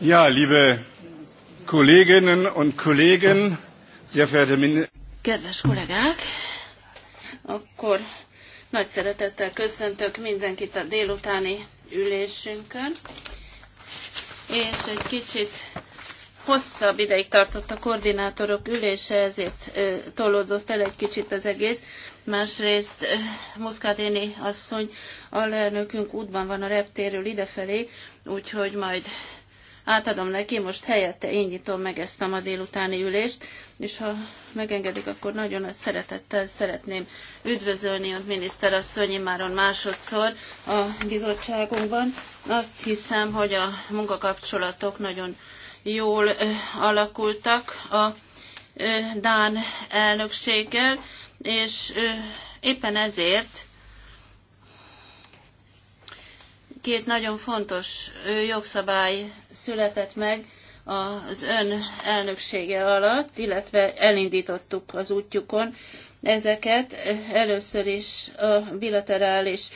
Ja, liebe Kolleginnen und Kollegen, sehr verehrte Minister. Kedves kollégák, akkor nagy szeretettel köszöntök mindenkit a délutáni ülésünkön, és egy kicsit hosszabb ideig tartott a koordinátorok ülése, ezért ö, tolódott el egy kicsit az egész. Másrészt eh, Muszkádéni asszony, alelnökünk útban van a reptéről idefelé, úgyhogy majd átadom neki, most helyette én nyitom meg ezt a ma délutáni ülést, és ha megengedik, akkor nagyon nagy szeretettel szeretném üdvözölni a miniszterasszony immáron másodszor a bizottságunkban. Azt hiszem, hogy a munkakapcsolatok nagyon jól eh, alakultak a eh, Dán elnökséggel, és éppen ezért két nagyon fontos jogszabály született meg az ön elnöksége alatt, illetve elindítottuk az útjukon ezeket. Először is a bilaterális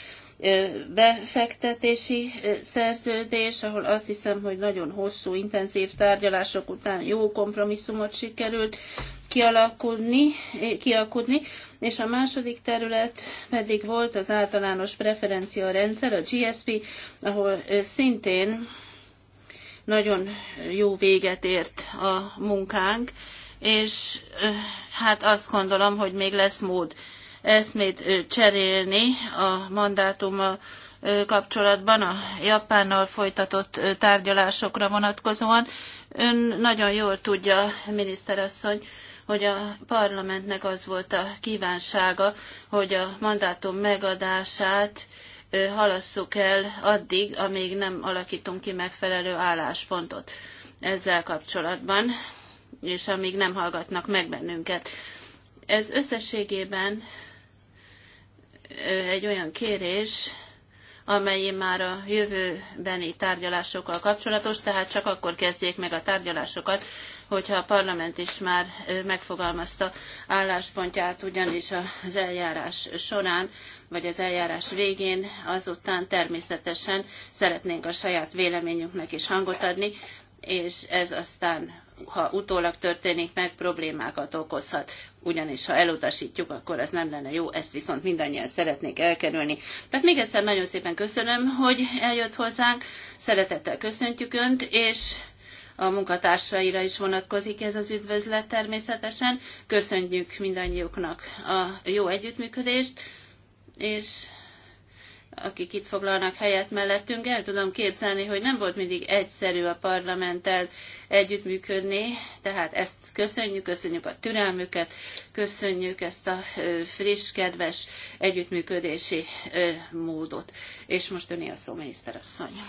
befektetési szerződés, ahol azt hiszem, hogy nagyon hosszú, intenzív tárgyalások után jó kompromisszumot sikerült kialakulni, kialakulni, és a második terület pedig volt az általános preferencia rendszer, a GSP, ahol szintén nagyon jó véget ért a munkánk, és hát azt gondolom, hogy még lesz mód eszmét cserélni a mandátum kapcsolatban a Japánnal folytatott tárgyalásokra vonatkozóan. Ön nagyon jól tudja, miniszterasszony, hogy a parlamentnek az volt a kívánsága, hogy a mandátum megadását halasszuk el addig, amíg nem alakítunk ki megfelelő álláspontot ezzel kapcsolatban, és amíg nem hallgatnak meg bennünket. Ez összességében egy olyan kérés, amely már a jövőbeni tárgyalásokkal kapcsolatos, tehát csak akkor kezdjék meg a tárgyalásokat, hogyha a parlament is már megfogalmazta álláspontját, ugyanis az eljárás során, vagy az eljárás végén, azután természetesen szeretnénk a saját véleményünknek is hangot adni, és ez aztán ha utólag történik meg, problémákat okozhat ugyanis ha elutasítjuk, akkor ez nem lenne jó, ezt viszont mindannyian szeretnék elkerülni. Tehát még egyszer nagyon szépen köszönöm, hogy eljött hozzánk, szeretettel köszöntjük Önt, és a munkatársaira is vonatkozik ez az üdvözlet természetesen. Köszönjük mindannyiuknak a jó együttműködést, és akik itt foglalnak helyet mellettünk, el tudom képzelni, hogy nem volt mindig egyszerű a parlamenttel együttműködni, tehát ezt köszönjük, köszönjük a türelmüket, köszönjük ezt a friss, kedves együttműködési módot. És most öné a szó, asszony.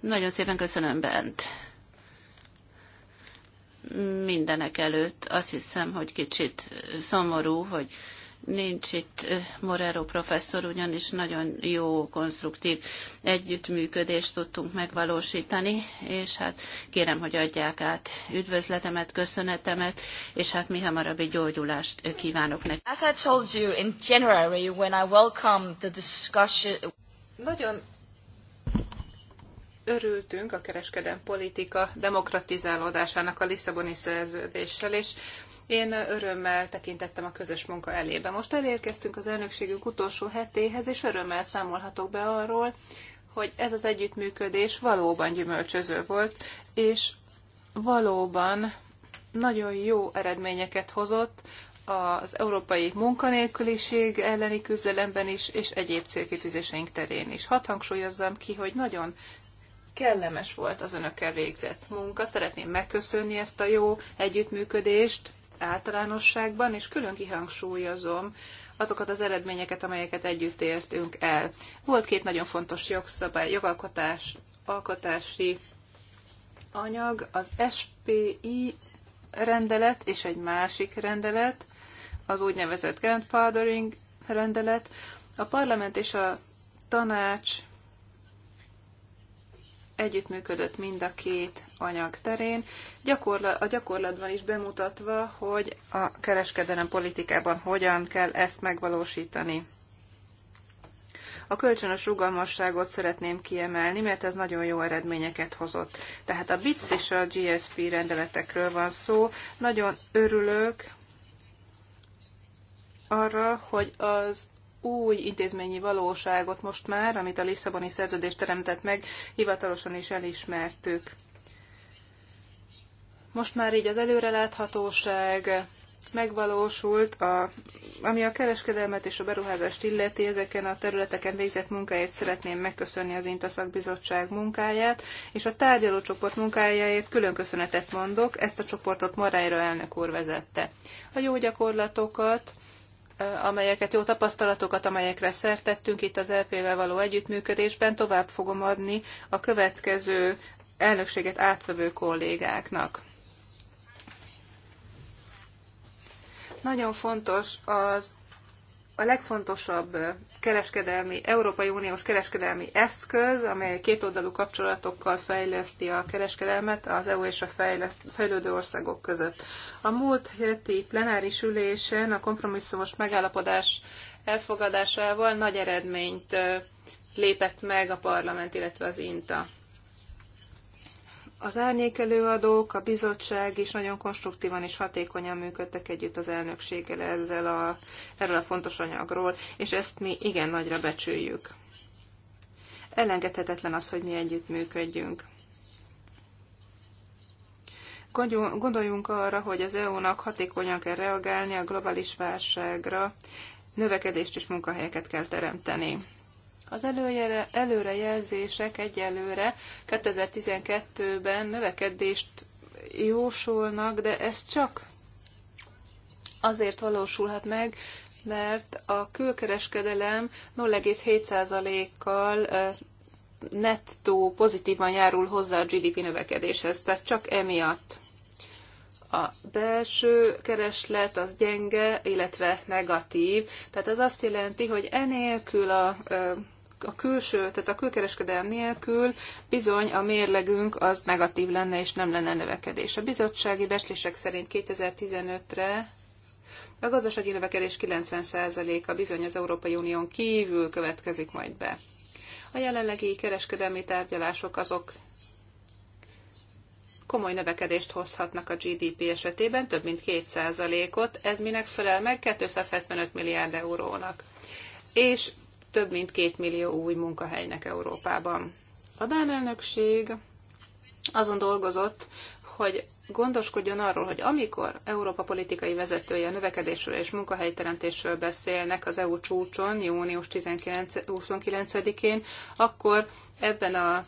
Nagyon szépen köszönöm, Bent mindenek előtt azt hiszem, hogy kicsit szomorú, hogy Nincs itt Morero professzor, ugyanis nagyon jó, konstruktív együttműködést tudtunk megvalósítani, és hát kérem, hogy adják át üdvözletemet, köszönetemet, és hát mi hamarabbi gyógyulást kívánok neki. As I told you in January when I welcomed the discussion... Nagyon örültünk a kereskedelmi politika demokratizálódásának a Lisszaboni szerződéssel, és én örömmel tekintettem a közös munka elébe. Most elérkeztünk az elnökségünk utolsó hetéhez, és örömmel számolhatok be arról, hogy ez az együttműködés valóban gyümölcsöző volt, és valóban nagyon jó eredményeket hozott az európai munkanélküliség elleni küzdelemben is, és egyéb célkitűzéseink terén is. Hadd hangsúlyozzam ki, hogy nagyon kellemes volt az önökkel végzett munka. Szeretném megköszönni ezt a jó együttműködést, általánosságban, és külön kihangsúlyozom azokat az eredményeket, amelyeket együtt értünk el. Volt két nagyon fontos jogszabály, jogalkotás, alkotási anyag, az SPI rendelet és egy másik rendelet, az úgynevezett grandfathering rendelet. A parlament és a tanács együttműködött mind a két anyag terén, gyakorla- a gyakorlatban is bemutatva, hogy a kereskedelem politikában hogyan kell ezt megvalósítani. A kölcsönös rugalmasságot szeretném kiemelni, mert ez nagyon jó eredményeket hozott. Tehát a BITS és a GSP rendeletekről van szó. Nagyon örülök arra, hogy az új intézményi valóságot most már, amit a Lisszaboni szerződés teremtett meg, hivatalosan is elismertük. Most már így az előreláthatóság megvalósult, a, ami a kereskedelmet és a beruházást illeti, ezeken a területeken végzett munkáért szeretném megköszönni az Intaszak Bizottság munkáját, és a tárgyalócsoport munkájáért külön köszönetet mondok, ezt a csoportot Marájra elnök úr vezette. A jó gyakorlatokat amelyeket, jó tapasztalatokat, amelyekre szertettünk itt az LP-vel e való együttműködésben, tovább fogom adni a következő elnökséget átvevő kollégáknak. Nagyon fontos az a legfontosabb kereskedelmi, Európai Uniós kereskedelmi eszköz, amely kétoldalú kapcsolatokkal fejleszti a kereskedelmet az EU és a fejlődő országok között. A múlt heti plenáris ülésen a kompromisszumos megállapodás elfogadásával nagy eredményt lépett meg a parlament, illetve az INTA. Az árnyék előadók, a bizottság is nagyon konstruktívan és hatékonyan működtek együtt az elnökséggel ezzel a, erről a fontos anyagról, és ezt mi igen nagyra becsüljük. Elengedhetetlen az, hogy mi együtt működjünk. Gondoljunk arra, hogy az EU-nak hatékonyan kell reagálni a globális válságra, növekedést és munkahelyeket kell teremteni. Az előjele, előrejelzések egyelőre 2012-ben növekedést jósolnak, de ez csak azért valósulhat meg, mert a külkereskedelem 0,7%-kal nettó pozitívan járul hozzá a GDP növekedéshez, tehát csak emiatt. A belső kereslet az gyenge, illetve negatív. Tehát ez azt jelenti, hogy enélkül a a külső, tehát a külkereskedelem nélkül bizony a mérlegünk az negatív lenne, és nem lenne növekedés. A bizottsági beslések szerint 2015-re a gazdasági növekedés 90%-a bizony az Európai Unión kívül következik majd be. A jelenlegi kereskedelmi tárgyalások azok komoly növekedést hozhatnak a GDP esetében, több mint 2%-ot, ez minek felel meg 275 milliárd eurónak. És több mint két millió új munkahelynek Európában. A Dán elnökség azon dolgozott, hogy gondoskodjon arról, hogy amikor Európa politikai vezetője növekedésről és munkahelyteremtésről beszélnek az EU csúcson, június 29-én, akkor ebben a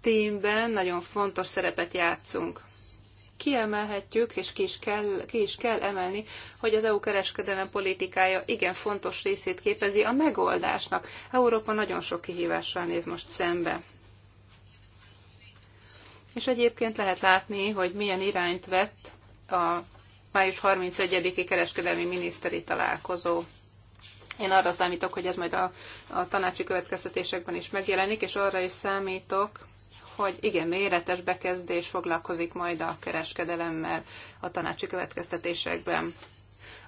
tímben nagyon fontos szerepet játszunk kiemelhetjük, és ki is kell, ki is kell emelni, hogy az EU kereskedelem politikája igen fontos részét képezi a megoldásnak. Európa nagyon sok kihívással néz most szembe. És egyébként lehet látni, hogy milyen irányt vett a május 31-i kereskedelmi miniszteri találkozó. Én arra számítok, hogy ez majd a, a tanácsi következtetésekben is megjelenik, és arra is számítok, hogy igen, méretes bekezdés foglalkozik majd a kereskedelemmel a tanácsi következtetésekben.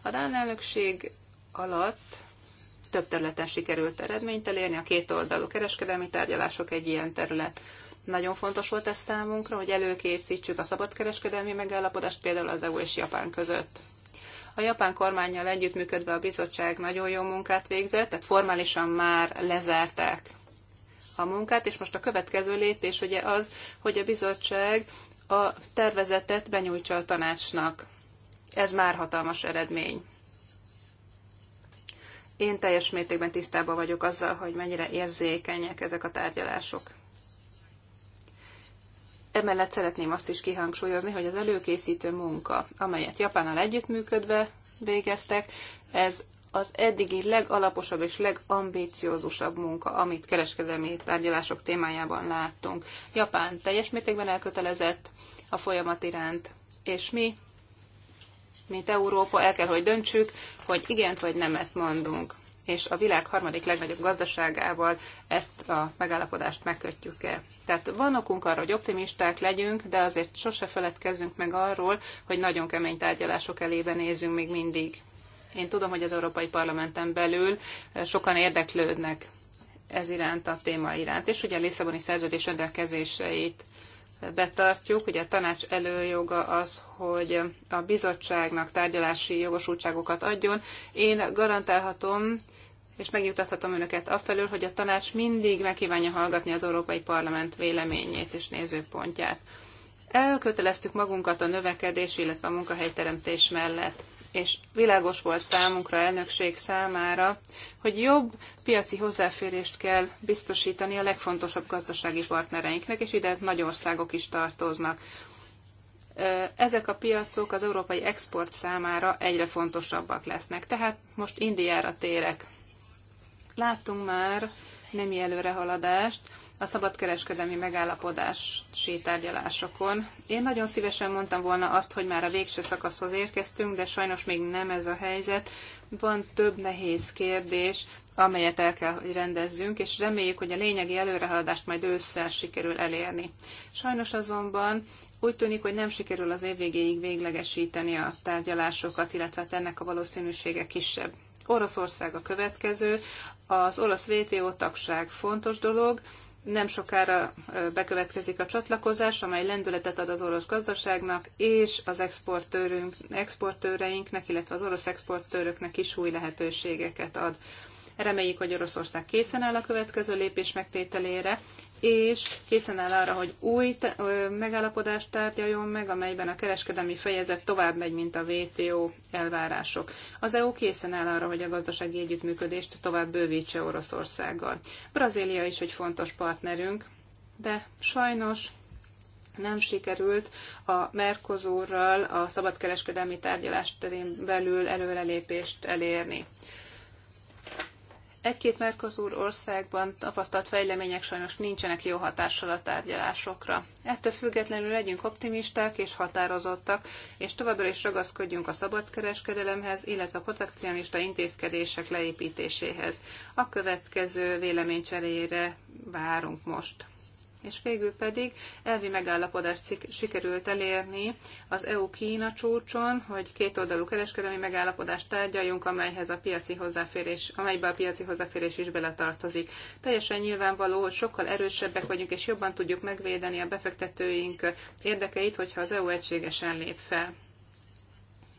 A Dán elnökség alatt több területen sikerült eredményt elérni, a két oldalú kereskedelmi tárgyalások egy ilyen terület. Nagyon fontos volt ez számunkra, hogy előkészítsük a szabadkereskedelmi megállapodást például az EU és Japán között. A japán kormányjal együttműködve a bizottság nagyon jó munkát végzett, tehát formálisan már lezárták a munkát, és most a következő lépés ugye az, hogy a bizottság a tervezetet benyújtsa a tanácsnak. Ez már hatalmas eredmény. Én teljes mértékben tisztában vagyok azzal, hogy mennyire érzékenyek ezek a tárgyalások. Emellett szeretném azt is kihangsúlyozni, hogy az előkészítő munka, amelyet Japánnal együttműködve végeztek, ez az eddigi legalaposabb és legambíciózusabb munka, amit kereskedelmi tárgyalások témájában láttunk. Japán teljes mértékben elkötelezett a folyamat iránt, és mi, mint Európa, el kell, hogy döntsük, hogy igent vagy nemet mondunk és a világ harmadik legnagyobb gazdaságával ezt a megállapodást megkötjük el. Tehát van okunk arra, hogy optimisták legyünk, de azért sose feledkezzünk meg arról, hogy nagyon kemény tárgyalások elébe nézünk még mindig. Én tudom, hogy az Európai Parlamenten belül eh, sokan érdeklődnek ez iránt, a téma iránt, és ugye a Lisszaboni szerződés rendelkezéseit eh, betartjuk. Ugye a tanács előjoga az, hogy a bizottságnak tárgyalási jogosultságokat adjon. Én garantálhatom, és megjutathatom önöket afelől, hogy a tanács mindig megkívánja hallgatni az Európai Parlament véleményét és nézőpontját. Elköteleztük magunkat a növekedés, illetve a munkahelyteremtés mellett és világos volt számunkra, elnökség számára, hogy jobb piaci hozzáférést kell biztosítani a legfontosabb gazdasági partnereinknek, és ide nagy országok is tartoznak. Ezek a piacok az európai export számára egyre fontosabbak lesznek. Tehát most Indiára térek. Láttunk már nemi előrehaladást, a szabadkereskedelmi megállapodás sétárgyalásokon. Én nagyon szívesen mondtam volna azt, hogy már a végső szakaszhoz érkeztünk, de sajnos még nem ez a helyzet. Van több nehéz kérdés, amelyet el kell, hogy rendezzünk, és reméljük, hogy a lényegi előrehaladást majd ősszel sikerül elérni. Sajnos azonban úgy tűnik, hogy nem sikerül az év végéig véglegesíteni a tárgyalásokat, illetve hát ennek a valószínűsége kisebb. Oroszország a következő, az orosz VTO tagság fontos dolog, nem sokára bekövetkezik a csatlakozás, amely lendületet ad az orosz gazdaságnak, és az exportőrünk, exportőreinknek, illetve az orosz exportőröknek is új lehetőségeket ad. Reméljük, hogy Oroszország készen áll a következő lépés megtételére, és készen áll arra, hogy új megállapodást tárgyaljon meg, amelyben a kereskedelmi fejezet tovább megy, mint a WTO elvárások. Az EU készen áll arra, hogy a gazdasági együttműködést tovább bővítse Oroszországgal. Brazília is egy fontos partnerünk, de sajnos nem sikerült a Mercosurral a szabadkereskedelmi tárgyalás terén belül előrelépést elérni. Egy-két Mercosur országban tapasztalt fejlemények sajnos nincsenek jó hatással a tárgyalásokra. Ettől függetlenül legyünk optimisták és határozottak, és továbbra is ragaszkodjunk a szabadkereskedelemhez, illetve a protekcionista intézkedések leépítéséhez. A következő véleménycseréjére várunk most. És végül pedig elvi megállapodást sikerült elérni az EU-Kína csúcson, hogy kétoldalú kereskedelmi megállapodást tárgyaljunk, amelyhez a piaci hozzáférés, amelybe a piaci hozzáférés is beletartozik. Teljesen nyilvánvaló, hogy sokkal erősebbek vagyunk, és jobban tudjuk megvédeni a befektetőink érdekeit, hogyha az EU egységesen lép fel.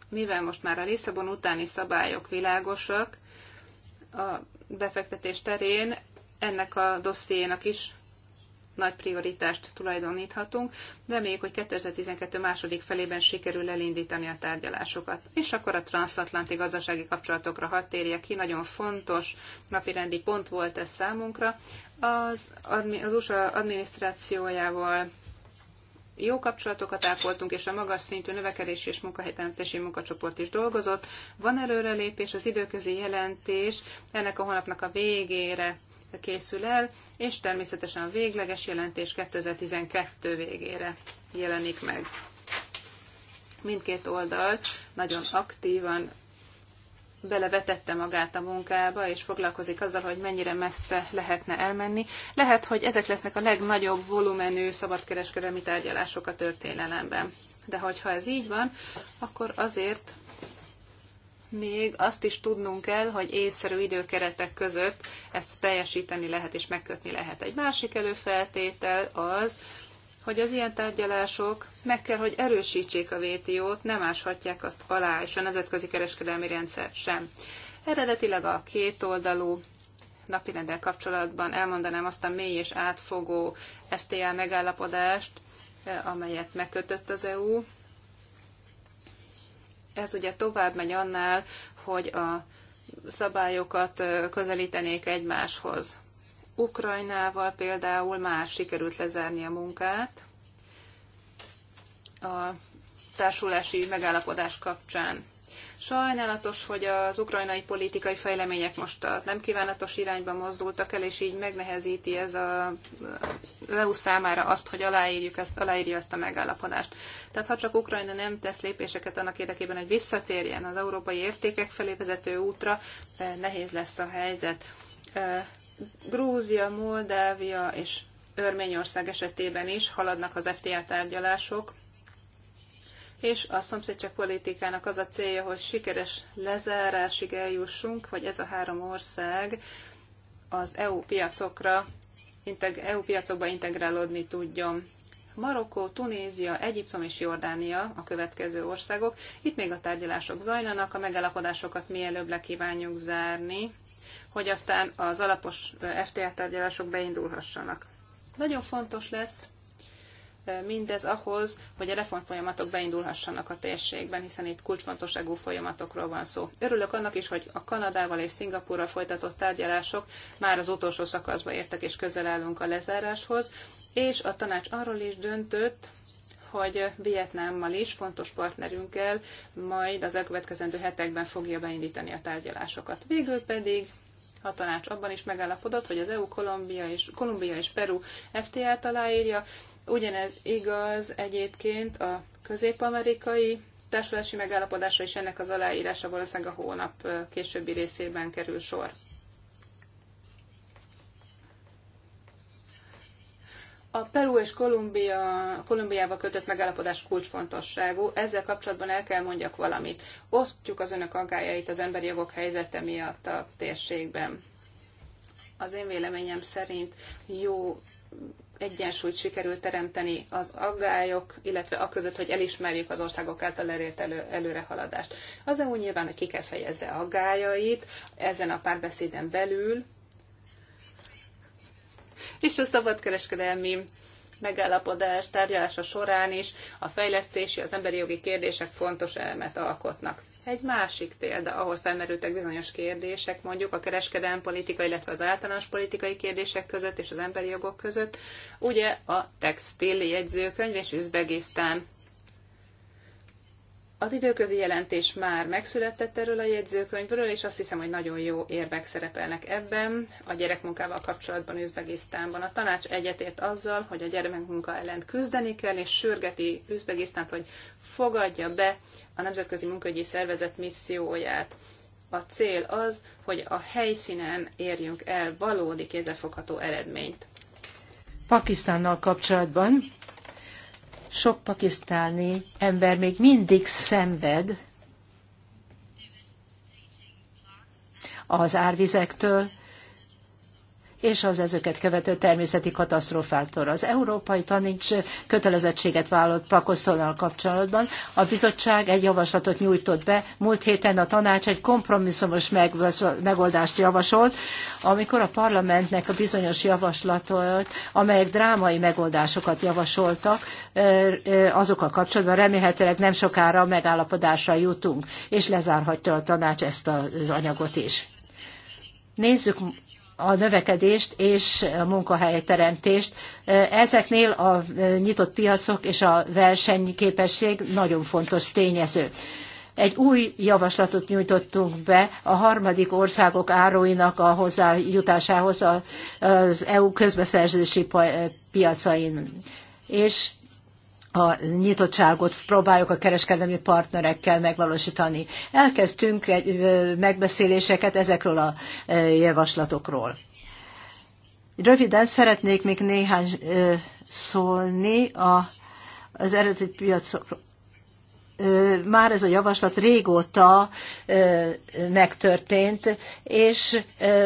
Mivel most már a Lisszabon utáni szabályok világosak, a befektetés terén ennek a dossziénak is nagy prioritást tulajdoníthatunk. Reméljük, hogy 2012 második felében sikerül elindítani a tárgyalásokat. És akkor a transatlanti gazdasági kapcsolatokra hat térje ki, nagyon fontos napirendi pont volt ez számunkra. Az, az USA adminisztrációjával jó kapcsolatokat ápoltunk, és a magas szintű növekedési és munkahelyteremtési munkacsoport is dolgozott. Van előrelépés, az időközi jelentés ennek a hónapnak a végére készül el, és természetesen a végleges jelentés 2012 végére jelenik meg. Mindkét oldal nagyon aktívan belevetette magát a munkába, és foglalkozik azzal, hogy mennyire messze lehetne elmenni. Lehet, hogy ezek lesznek a legnagyobb volumenű szabadkereskedelmi tárgyalások a történelemben. De hogyha ez így van, akkor azért még azt is tudnunk kell, hogy észszerű időkeretek között ezt teljesíteni lehet és megkötni lehet. Egy másik előfeltétel az, hogy az ilyen tárgyalások meg kell, hogy erősítsék a VTO-t, nem áshatják azt alá, és a nemzetközi kereskedelmi rendszer sem. Eredetileg a kétoldalú napirenddel kapcsolatban elmondanám azt a mély és átfogó FTA megállapodást, eh, amelyet megkötött az EU, ez ugye tovább megy annál, hogy a szabályokat közelítenék egymáshoz. Ukrajnával például már sikerült lezárni a munkát a társulási megállapodás kapcsán. Sajnálatos, hogy az ukrajnai politikai fejlemények most a nem kívánatos irányba mozdultak el, és így megnehezíti ez a EU számára azt, hogy aláírjuk ezt, aláírja ezt a megállapodást. Tehát ha csak Ukrajna nem tesz lépéseket annak érdekében, hogy visszatérjen az európai értékek felé vezető útra, eh, nehéz lesz a helyzet. Eh, Grúzia, Moldávia és Örményország esetében is haladnak az FTA tárgyalások, és a szomszédság politikának az a célja, hogy sikeres lezárásig eljussunk, hogy ez a három ország az EU piacokra, integ EU piacokba integrálódni tudjon. Marokkó, Tunézia, Egyiptom és Jordánia a következő országok. Itt még a tárgyalások zajlanak, a megalapodásokat mielőbb le kívánjuk zárni, hogy aztán az alapos FTA tárgyalások beindulhassanak. Nagyon fontos lesz mindez ahhoz, hogy a reformfolyamatok beindulhassanak a térségben, hiszen itt kulcsfontosságú folyamatokról van szó. Örülök annak is, hogy a Kanadával és Szingapurral folytatott tárgyalások már az utolsó szakaszba értek, és közel állunk a lezáráshoz, és a tanács arról is döntött, hogy Vietnámmal is, fontos partnerünkkel majd az elkövetkezendő hetekben fogja beindítani a tárgyalásokat. Végül pedig a tanács abban is megállapodott, hogy az EU Kolumbia és, Kolumbia és Peru FTA-t aláírja, Ugyanez igaz egyébként a közép-amerikai társulási megállapodásra is ennek az aláírása valószínűleg a hónap későbbi részében kerül sor. A Peru és Kolumbia, Kolumbiával kötött megállapodás kulcsfontosságú. Ezzel kapcsolatban el kell mondjak valamit. Osztjuk az önök aggájait az emberi jogok helyzete miatt a térségben. Az én véleményem szerint jó egyensúlyt sikerült teremteni az aggályok, illetve a között, hogy elismerjük az országok által elért elő, előrehaladást. Az EU nyilván ki kell fejezze aggályait ezen a párbeszéden belül, és a szabadkereskedelmi megállapodás tárgyalása során is a fejlesztési, az emberi jogi kérdések fontos elemet alkotnak. Egy másik példa, ahol felmerültek bizonyos kérdések, mondjuk a kereskedelmi politika, illetve az általános politikai kérdések között és az emberi jogok között, ugye a textil jegyzőkönyv és Üzbegisztán az időközi jelentés már megszületett erről a jegyzőkönyvről, és azt hiszem, hogy nagyon jó érvek szerepelnek ebben a gyerekmunkával kapcsolatban Üzbegisztánban. A tanács egyetért azzal, hogy a gyermekmunka ellen küzdeni kell, és sürgeti Üzbegisztánt, hogy fogadja be a Nemzetközi Munkaügyi Szervezet misszióját. A cél az, hogy a helyszínen érjünk el valódi kézefogható eredményt. Pakisztánnal kapcsolatban sok pakisztáni ember még mindig szenved az árvizektől, és az ezeket követő természeti katasztrófáktól. Az Európai Tanács kötelezettséget vállalt Pakoszonnal kapcsolatban. A bizottság egy javaslatot nyújtott be. Múlt héten a tanács egy kompromisszumos megoldást javasolt, amikor a parlamentnek a bizonyos javaslatot, amelyek drámai megoldásokat javasoltak, azokkal kapcsolatban remélhetőleg nem sokára megállapodásra jutunk, és lezárhatja a tanács ezt az anyagot is. Nézzük a növekedést és a munkahelyteremtést. Ezeknél a nyitott piacok és a versenyképesség nagyon fontos tényező. Egy új javaslatot nyújtottunk be a harmadik országok áróinak a hozzájutásához az EU közbeszerzési piacain. És a nyitottságot próbáljuk a kereskedelmi partnerekkel megvalósítani. Elkezdtünk egy, megbeszéléseket ezekről a javaslatokról. Röviden szeretnék még néhány szólni a, az eredeti piacokról már ez a javaslat régóta megtörtént, és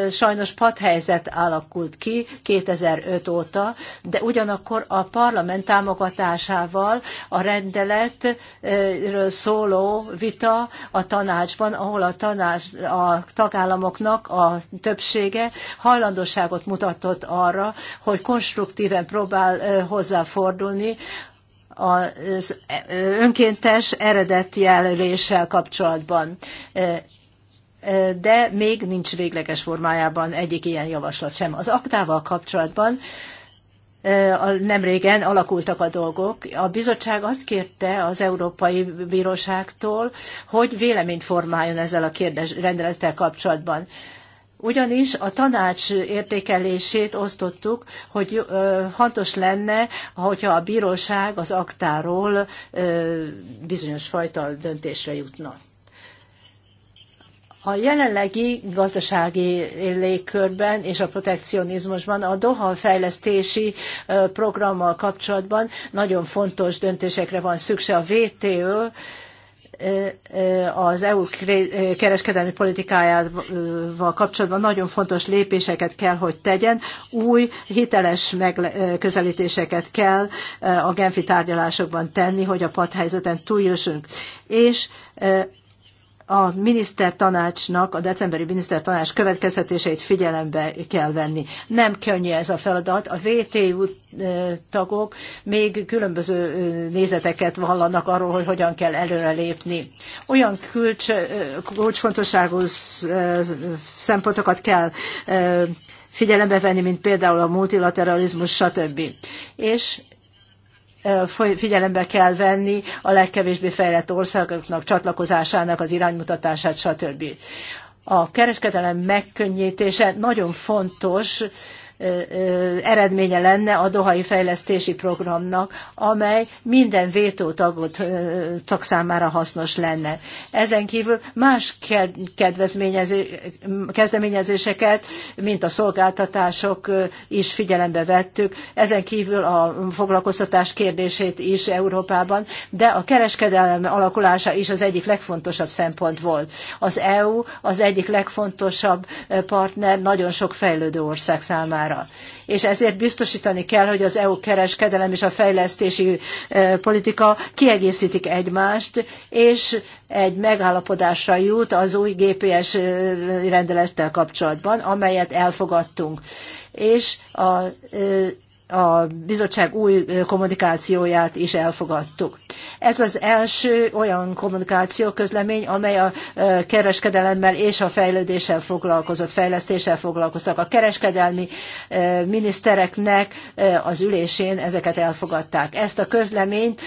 sajnos padhelyzet alakult ki 2005 óta, de ugyanakkor a parlament támogatásával a rendeletről szóló vita a tanácsban, ahol a, tanács, a tagállamoknak a többsége hajlandóságot mutatott arra, hogy konstruktíven próbál hozzáfordulni az e, önkéntes jelöléssel kapcsolatban. De még nincs végleges formájában egyik ilyen javaslat sem. Az aktával kapcsolatban nem régen alakultak a dolgok. A bizottság azt kérte az Európai Bíróságtól, hogy véleményt formáljon ezzel a kérdés, rendelettel kapcsolatban. Ugyanis a tanács értékelését osztottuk, hogy fontos lenne, hogyha a bíróság az aktáról bizonyos fajta döntésre jutna. A jelenlegi gazdasági légkörben és a protekcionizmusban a Doha fejlesztési programmal kapcsolatban nagyon fontos döntésekre van szükség a WTO, az EU kereskedelmi politikájával kapcsolatban nagyon fontos lépéseket kell, hogy tegyen, új hiteles megközelítéseket kell a Genfi tárgyalásokban tenni, hogy a padhelyzeten túljussunk. És a minisztertanácsnak, a decemberi minisztertanács következtetéseit figyelembe kell venni. Nem könnyű ez a feladat. A VTU tagok még különböző nézeteket vallanak arról, hogy hogyan kell előrelépni. Olyan kulcs, kulcsfontosságú szempontokat kell figyelembe venni, mint például a multilateralizmus, stb. És figyelembe kell venni a legkevésbé fejlett országoknak csatlakozásának az iránymutatását, stb. A kereskedelem megkönnyítése nagyon fontos, eredménye lenne a Dohai Fejlesztési Programnak, amely minden vétótagot tag számára hasznos lenne. Ezen kívül más kezdeményezéseket, mint a szolgáltatások is figyelembe vettük, ezen kívül a foglalkoztatás kérdését is Európában, de a kereskedelem alakulása is az egyik legfontosabb szempont volt. Az EU az egyik legfontosabb partner nagyon sok fejlődő ország számára számára. És ezért biztosítani kell, hogy az EU kereskedelem és a fejlesztési e, politika kiegészítik egymást, és egy megállapodásra jut az új GPS e, rendelettel kapcsolatban, amelyet elfogadtunk. És a e, a bizottság új kommunikációját is elfogadtuk. Ez az első olyan kommunikáció közlemény, amely a kereskedelemmel és a fejlődéssel foglalkozott, fejlesztéssel foglalkoztak. A kereskedelmi minisztereknek az ülésén ezeket elfogadták. Ezt a közleményt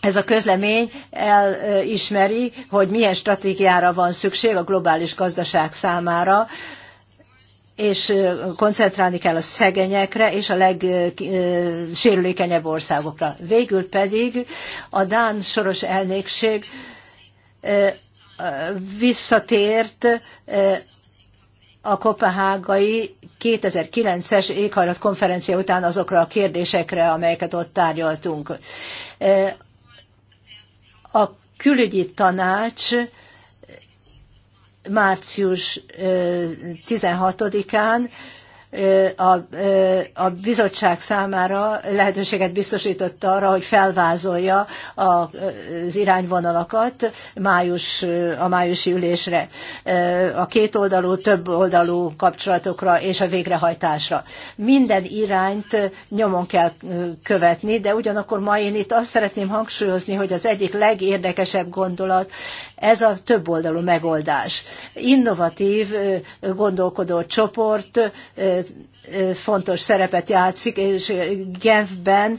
ez a közlemény elismeri, hogy milyen stratégiára van szükség a globális gazdaság számára, és koncentrálni kell a szegényekre és a legsérülékenyebb országokra. Végül pedig a Dán soros elnökség visszatért a kopenhágai 2009-es konferencia után azokra a kérdésekre, amelyeket ott tárgyaltunk. A külügyi tanács március 16-án a, a bizottság számára lehetőséget biztosított arra, hogy felvázolja az irányvonalakat május, a májusi ülésre, a kétoldalú, többoldalú kapcsolatokra és a végrehajtásra. Minden irányt nyomon kell követni, de ugyanakkor ma én itt azt szeretném hangsúlyozni, hogy az egyik legérdekesebb gondolat ez a többoldalú megoldás. Innovatív gondolkodó csoport fontos szerepet játszik, és Genfben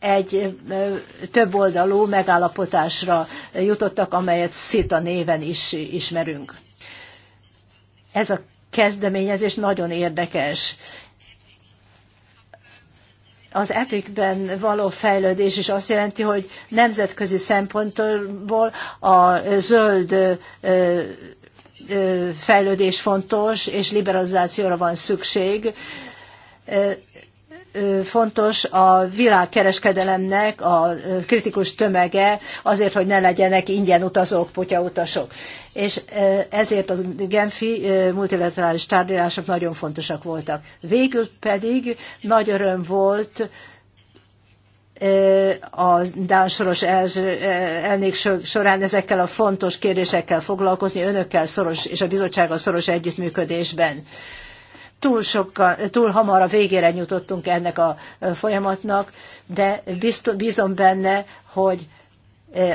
egy többoldalú megállapotásra jutottak, amelyet Szita néven is ismerünk. Ez a kezdeményezés nagyon érdekes. Az EPIC-ben való fejlődés is azt jelenti, hogy nemzetközi szempontból a zöld fejlődés fontos, és liberalizációra van szükség. Fontos a világkereskedelemnek a kritikus tömege azért, hogy ne legyenek ingyen utazók, potyautasok. És ezért a Genfi multilaterális tárgyalások nagyon fontosak voltak. Végül pedig nagy öröm volt, a Dán soros elnök során ezekkel a fontos kérdésekkel foglalkozni, önökkel szoros és a bizottsággal szoros együttműködésben. Túl, sokkal, túl hamar a végére nyújtottunk ennek a folyamatnak, de bízom benne, hogy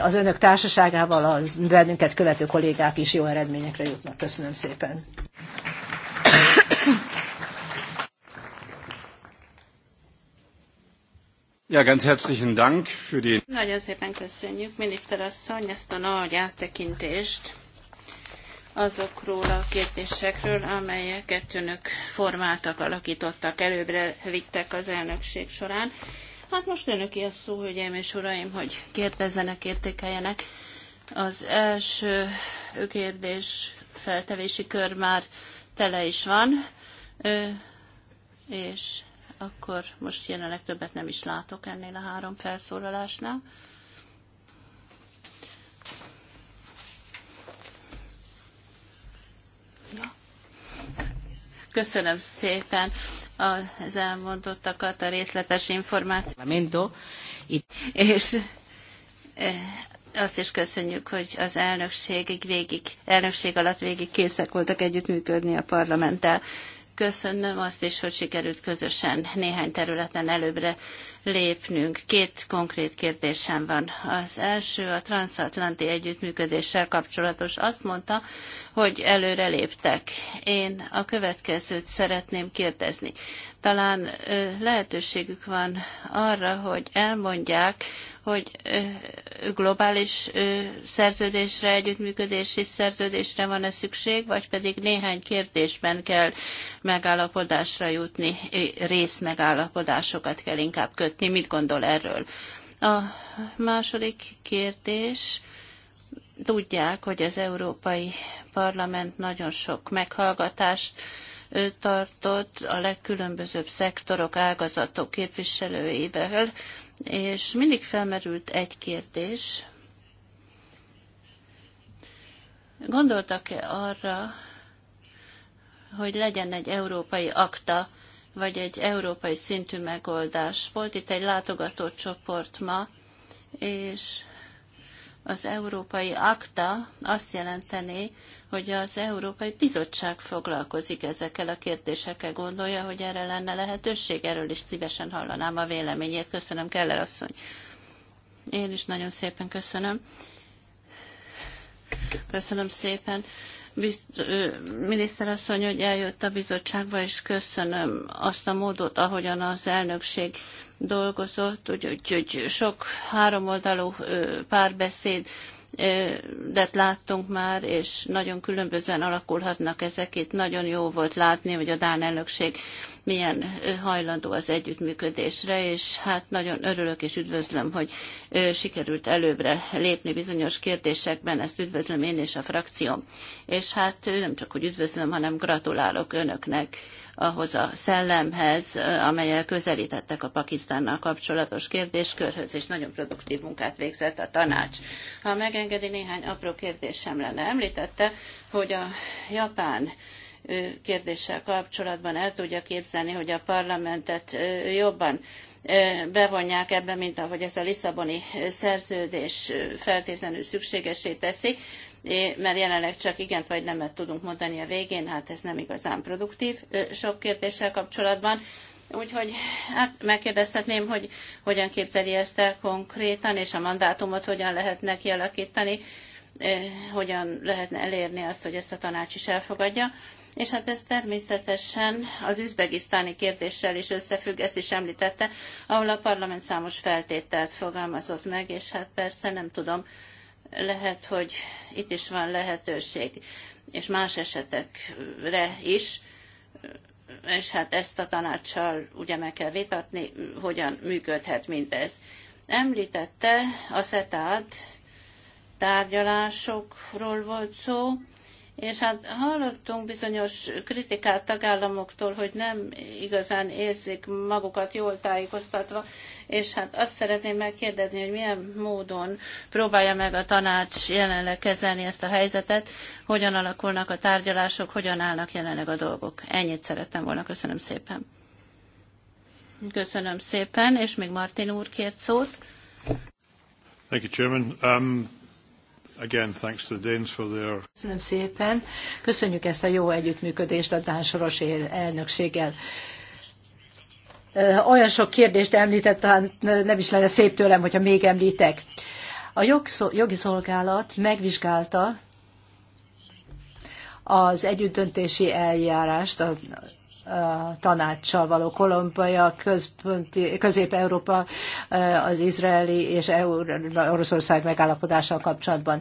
az önök társaságával az bennünket követő kollégák is jó eredményekre jutnak. Köszönöm szépen. Ja, ganz herzlichen Dank für die... Nagyon szépen köszönjük, miniszterasszony, ezt a nagy áttekintést azokról a kérdésekről, amelyeket önök formáltak, alakítottak, előbbre vittek az elnökség során. Hát most önöké a szó, hölgyeim és uraim, hogy kérdezzenek, értékeljenek. Az első kérdés feltevési kör már tele is van, és akkor most jelenleg többet nem is látok ennél a három felszólalásnál. Ja. Köszönöm szépen az elmondottakat, a részletes információt. És eh, azt is köszönjük, hogy az elnökség, végig, elnökség alatt végig készek voltak együttműködni a parlamenttel köszönöm azt is, hogy sikerült közösen néhány területen előbbre lépnünk. Két konkrét kérdésem van. Az első a transatlanti együttműködéssel kapcsolatos. Azt mondta, hogy előre léptek. Én a következőt szeretném kérdezni. Talán lehetőségük van arra, hogy elmondják, hogy globális szerződésre, együttműködési szerződésre van-e szükség, vagy pedig néhány kérdésben kell megállapodásra jutni, részmegállapodásokat kell inkább kötni. Mit gondol erről? A második kérdés tudják, hogy az Európai Parlament nagyon sok meghallgatást tartott a legkülönbözőbb szektorok, ágazatok képviselőivel, és mindig felmerült egy kérdés. Gondoltak-e arra, hogy legyen egy európai akta, vagy egy európai szintű megoldás? Volt itt egy látogatócsoport ma, és az európai akta azt jelenteni, hogy az Európai Bizottság foglalkozik ezekkel a kérdésekkel, gondolja, hogy erre lenne lehetőség, erről is szívesen hallanám a véleményét. Köszönöm, Keller asszony. Én is nagyon szépen köszönöm. Köszönöm szépen. Bizt, miniszterasszony, hogy eljött a bizottságba, és köszönöm azt a módot, ahogyan az elnökség dolgozott, úgyhogy sok háromoldalú párbeszéd de láttunk már, és nagyon különbözően alakulhatnak ezek. Itt nagyon jó volt látni, hogy a Dán elnökség milyen hajlandó az együttműködésre, és hát nagyon örülök és üdvözlöm, hogy sikerült előbbre lépni bizonyos kérdésekben, ezt üdvözlöm én és a frakcióm. És hát nem csak, hogy üdvözlöm, hanem gratulálok önöknek ahhoz a szellemhez, amelyel közelítettek a Pakisztánnal kapcsolatos kérdéskörhöz, és nagyon produktív munkát végzett a tanács. Ha megengedi, néhány apró kérdésem lenne. Említette, hogy a japán kérdéssel kapcsolatban el tudja képzelni, hogy a parlamentet jobban bevonják ebbe, mint ahogy ez a Lisszaboni szerződés feltétlenül szükségesé teszi, mert jelenleg csak igent vagy nemet tudunk mondani a végén, hát ez nem igazán produktív sok kérdéssel kapcsolatban. Úgyhogy hát megkérdezhetném, hogy hogyan képzeli ezt el konkrétan, és a mandátumot hogyan lehetne kialakítani, hogyan lehetne elérni azt, hogy ezt a tanács is elfogadja. És hát ez természetesen az üzbegisztáni kérdéssel is összefügg, ezt is említette, ahol a parlament számos feltételt fogalmazott meg, és hát persze nem tudom, lehet, hogy itt is van lehetőség, és más esetekre is, és hát ezt a tanácssal ugye meg kell vitatni, hogyan működhet mindez. Említette a szetád tárgyalásokról volt szó, és hát hallottunk bizonyos kritikát tagállamoktól, hogy nem igazán érzik magukat jól tájékoztatva, és hát azt szeretném megkérdezni, hogy milyen módon próbálja meg a tanács jelenleg kezelni ezt a helyzetet, hogyan alakulnak a tárgyalások, hogyan állnak jelenleg a dolgok. Ennyit szerettem volna, köszönöm szépen. Köszönöm szépen, és még Martin úr kért szót. Thank you, Chairman. Um... Again, thanks to the Danes for their... Köszönöm szépen. Köszönjük ezt a jó együttműködést a Dán Soros elnökséggel. Olyan sok kérdést említett, nem is lenne szép tőlem, hogyha még említek. A jogi szolgálat megvizsgálta az együttdöntési eljárást a tanácssal való kolompaja, központi, Közép-Európa, az izraeli és EU, Oroszország megállapodással kapcsolatban.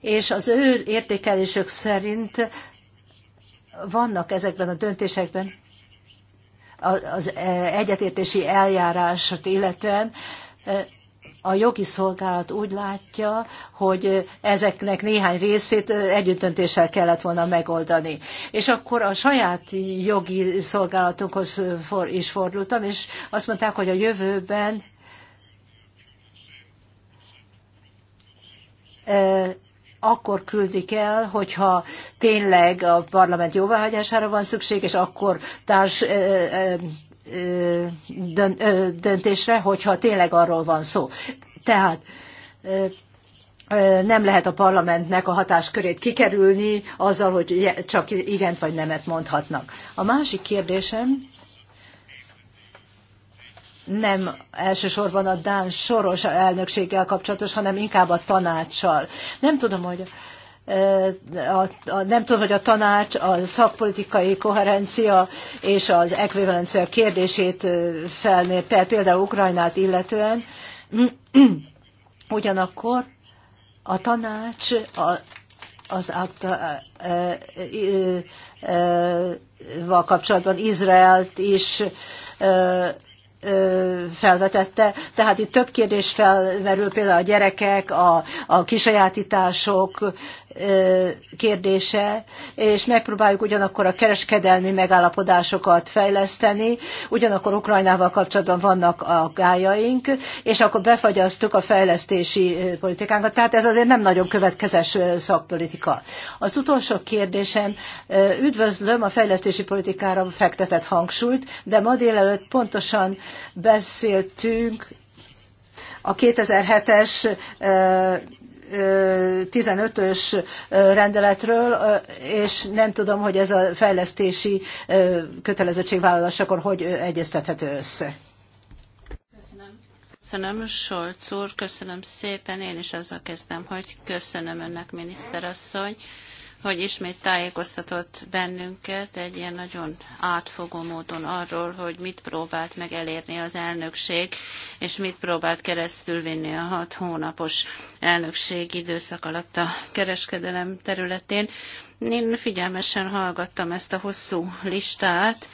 És az ő értékelésük szerint vannak ezekben a döntésekben az egyetértési eljárást illetően a jogi szolgálat úgy látja, hogy ezeknek néhány részét együttöntéssel kellett volna megoldani. És akkor a saját jogi szolgálatunkhoz is fordultam, és azt mondták, hogy a jövőben e, akkor küldik el, hogyha tényleg a parlament jóváhagyására van szükség, és akkor társ e, e, döntésre, hogyha tényleg arról van szó. Tehát nem lehet a parlamentnek a hatáskörét kikerülni azzal, hogy csak igent vagy nemet mondhatnak. A másik kérdésem nem elsősorban a Dán soros elnökséggel kapcsolatos, hanem inkább a tanácssal. Nem tudom, hogy a, a, nem tudom, hogy a tanács a szakpolitikai koherencia és az ekvivalencia kérdését felmérte, például Ukrajnát illetően. Ugyanakkor a tanács a, az akta, e, e, e, val kapcsolatban Izraelt is e, felvetette. Tehát itt több kérdés felmerül, például a gyerekek, a, a kisajátítások kérdése, és megpróbáljuk ugyanakkor a kereskedelmi megállapodásokat fejleszteni, ugyanakkor Ukrajnával kapcsolatban vannak a gályaink, és akkor befagyasztjuk a fejlesztési politikánkat. Tehát ez azért nem nagyon következes szakpolitika. Az utolsó kérdésem, üdvözlöm a fejlesztési politikára fektetett hangsúlyt, de ma délelőtt pontosan beszéltünk a 2007-es 15-ös rendeletről, és nem tudom, hogy ez a fejlesztési kötelezettségvállalás akkor hogy egyeztethető össze. Köszönöm. Köszönöm, Solc úr, köszönöm szépen. Én is azzal kezdem, hogy köszönöm önnek, miniszterasszony. asszony hogy ismét tájékoztatott bennünket egy ilyen nagyon átfogó módon arról, hogy mit próbált meg elérni az elnökség, és mit próbált keresztülvinni a hat hónapos elnökség időszak alatt a kereskedelem területén. Én figyelmesen hallgattam ezt a hosszú listát,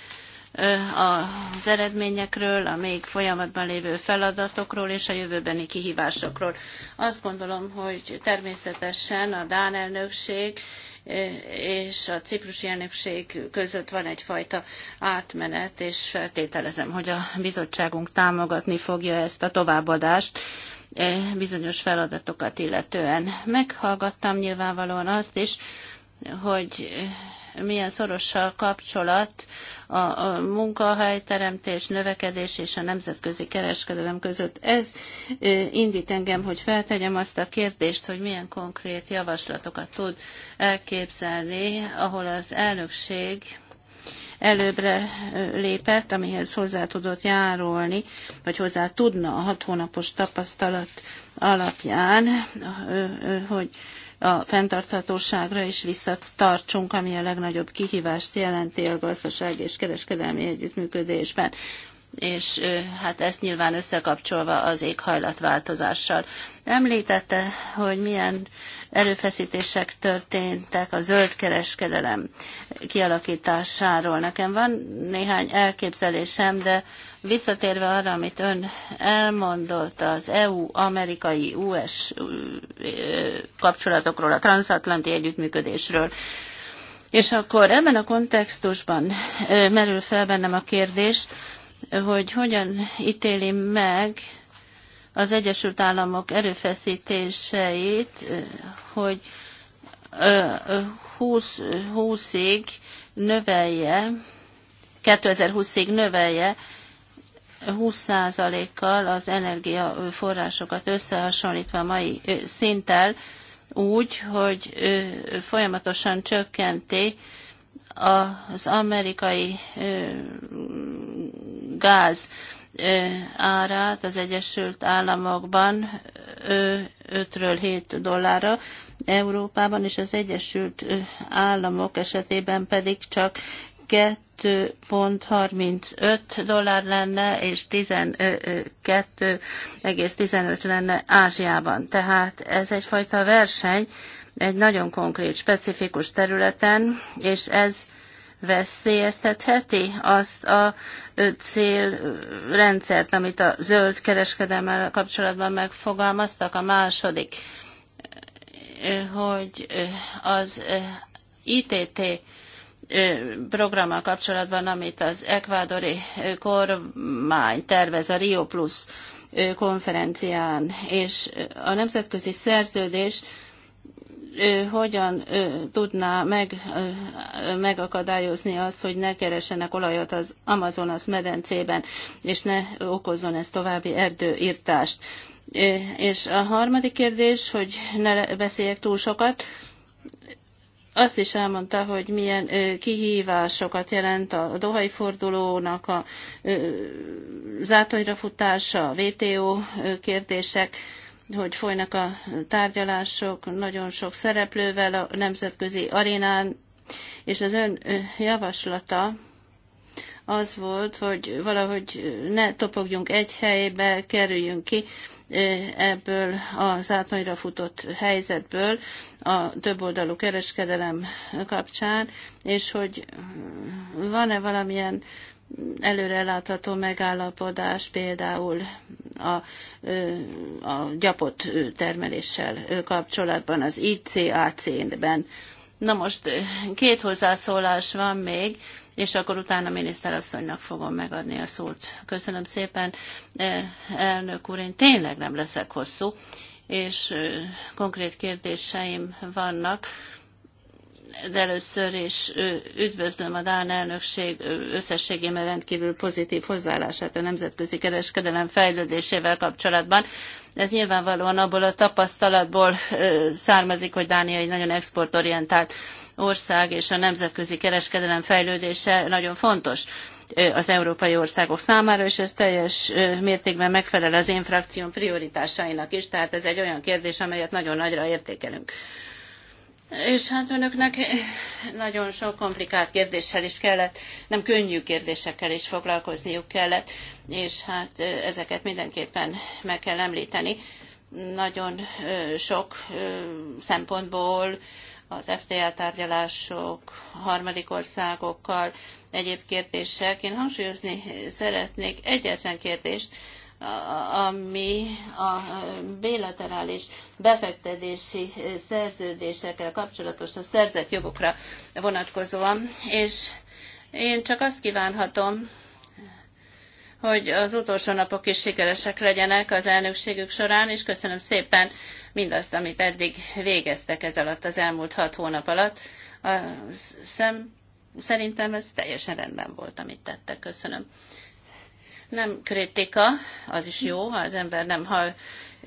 az eredményekről, a még folyamatban lévő feladatokról és a jövőbeni kihívásokról. Azt gondolom, hogy természetesen a Dán elnökség és a ciprusi elnökség között van egyfajta átmenet, és feltételezem, hogy a bizottságunk támogatni fogja ezt a továbbadást e, bizonyos feladatokat illetően. Meghallgattam nyilvánvalóan azt is, hogy milyen szoros a kapcsolat a, a munkahelyteremtés, növekedés és a nemzetközi kereskedelem között. Ez indít engem, hogy feltegyem azt a kérdést, hogy milyen konkrét javaslatokat tud elképzelni, ahol az elnökség előbbre lépett, amihez hozzá tudott járulni, vagy hozzá tudna a hat hónapos tapasztalat alapján, hogy a fenntarthatóságra is visszatartsunk, ami a legnagyobb kihívást jelenti a gazdaság és kereskedelmi együttműködésben és hát ezt nyilván összekapcsolva az éghajlatváltozással. Említette, hogy milyen erőfeszítések történtek a zöld kereskedelem kialakításáról. Nekem van néhány elképzelésem, de visszatérve arra, amit ön elmondott az EU-amerikai US kapcsolatokról, a transatlanti együttműködésről, és akkor ebben a kontextusban merül fel bennem a kérdés, hogy hogyan ítéli meg az Egyesült Államok erőfeszítéseit, hogy 2020 ig növelje, 2020-ig növelje 20%-kal az energiaforrásokat összehasonlítva a mai szinttel, úgy, hogy folyamatosan csökkenti az amerikai gáz árát az Egyesült Államokban 5-ről 7 dollárra, Európában és az Egyesült Államok esetében pedig csak 2.35 dollár lenne, és 12,15 lenne Ázsiában. Tehát ez egyfajta verseny, egy nagyon konkrét, specifikus területen, és ez veszélyeztetheti azt a célrendszert, amit a zöld kereskedelmel kapcsolatban megfogalmaztak. A második, hogy az ITT programmal kapcsolatban, amit az ekvádori kormány tervez a Rio Plus konferencián, és a nemzetközi szerződés hogyan tudná meg, megakadályozni azt, hogy ne keresenek olajat az Amazonas medencében, és ne okozzon ez további erdőírtást. És a harmadik kérdés, hogy ne beszéljek túl sokat, azt is elmondta, hogy milyen kihívásokat jelent a dohai fordulónak a zátonyra futása, a WTO kérdések, hogy folynak a tárgyalások nagyon sok szereplővel a nemzetközi arénán, és az ön javaslata az volt, hogy valahogy ne topogjunk egy helybe, kerüljünk ki ebből az átnagyra futott helyzetből a többoldalú kereskedelem kapcsán, és hogy van-e valamilyen előrelátható megállapodás például a, a gyapott termeléssel kapcsolatban az ICAC-ben. Na most két hozzászólás van még, és akkor utána miniszterasszonynak fogom megadni a szót. Köszönöm szépen, elnök úr, én tényleg nem leszek hosszú, és konkrét kérdéseim vannak de először is üdvözlöm a Dán elnökség összességében rendkívül pozitív hozzáállását a nemzetközi kereskedelem fejlődésével kapcsolatban. Ez nyilvánvalóan abból a tapasztalatból származik, hogy Dánia egy nagyon exportorientált ország, és a nemzetközi kereskedelem fejlődése nagyon fontos az európai országok számára, és ez teljes mértékben megfelel az én frakcióm prioritásainak is, tehát ez egy olyan kérdés, amelyet nagyon nagyra értékelünk. És hát önöknek nagyon sok komplikált kérdéssel is kellett, nem könnyű kérdésekkel is foglalkozniuk kellett, és hát ezeket mindenképpen meg kell említeni. Nagyon sok szempontból az FTA tárgyalások, harmadik országokkal, egyéb kérdések. Én hangsúlyozni szeretnék egyetlen kérdést, ami a bilaterális befektetési szerződésekkel kapcsolatos a szerzett jogokra vonatkozóan. És én csak azt kívánhatom, hogy az utolsó napok is sikeresek legyenek az elnökségük során, és köszönöm szépen mindazt, amit eddig végeztek ez alatt az elmúlt hat hónap alatt. A szem, szerintem ez teljesen rendben volt, amit tettek. Köszönöm nem kritika, az is jó, ha az ember nem hall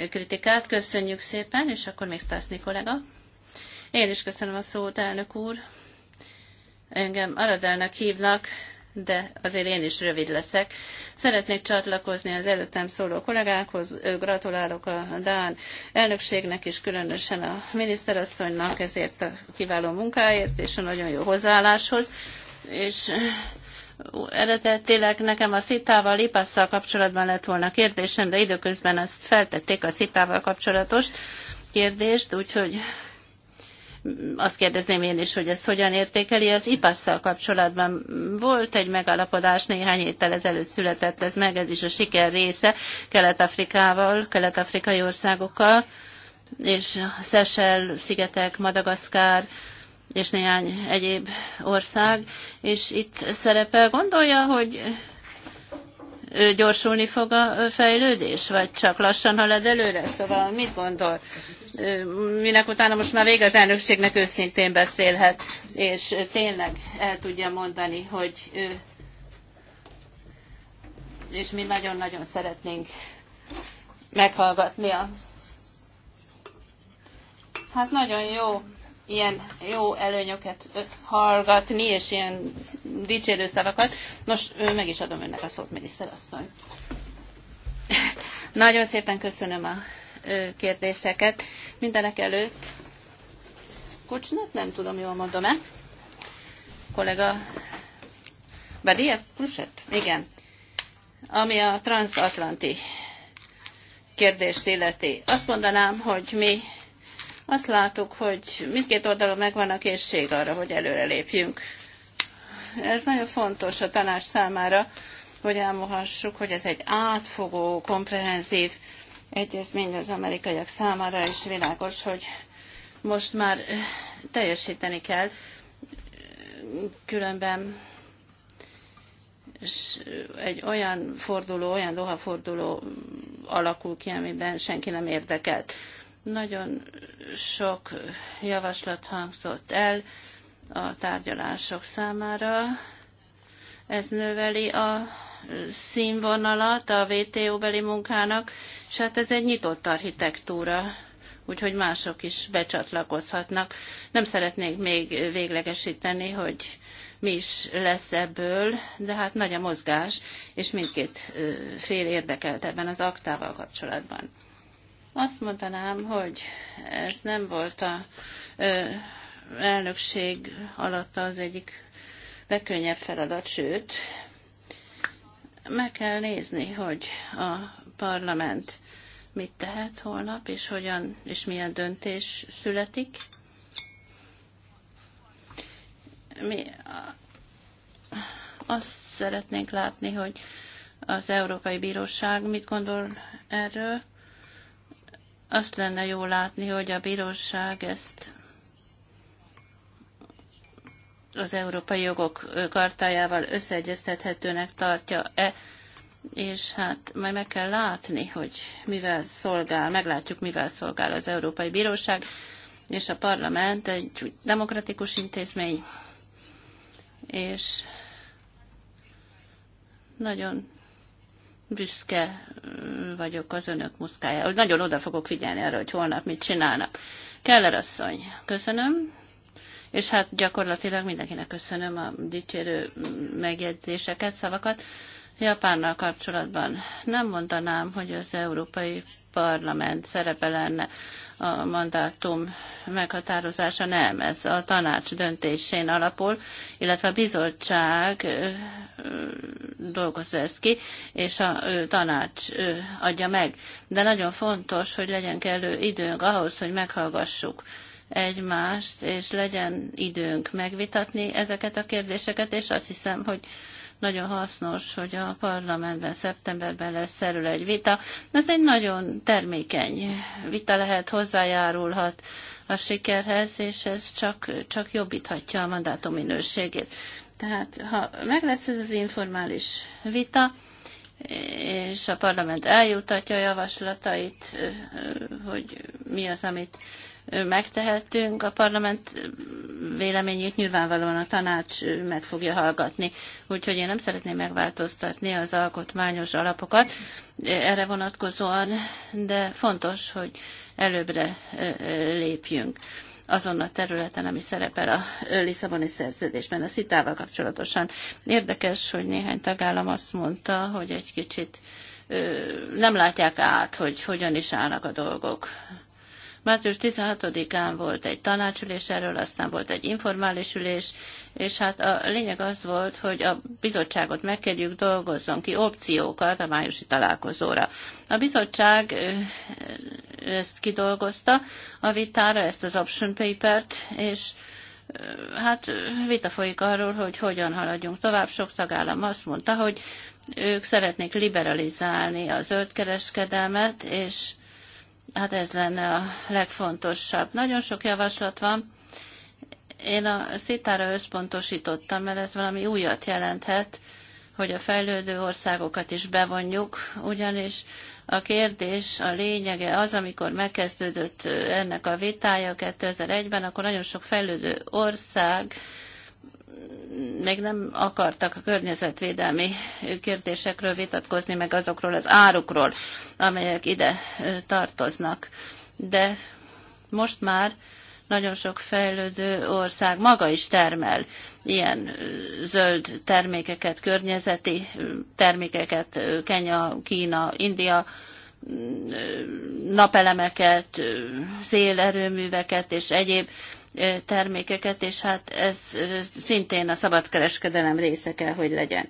kritikát. Köszönjük szépen, és akkor még Stasznyi kollega. Én is köszönöm a szót, elnök úr. Engem Aradelnek hívnak, de azért én is rövid leszek. Szeretnék csatlakozni az előttem szóló kollégákhoz, gratulálok a Dán elnökségnek és különösen a miniszterasszonynak ezért a kiváló munkáért és a nagyon jó hozzáálláshoz. És eredetileg nekem a szitával, lipasszal kapcsolatban lett volna kérdésem, de időközben azt feltették a szitával kapcsolatos kérdést, úgyhogy azt kérdezném én is, hogy ezt hogyan értékeli. Az IPASZ-szal kapcsolatban volt egy megalapodás, néhány héttel ezelőtt született ez meg, ez is a siker része Kelet-Afrikával, kelet-afrikai országokkal, és Szesel, Szigetek, Madagaszkár, és néhány egyéb ország, és itt szerepel, gondolja, hogy gyorsulni fog a fejlődés, vagy csak lassan halad előre? Szóval mit gondol? Minek utána most már vége az elnökségnek őszintén beszélhet, és tényleg el tudja mondani, hogy ő, és mi nagyon-nagyon szeretnénk a Hát nagyon jó ilyen jó előnyöket hallgatni, és ilyen dicsérő szavakat. Nos, meg is adom önnek a szót, miniszterasszony. Nagyon szépen köszönöm a kérdéseket. Mindenek előtt Kocsnat, nem tudom, jól mondom-e. Kollega Badia Kruset? Igen. Ami a transatlanti kérdést illeti. Azt mondanám, hogy mi azt látok, hogy mindkét oldalon megvan a készség arra, hogy előrelépjünk. Ez nagyon fontos a tanács számára, hogy elmohassuk, hogy ez egy átfogó, komprehenzív egyezmény az amerikaiak számára, és világos, hogy most már eh, teljesíteni kell, különben és eh, egy olyan forduló, olyan dohaforduló forduló alakul ki, amiben senki nem érdekelt. Nagyon sok javaslat hangzott el a tárgyalások számára. Ez növeli a színvonalat a WTO beli munkának, és hát ez egy nyitott architektúra úgyhogy mások is becsatlakozhatnak. Nem szeretnék még véglegesíteni, hogy mi is lesz ebből, de hát nagy a mozgás, és mindkét fél érdekelt ebben az aktával kapcsolatban. Azt mondanám, hogy ez nem volt a ö, elnökség alatt az egyik legkönnyebb feladat, sőt, meg kell nézni, hogy a parlament mit tehet holnap, és hogyan és milyen döntés születik. Mi azt szeretnénk látni, hogy az Európai Bíróság mit gondol erről, azt lenne jó látni, hogy a bíróság ezt az európai jogok kartájával összeegyeztethetőnek tartja-e, és hát majd meg kell látni, hogy mivel szolgál, meglátjuk, mivel szolgál az Európai Bíróság, és a parlament egy demokratikus intézmény, és nagyon büszke vagyok az önök muszkája. Nagyon oda fogok figyelni arra, hogy holnap mit csinálnak. Keller asszony, köszönöm. És hát gyakorlatilag mindenkinek köszönöm a dicsérő megjegyzéseket, szavakat. Japánnal kapcsolatban nem mondanám, hogy az Európai Parlament szerepe lenne a mandátum meghatározása, nem, ez a tanács döntésén alapul, illetve a bizottság dolgozza ezt ki, és a tanács adja meg. De nagyon fontos, hogy legyen kellő időnk ahhoz, hogy meghallgassuk egymást, és legyen időnk megvitatni ezeket a kérdéseket, és azt hiszem, hogy nagyon hasznos, hogy a parlamentben szeptemberben lesz erről egy vita. Ez egy nagyon termékeny vita lehet, hozzájárulhat a sikerhez, és ez csak, csak jobbíthatja a mandátum minőségét. Tehát ha meg lesz ez az informális vita, és a parlament eljutatja a javaslatait, hogy mi az, amit megtehetünk. A parlament véleményét nyilvánvalóan a tanács meg fogja hallgatni. Úgyhogy én nem szeretném megváltoztatni az alkotmányos alapokat erre vonatkozóan, de fontos, hogy előbbre lépjünk azon a területen, ami szerepel a Lisszaboni szerződésben, a szitával kapcsolatosan. Érdekes, hogy néhány tagállam azt mondta, hogy egy kicsit nem látják át, hogy hogyan is állnak a dolgok Március 16-án volt egy tanácsülés erről, aztán volt egy informális ülés, és hát a lényeg az volt, hogy a bizottságot megkérjük, dolgozzon ki opciókat a májusi találkozóra. A bizottság ezt kidolgozta a vitára, ezt az option papert, és hát vita folyik arról, hogy hogyan haladjunk tovább. Sok tagállam azt mondta, hogy ők szeretnék liberalizálni a zöld kereskedelmet, és Hát ez lenne a legfontosabb. Nagyon sok javaslat van. Én a szitára összpontosítottam, mert ez valami újat jelenthet, hogy a fejlődő országokat is bevonjuk, ugyanis a kérdés, a lényege az, amikor megkezdődött ennek a vitája 2001-ben, akkor nagyon sok fejlődő ország még nem akartak a környezetvédelmi kérdésekről vitatkozni, meg azokról az árukról, amelyek ide tartoznak. De most már nagyon sok fejlődő ország maga is termel ilyen zöld termékeket, környezeti termékeket, Kenya, Kína, India, napelemeket, szélerőműveket és egyéb termékeket, és hát ez szintén a szabadkereskedelem része kell, hogy legyen.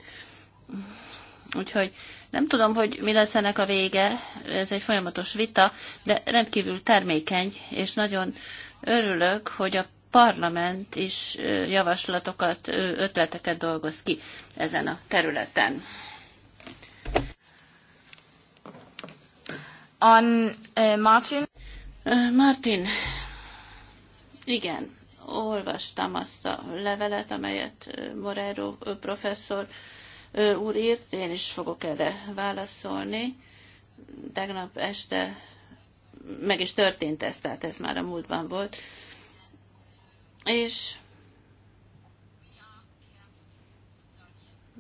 Úgyhogy nem tudom, hogy mi lesz ennek a vége, ez egy folyamatos vita, de rendkívül termékeny, és nagyon örülök, hogy a parlament is javaslatokat, ötleteket dolgoz ki ezen a területen. An uh, Martin. Martin igen, olvastam azt a levelet, amelyet Morero professzor úr írt, én is fogok erre válaszolni. Tegnap este meg is történt ez, tehát ez már a múltban volt. És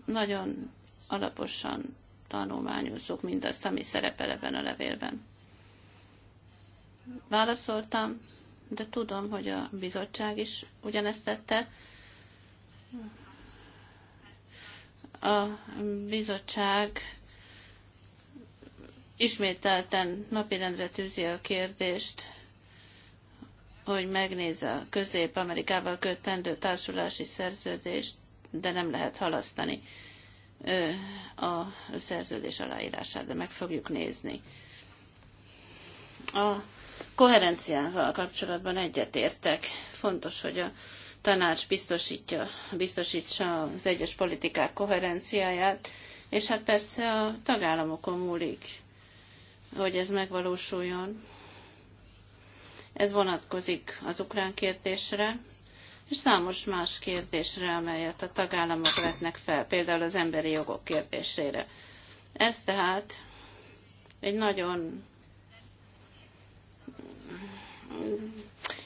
nagyon alaposan tanulmányozzuk mindazt, ami szerepel ebben a levélben. Válaszoltam de tudom, hogy a bizottság is ugyanezt tette. A bizottság ismételten napirendre tűzi a kérdést, hogy megnézze a Közép-Amerikával kötendő társulási szerződést, de nem lehet halasztani a szerződés aláírását, de meg fogjuk nézni. A koherenciával kapcsolatban egyetértek. Fontos, hogy a tanács biztosítja, biztosítsa az egyes politikák koherenciáját, és hát persze a tagállamokon múlik, hogy ez megvalósuljon. Ez vonatkozik az ukrán kérdésre, és számos más kérdésre, amelyet a tagállamok vetnek fel, például az emberi jogok kérdésére. Ez tehát egy nagyon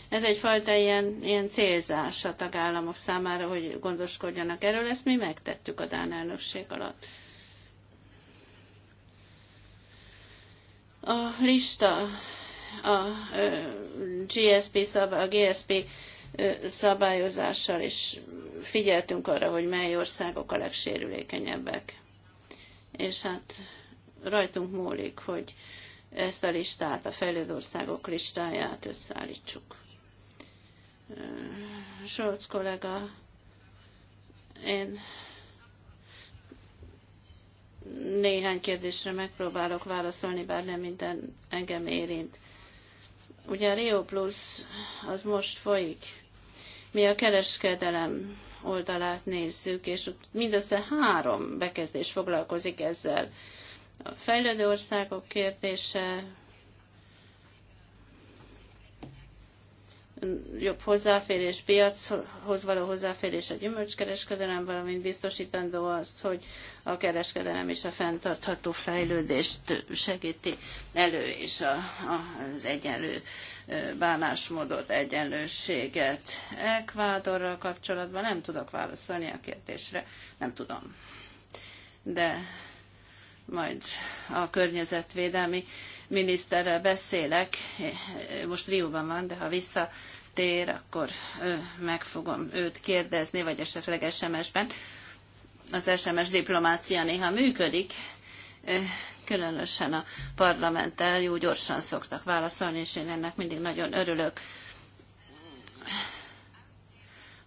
ez egyfajta ilyen, ilyen célzás a tagállamok számára, hogy gondoskodjanak erről, ezt mi megtettük a Dán elnökség alatt. A lista a GSP, szabály, a GSP szabályozással is figyeltünk arra, hogy mely országok a legsérülékenyebbek. És hát rajtunk múlik, hogy ezt a listát, a fejlődő országok listáját összeállítsuk. Solc kollega, én néhány kérdésre megpróbálok válaszolni, bár nem minden engem érint. Ugye a Rio Plus az most folyik. Mi a kereskedelem oldalát nézzük, és mindössze három bekezdés foglalkozik ezzel. A fejlődő országok kérdése jobb hozzáférés, piachoz való hozzáférés a gyümölcskereskedelem, valamint biztosítandó az, hogy a kereskedelem és a fenntartható fejlődést segíti elő, és a, a, az egyenlő bánásmódot, egyenlőséget. Ekvádorral kapcsolatban nem tudok válaszolni a kérdésre, nem tudom. De majd a környezetvédelmi miniszterrel beszélek. Most Rióban van, de ha vissza tér, akkor meg fogom őt kérdezni, vagy esetleg SMS-ben. Az SMS diplomácia néha működik, különösen a parlamenttel jó gyorsan szoktak válaszolni, és én ennek mindig nagyon örülök.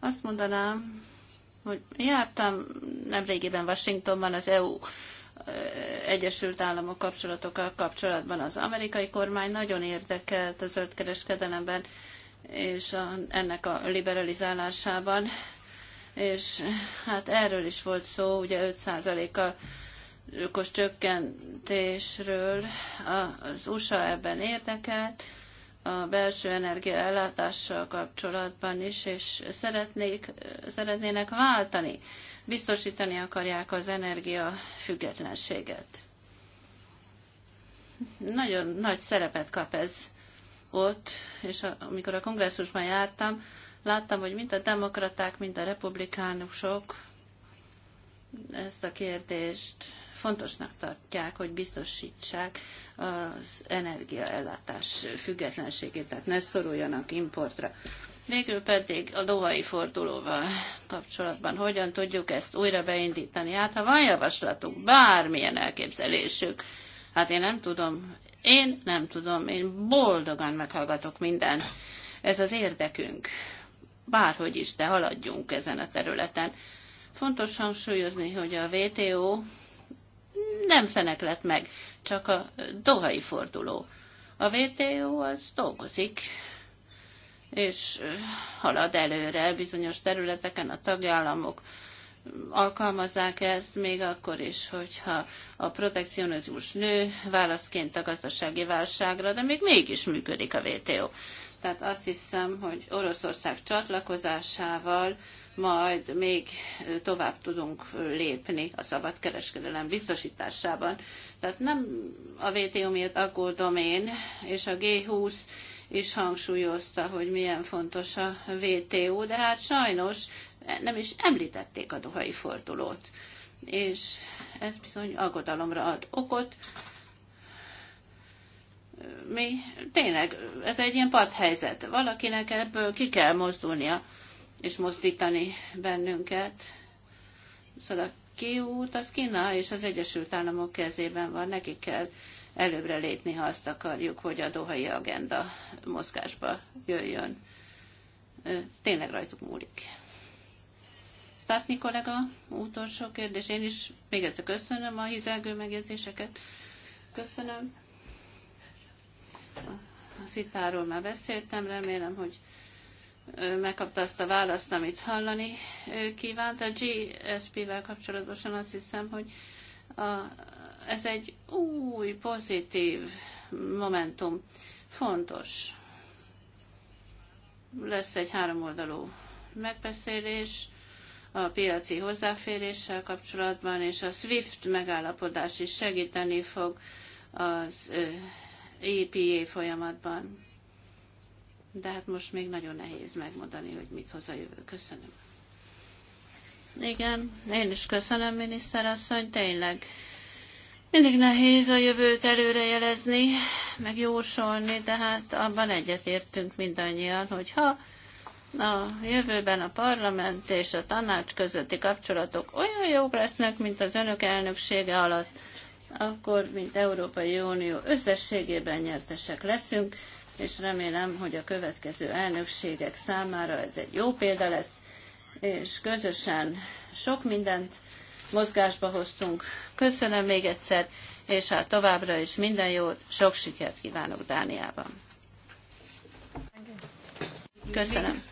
Azt mondanám, hogy jártam nemrégiben Washingtonban az EU Egyesült Államok kapcsolatokkal kapcsolatban az amerikai kormány nagyon érdekelt a zöld kereskedelemben és a, ennek a liberalizálásában. És hát erről is volt szó, ugye 5%-a ökos csökkentésről az USA ebben érdekelt, a belső energia ellátással kapcsolatban is, és szeretnék, szeretnének váltani biztosítani akarják az energia függetlenséget. Nagyon nagy szerepet kap ez ott, és a, amikor a kongresszusban jártam, láttam, hogy mind a demokraták, mind a republikánusok ezt a kérdést fontosnak tartják, hogy biztosítsák az energiaellátás függetlenségét, tehát ne szoruljanak importra. Végül pedig a dohai fordulóval kapcsolatban hogyan tudjuk ezt újra beindítani. Hát ha van javaslatuk, bármilyen elképzelésük, hát én nem tudom, én nem tudom, én boldogan meghallgatok mindent. Ez az érdekünk. Bárhogy is, de haladjunk ezen a területen. Fontos hangsúlyozni, hogy a VTO nem feneklet meg, csak a dohai forduló. A VTO az dolgozik, és halad előre bizonyos területeken a tagállamok alkalmazzák ezt még akkor is, hogyha a protekcionizmus nő válaszként a gazdasági válságra, de még mégis működik a WTO. Tehát azt hiszem, hogy Oroszország csatlakozásával majd még tovább tudunk lépni a szabadkereskedelem biztosításában. Tehát nem a WTO miatt aggódom én, és a G20 is hangsúlyozta, hogy milyen fontos a WTO, de hát sajnos nem is említették a dohai fordulót. És ez bizony aggodalomra ad okot. Mi tényleg, ez egy ilyen padhelyzet. Valakinek ebből ki kell mozdulnia és mozdítani bennünket. Szóval a kiút az Kína és az Egyesült Államok kezében van, nekik kell előbbre lépni, ha azt akarjuk, hogy a dohai agenda mozgásba jöjjön. Tényleg rajtuk múlik. Stasznyi kollega, utolsó kérdés. Én is még egyszer köszönöm a hizelgő megjegyzéseket. Köszönöm. A szitáról már beszéltem, remélem, hogy megkapta azt a választ, amit hallani kívánt. A GSP-vel kapcsolatosan azt hiszem, hogy a ez egy új, pozitív momentum. Fontos. Lesz egy háromoldalú megbeszélés a piaci hozzáféréssel kapcsolatban, és a SWIFT megállapodás is segíteni fog az EPA folyamatban. De hát most még nagyon nehéz megmondani, hogy mit hoz a jövő. Köszönöm. Igen, én is köszönöm, miniszter asszony, tényleg mindig nehéz a jövőt előrejelezni, meg jósolni, de hát abban egyetértünk mindannyian, hogy ha a jövőben a parlament és a tanács közötti kapcsolatok olyan jók lesznek, mint az önök elnöksége alatt, akkor, mint Európai Unió összességében nyertesek leszünk, és remélem, hogy a következő elnökségek számára ez egy jó példa lesz, és közösen sok mindent mozgásba hoztunk. Köszönöm még egyszer, és hát továbbra is minden jót, sok sikert kívánok Dániában. Köszönöm.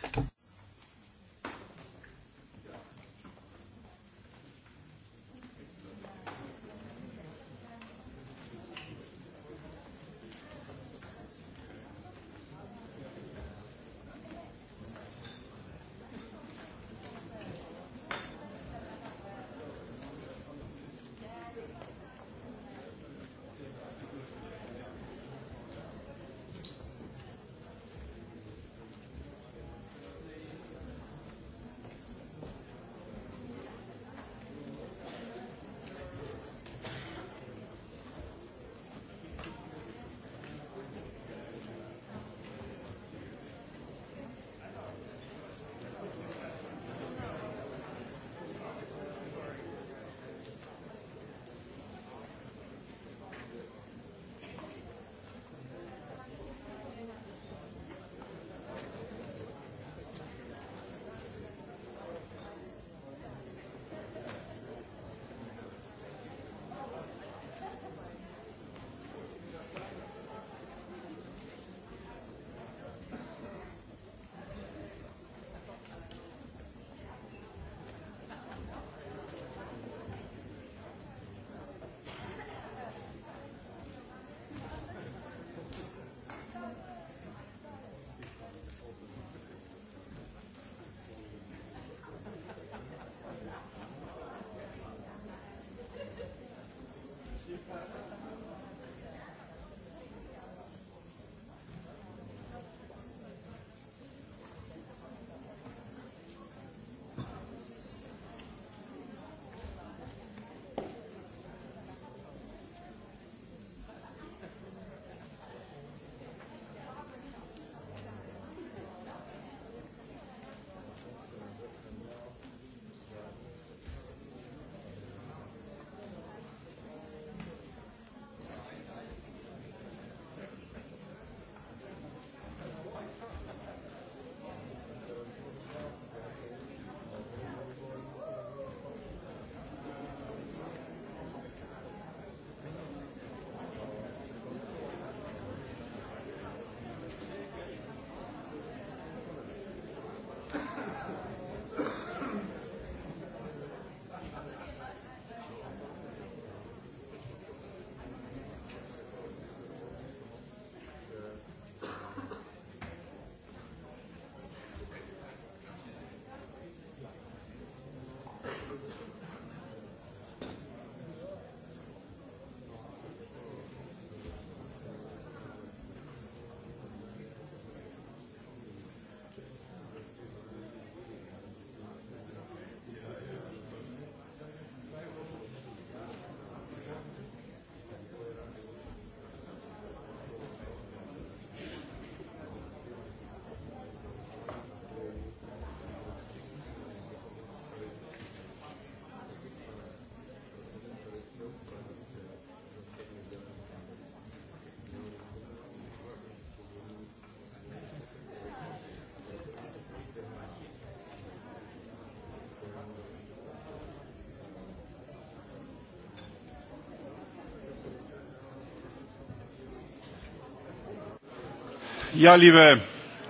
Ja, liebe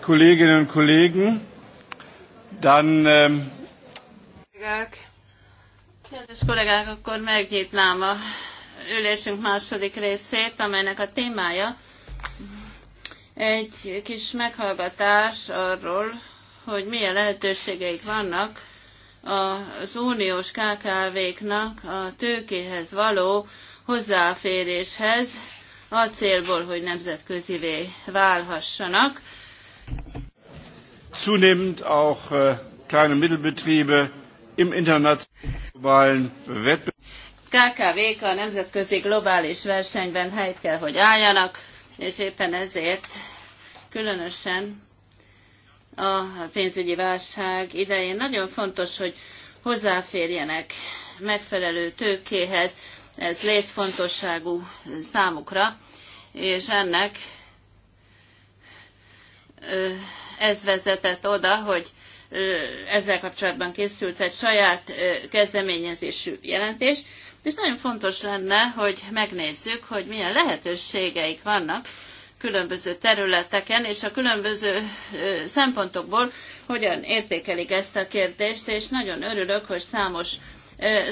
Kolleginnen und Kollegen, dann... Ähm akkor a ülésünk második részét, amelynek a témája egy kis meghallgatás arról, hogy milyen lehetőségeik vannak az uniós KKV-knak a tőkéhez való hozzáféréshez, a célból, hogy nemzetközivé válhassanak. Zunehmend auch äh, kleine Mittelbetriebe im internationalen Wettbewerb. KKV-k a nemzetközi globális versenyben helyt kell, hogy álljanak, és éppen ezért különösen a pénzügyi válság idején nagyon fontos, hogy hozzáférjenek megfelelő tőkéhez, ez létfontosságú számukra, és ennek ez vezetett oda, hogy ezzel kapcsolatban készült egy saját kezdeményezésű jelentés, és nagyon fontos lenne, hogy megnézzük, hogy milyen lehetőségeik vannak különböző területeken, és a különböző szempontokból hogyan értékelik ezt a kérdést, és nagyon örülök, hogy számos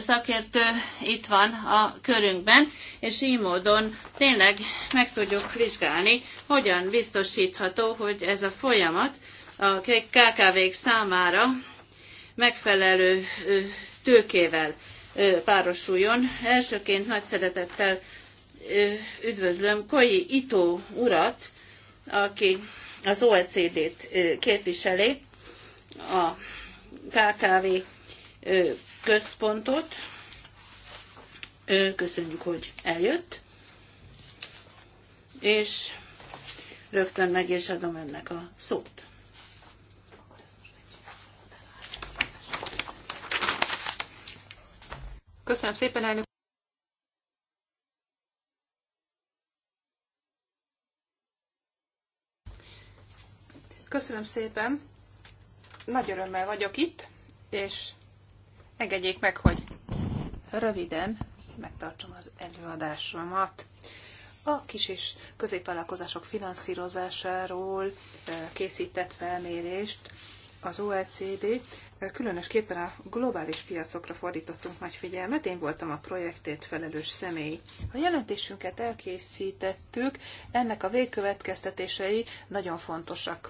szakértő itt van a körünkben, és így módon tényleg meg tudjuk vizsgálni, hogyan biztosítható, hogy ez a folyamat a KKV-k számára megfelelő tőkével párosuljon. Elsőként nagy szeretettel üdvözlöm Koi Ito urat, aki az OECD-t képviseli a KKV központot. Köszönjük, hogy eljött. És rögtön meg is adom ennek a szót. Köszönöm szépen, elnök Köszönöm szépen. Nagy örömmel vagyok itt, és Engedjék meg, hogy röviden megtartsam az előadásomat. A kis és középvállalkozások finanszírozásáról készített felmérést az OECD, különösképpen a globális piacokra fordítottunk nagy figyelmet, én voltam a projektét felelős személy. A jelentésünket elkészítettük, ennek a végkövetkeztetései nagyon fontosak.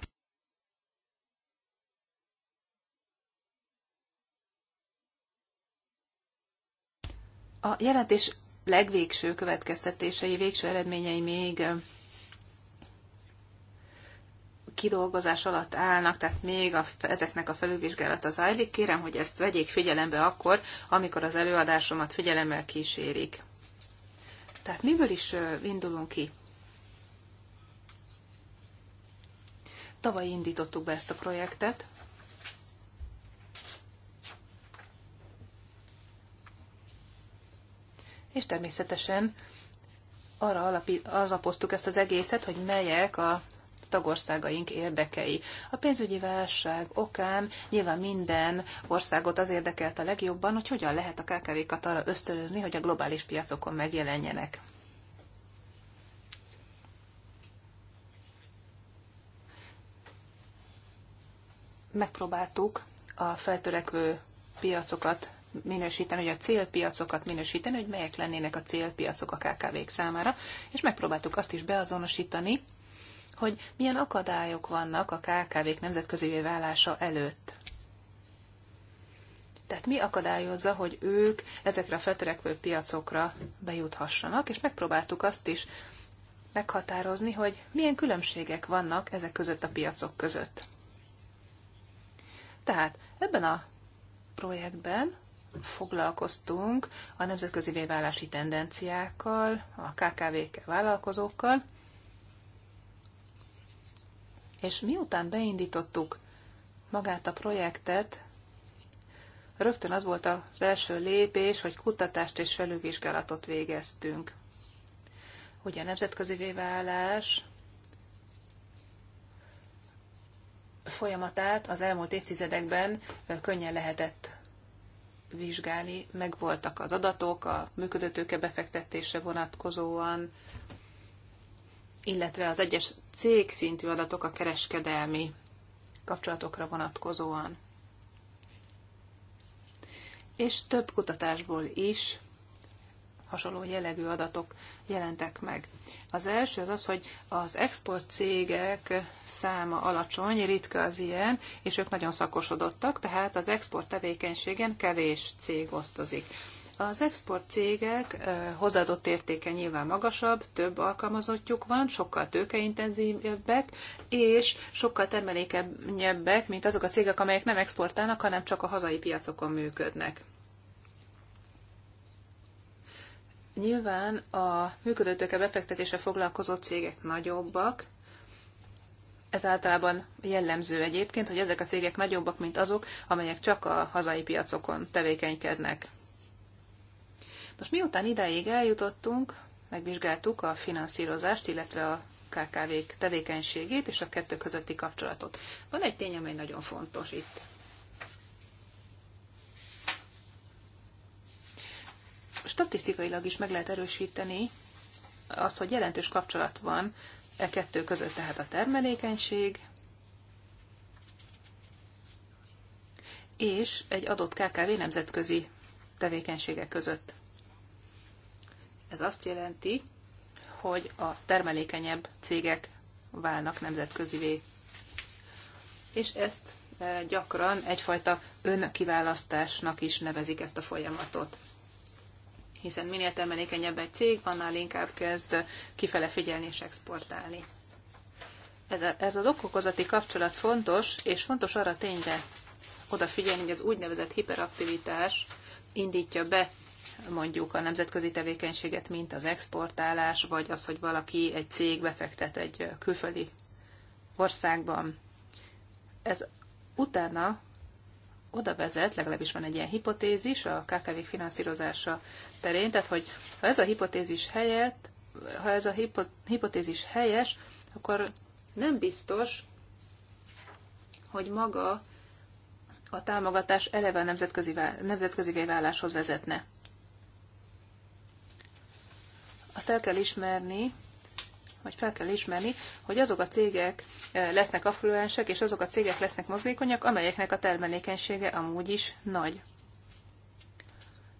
A jelentés legvégső következtetései, végső eredményei még kidolgozás alatt állnak, tehát még a, ezeknek a felülvizsgálata zajlik. Kérem, hogy ezt vegyék figyelembe akkor, amikor az előadásomat figyelemmel kísérik. Tehát miből is indulunk ki? Tavaly indítottuk be ezt a projektet, és természetesen arra alapít, alapoztuk ezt az egészet, hogy melyek a tagországaink érdekei. A pénzügyi válság okán nyilván minden országot az érdekelt a legjobban, hogy hogyan lehet a KKV-kat arra ösztönözni, hogy a globális piacokon megjelenjenek. Megpróbáltuk a feltörekvő piacokat minősíteni, hogy a célpiacokat minősíteni, hogy melyek lennének a célpiacok a KKV-k számára, és megpróbáltuk azt is beazonosítani, hogy milyen akadályok vannak a KKV-k nemzetközi válása előtt. Tehát mi akadályozza, hogy ők ezekre a feltörekvő piacokra bejuthassanak, és megpróbáltuk azt is meghatározni, hogy milyen különbségek vannak ezek között a piacok között. Tehát ebben a projektben foglalkoztunk a nemzetközi vállási tendenciákkal, a KKV-kkel, vállalkozókkal, és miután beindítottuk magát a projektet, rögtön az volt az első lépés, hogy kutatást és felülvizsgálatot végeztünk. Ugye a nemzetközi vállás folyamatát az elmúlt évtizedekben könnyen lehetett vizsgálni. Megvoltak az adatok a működőtőke befektetése vonatkozóan, illetve az egyes cégszintű adatok a kereskedelmi kapcsolatokra vonatkozóan. És több kutatásból is hasonló jellegű adatok jelentek meg. Az első az az, hogy az export cégek száma alacsony, ritka az ilyen, és ők nagyon szakosodottak, tehát az export tevékenységen kevés cég osztozik. Az export cégek hozzáadott értéke nyilván magasabb, több alkalmazottjuk van, sokkal tőkeintenzívebbek, és sokkal termelékenyebbek, mint azok a cégek, amelyek nem exportálnak, hanem csak a hazai piacokon működnek. Nyilván a működőtőke befektetése foglalkozó cégek nagyobbak, ez általában jellemző egyébként, hogy ezek a cégek nagyobbak, mint azok, amelyek csak a hazai piacokon tevékenykednek. Most miután ideig eljutottunk, megvizsgáltuk a finanszírozást, illetve a KKV-k tevékenységét és a kettő közötti kapcsolatot. Van egy tény, amely nagyon fontos itt. statisztikailag is meg lehet erősíteni azt, hogy jelentős kapcsolat van e kettő között, tehát a termelékenység és egy adott KKV nemzetközi tevékenysége között. Ez azt jelenti, hogy a termelékenyebb cégek válnak nemzetközivé. És ezt eh, gyakran egyfajta önkiválasztásnak is nevezik ezt a folyamatot hiszen minél termelékenyebb egy cég, annál inkább kezd kifele figyelni és exportálni. Ez, a, ez az okokozati kapcsolat fontos, és fontos arra tényre odafigyelni, hogy az úgynevezett hiperaktivitás indítja be mondjuk a nemzetközi tevékenységet, mint az exportálás, vagy az, hogy valaki egy cég befektet egy külföldi országban. Ez utána oda vezet, legalábbis van egy ilyen hipotézis a kkv finanszírozása terén, tehát hogy ha ez a hipotézis helyett, ha ez a hipotézis helyes, akkor nem biztos, hogy maga a támogatás eleve nemzetközi, nemzetközi válláshoz vezetne. Azt el kell ismerni, vagy fel kell ismerni, hogy azok a cégek eh, lesznek affluensek, és azok a cégek lesznek mozgékonyak, amelyeknek a termelékenysége amúgy is nagy.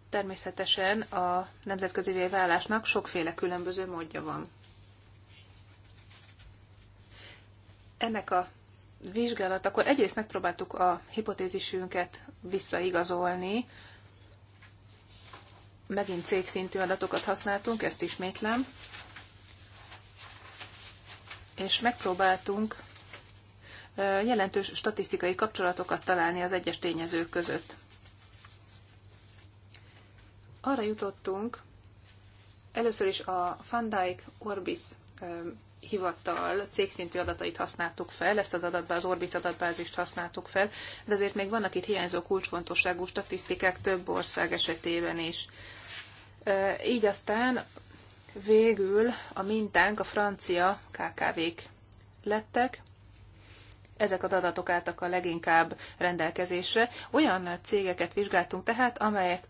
Természetesen a nemzetközi vállásnak sokféle különböző módja van. Ennek a vizsgálat, akkor egyrészt megpróbáltuk a hipotézisünket visszaigazolni, megint cégszintű adatokat használtunk, ezt ismétlem, és megpróbáltunk jelentős statisztikai kapcsolatokat találni az egyes tényezők között. Arra jutottunk, először is a Van Dijk Orbis hivatal cégszintű adatait használtuk fel, ezt az adatba, az Orbis adatbázist használtuk fel, de azért még vannak itt hiányzó kulcsfontosságú statisztikák több ország esetében is. Így aztán végül a mintánk a francia KKV-k lettek. Ezek az adatok álltak a leginkább rendelkezésre. Olyan cégeket vizsgáltunk tehát, amelyek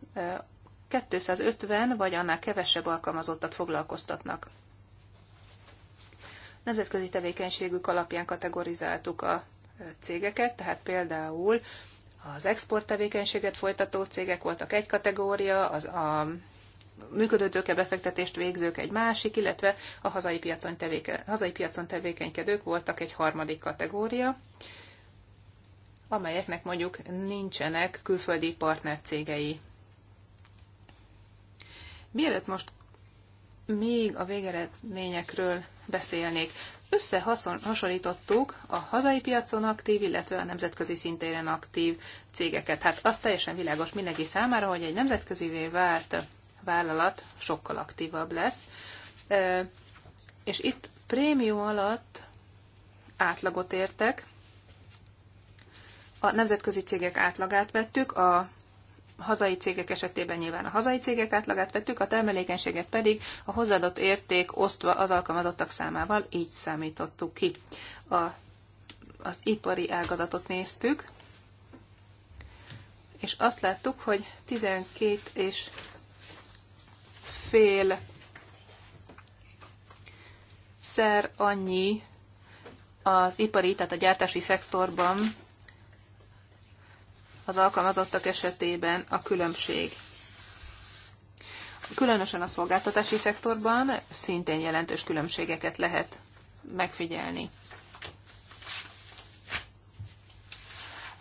250 e, vagy annál kevesebb alkalmazottat foglalkoztatnak. Nemzetközi tevékenységük alapján kategorizáltuk a e, cégeket, tehát például az export tevékenységet folytató cégek voltak egy kategória, az a működő tőkebefektetést végzők egy másik, illetve a hazai piacon, tevéke, hazai piacon tevékenykedők voltak egy harmadik kategória, amelyeknek mondjuk nincsenek külföldi partnercégei. Mielőtt most még a végeredményekről beszélnék, összehasonlítottuk a hazai piacon aktív, illetve a nemzetközi szintéren aktív cégeket. Hát az teljesen világos mindenki számára, hogy egy nemzetközivé vált vállalat sokkal aktívabb lesz. És itt prémium alatt átlagot értek, a nemzetközi cégek átlagát vettük, a hazai cégek esetében nyilván a hazai cégek átlagát vettük, a termelékenységet pedig a hozzáadott érték osztva az alkalmazottak számával, így számítottuk ki. A, az ipari ágazatot néztük, és azt láttuk, hogy 12 és fél szer annyi az ipari, tehát a gyártási szektorban az alkalmazottak esetében a különbség. Különösen a szolgáltatási szektorban szintén jelentős különbségeket lehet megfigyelni.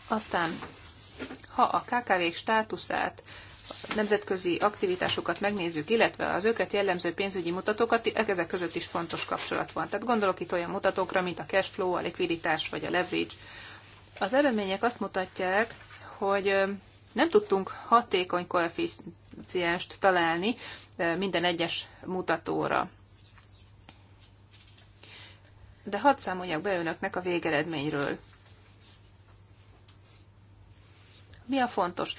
Aztán, ha a KKV-k státuszát nemzetközi aktivitásokat megnézzük, illetve az őket jellemző pénzügyi mutatókat, ezek között is fontos kapcsolat van. Tehát gondolok itt olyan mutatókra, mint a cash flow, a likviditás vagy a leverage. Az eredmények azt mutatják, hogy nem tudtunk hatékony koeficienst találni minden egyes mutatóra. De hadd számoljak be önöknek a végeredményről. Mi a fontos?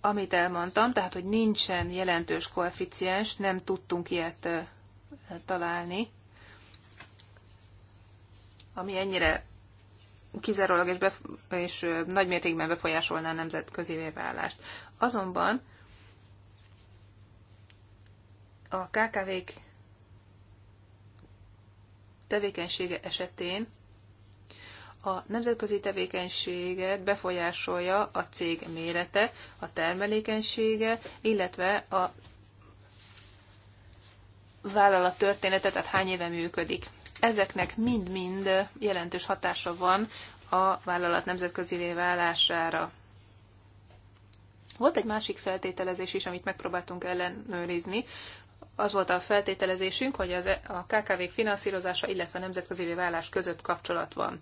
amit elmondtam, tehát hogy nincsen jelentős koeficiens, nem tudtunk ilyet találni, ami ennyire kizárólag és, bef- és nagymértékben befolyásolná a nemzetközi vállást. Azonban a KKV-k tevékenysége esetén a nemzetközi tevékenységet befolyásolja a cég mérete, a termelékenysége, illetve a vállalat története, tehát hány éve működik. Ezeknek mind-mind jelentős hatása van a vállalat nemzetközivé válására. Volt egy másik feltételezés is, amit megpróbáltunk ellenőrizni. Az volt a feltételezésünk, hogy az, e- a KKV-k finanszírozása, illetve a nemzetközi válás között kapcsolat van.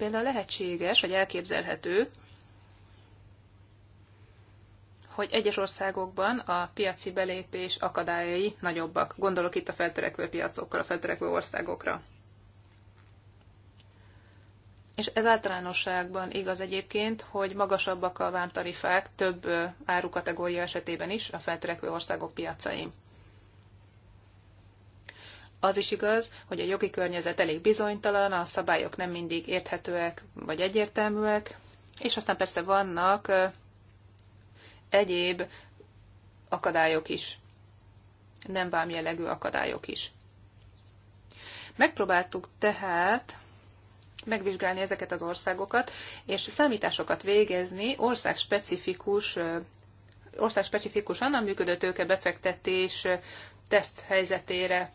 Például lehetséges, vagy elképzelhető, hogy egyes országokban a piaci belépés akadályai nagyobbak. Gondolok itt a feltörekvő piacokra, a feltörekvő országokra. És ez általánosságban igaz egyébként, hogy magasabbak a vámtarifák több árukategória esetében is a feltörekvő országok piacain. Az is igaz, hogy a jogi környezet elég bizonytalan, a szabályok nem mindig érthetőek vagy egyértelműek, és aztán persze vannak egyéb akadályok is, nem vámjellegű akadályok is. Megpróbáltuk tehát megvizsgálni ezeket az országokat, és számításokat végezni országspecifikus országspecifikus annan működő tőkebefektetés teszt helyzetére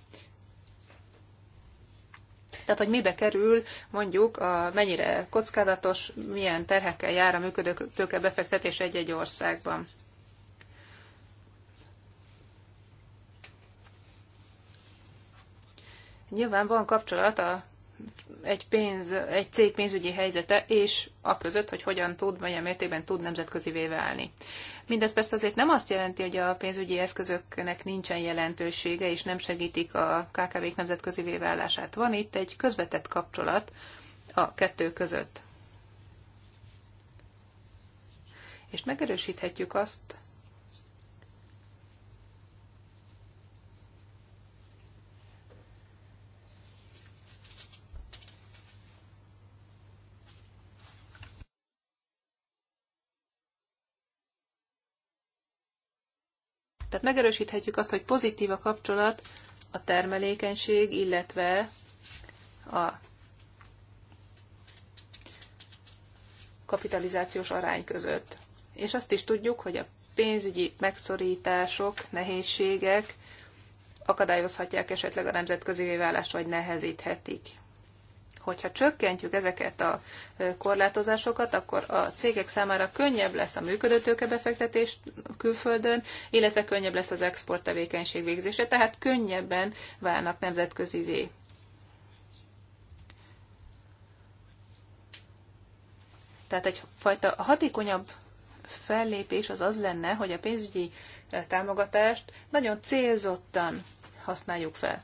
tehát, hogy mibe kerül mondjuk, a, mennyire kockázatos, milyen terhekkel jár a működő tőke befektetés egy-egy országban. Nyilván van kapcsolat a egy, pénz, egy cég pénzügyi helyzete, és a között, hogy hogyan tud, milyen mértékben tud nemzetközivé válni. Mindez persze azért nem azt jelenti, hogy a pénzügyi eszközöknek nincsen jelentősége, és nem segítik a KKV-k nemzetközivé válását. Van itt egy közvetett kapcsolat a kettő között. És megerősíthetjük azt, Tehát megerősíthetjük azt, hogy pozitív a kapcsolat a termelékenység, illetve a kapitalizációs arány között. És azt is tudjuk, hogy a pénzügyi megszorítások, nehézségek akadályozhatják esetleg a nemzetközi válást, vagy nehezíthetik hogyha csökkentjük ezeket a korlátozásokat, akkor a cégek számára könnyebb lesz a működőtőke befektetés külföldön, illetve könnyebb lesz az export tevékenység végzése, tehát könnyebben válnak nemzetközivé. Tehát egyfajta hatékonyabb fellépés az az lenne, hogy a pénzügyi támogatást nagyon célzottan használjuk fel.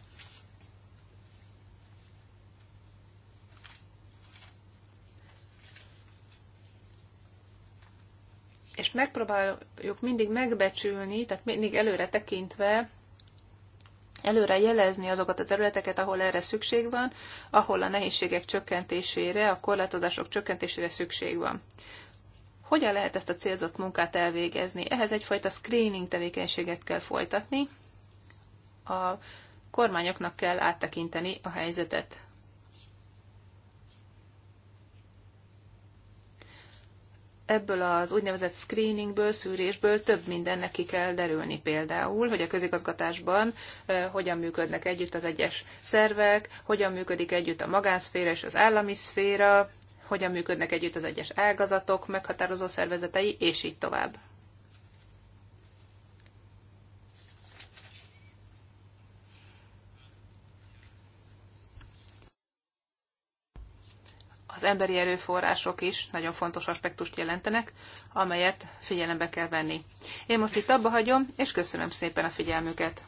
és megpróbáljuk mindig megbecsülni, tehát mindig előre tekintve, előre jelezni azokat a területeket, ahol erre szükség van, ahol a nehézségek csökkentésére, a korlátozások csökkentésére szükség van. Hogyan lehet ezt a célzott munkát elvégezni? Ehhez egyfajta screening tevékenységet kell folytatni. A kormányoknak kell áttekinteni a helyzetet. ebből az úgynevezett screeningből, szűrésből több mindennek ki kell derülni például, hogy a közigazgatásban hogyan működnek együtt az egyes szervek, hogyan működik együtt a magánszféra és az állami szféra, hogyan működnek együtt az egyes ágazatok meghatározó szervezetei, és így tovább. az emberi erőforrások is nagyon fontos aspektust jelentenek, amelyet figyelembe kell venni. Én most itt abba hagyom, és köszönöm szépen a figyelmüket.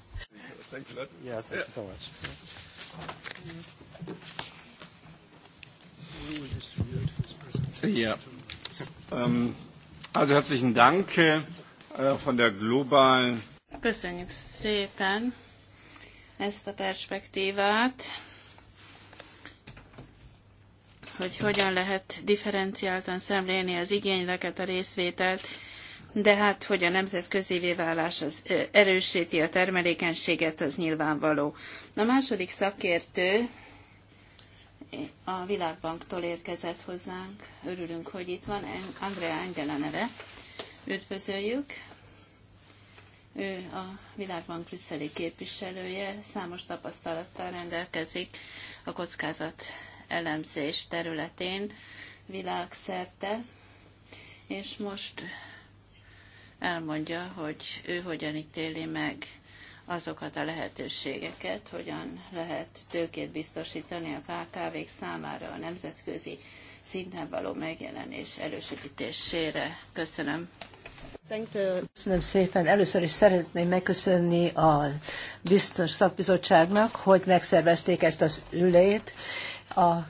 Ja. Um, also herzlichen Dank äh, von der globalen. Köszönjük szépen ezt a perspektívát hogy hogyan lehet differenciáltan szemlélni az igényleket, a részvételt, de hát, hogy a nemzetközi válás az erősíti a termelékenységet, az nyilvánvaló. A második szakértő a Világbanktól érkezett hozzánk. Örülünk, hogy itt van. Andrea Engel a neve. Üdvözöljük. Ő a Világbank brüsszeli képviselője, számos tapasztalattal rendelkezik a kockázat elemzés területén világszerte, és most elmondja, hogy ő hogyan ítéli meg azokat a lehetőségeket, hogyan lehet tőkét biztosítani a KKV-k számára a nemzetközi szinten való megjelenés elősegítésére. Köszönöm. Köszönöm szépen. Először is szeretném megköszönni a biztos szakbizottságnak, hogy megszervezték ezt az ülét, a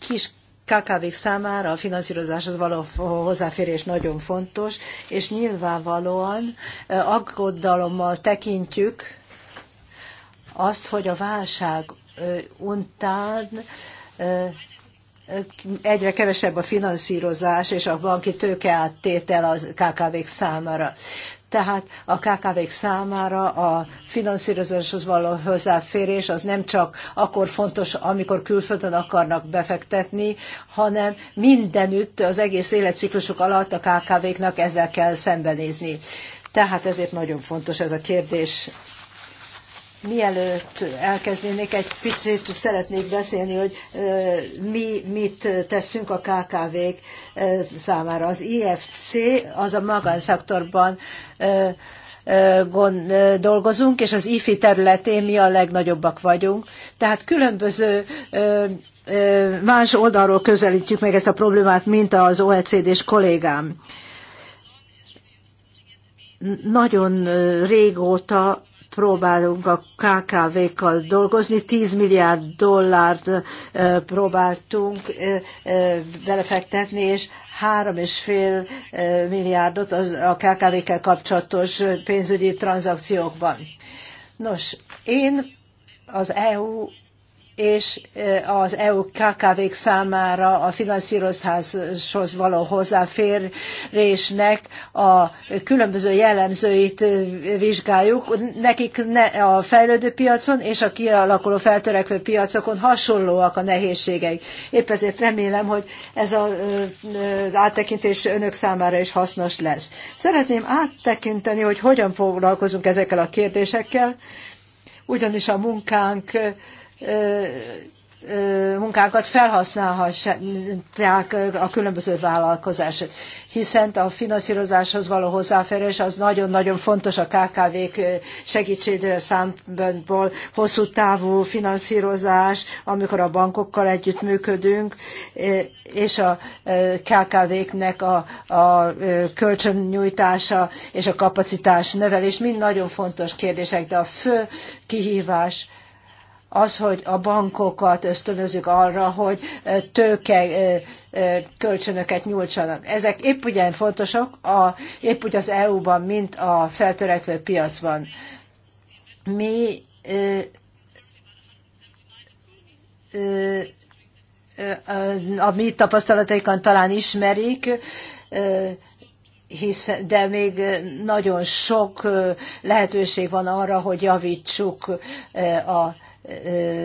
kis kkv számára a finanszírozáshoz való hozzáférés nagyon fontos, és nyilvánvalóan aggodalommal tekintjük azt, hogy a válság untán egyre kevesebb a finanszírozás és a banki tőkeáttétel a KKV-k számára tehát a KKV-k számára a finanszírozáshoz való hozzáférés az nem csak akkor fontos, amikor külföldön akarnak befektetni, hanem mindenütt az egész életciklusuk alatt a KKV-knak ezzel kell szembenézni. Tehát ezért nagyon fontos ez a kérdés mielőtt elkezdenék, egy picit szeretnék beszélni, hogy mi mit teszünk a KKV-k számára. Az IFC, az a magánszektorban dolgozunk, és az IFI területén mi a legnagyobbak vagyunk. Tehát különböző más oldalról közelítjük meg ezt a problémát, mint az OECD-s kollégám. Nagyon régóta próbálunk a KKV-kkal dolgozni, 10 milliárd dollárt próbáltunk belefektetni, és 3,5 milliárdot a KKV-kkel kapcsolatos pénzügyi tranzakciókban. Nos, én az EU és az EU KKV-k számára a finanszírozáshoz való hozzáférésnek a különböző jellemzőit vizsgáljuk. Nekik ne, a fejlődő piacon és a kialakuló feltörekvő piacokon hasonlóak a nehézségeik. Épp ezért remélem, hogy ez az áttekintés önök számára is hasznos lesz. Szeretném áttekinteni, hogy hogyan foglalkozunk ezekkel a kérdésekkel, ugyanis a munkánk munkákat felhasználhatják a különböző vállalkozások, hiszen a finanszírozáshoz való hozzáférés az nagyon-nagyon fontos a KKV-k segítségére szempontból, hosszú távú finanszírozás, amikor a bankokkal együttműködünk, és a KKV-knek a, a kölcsönnyújtása és a kapacitás növelés mind nagyon fontos kérdések, de a fő kihívás az, hogy a bankokat ösztönözzük arra, hogy tőke kölcsönöket nyújtsanak. Ezek épp ugyan fontosak, a, épp úgy az EU-ban, mint a feltörekvő piacban. Mi a mi tapasztalatainkon talán ismerik, hiszen, de még nagyon sok lehetőség van arra, hogy javítsuk a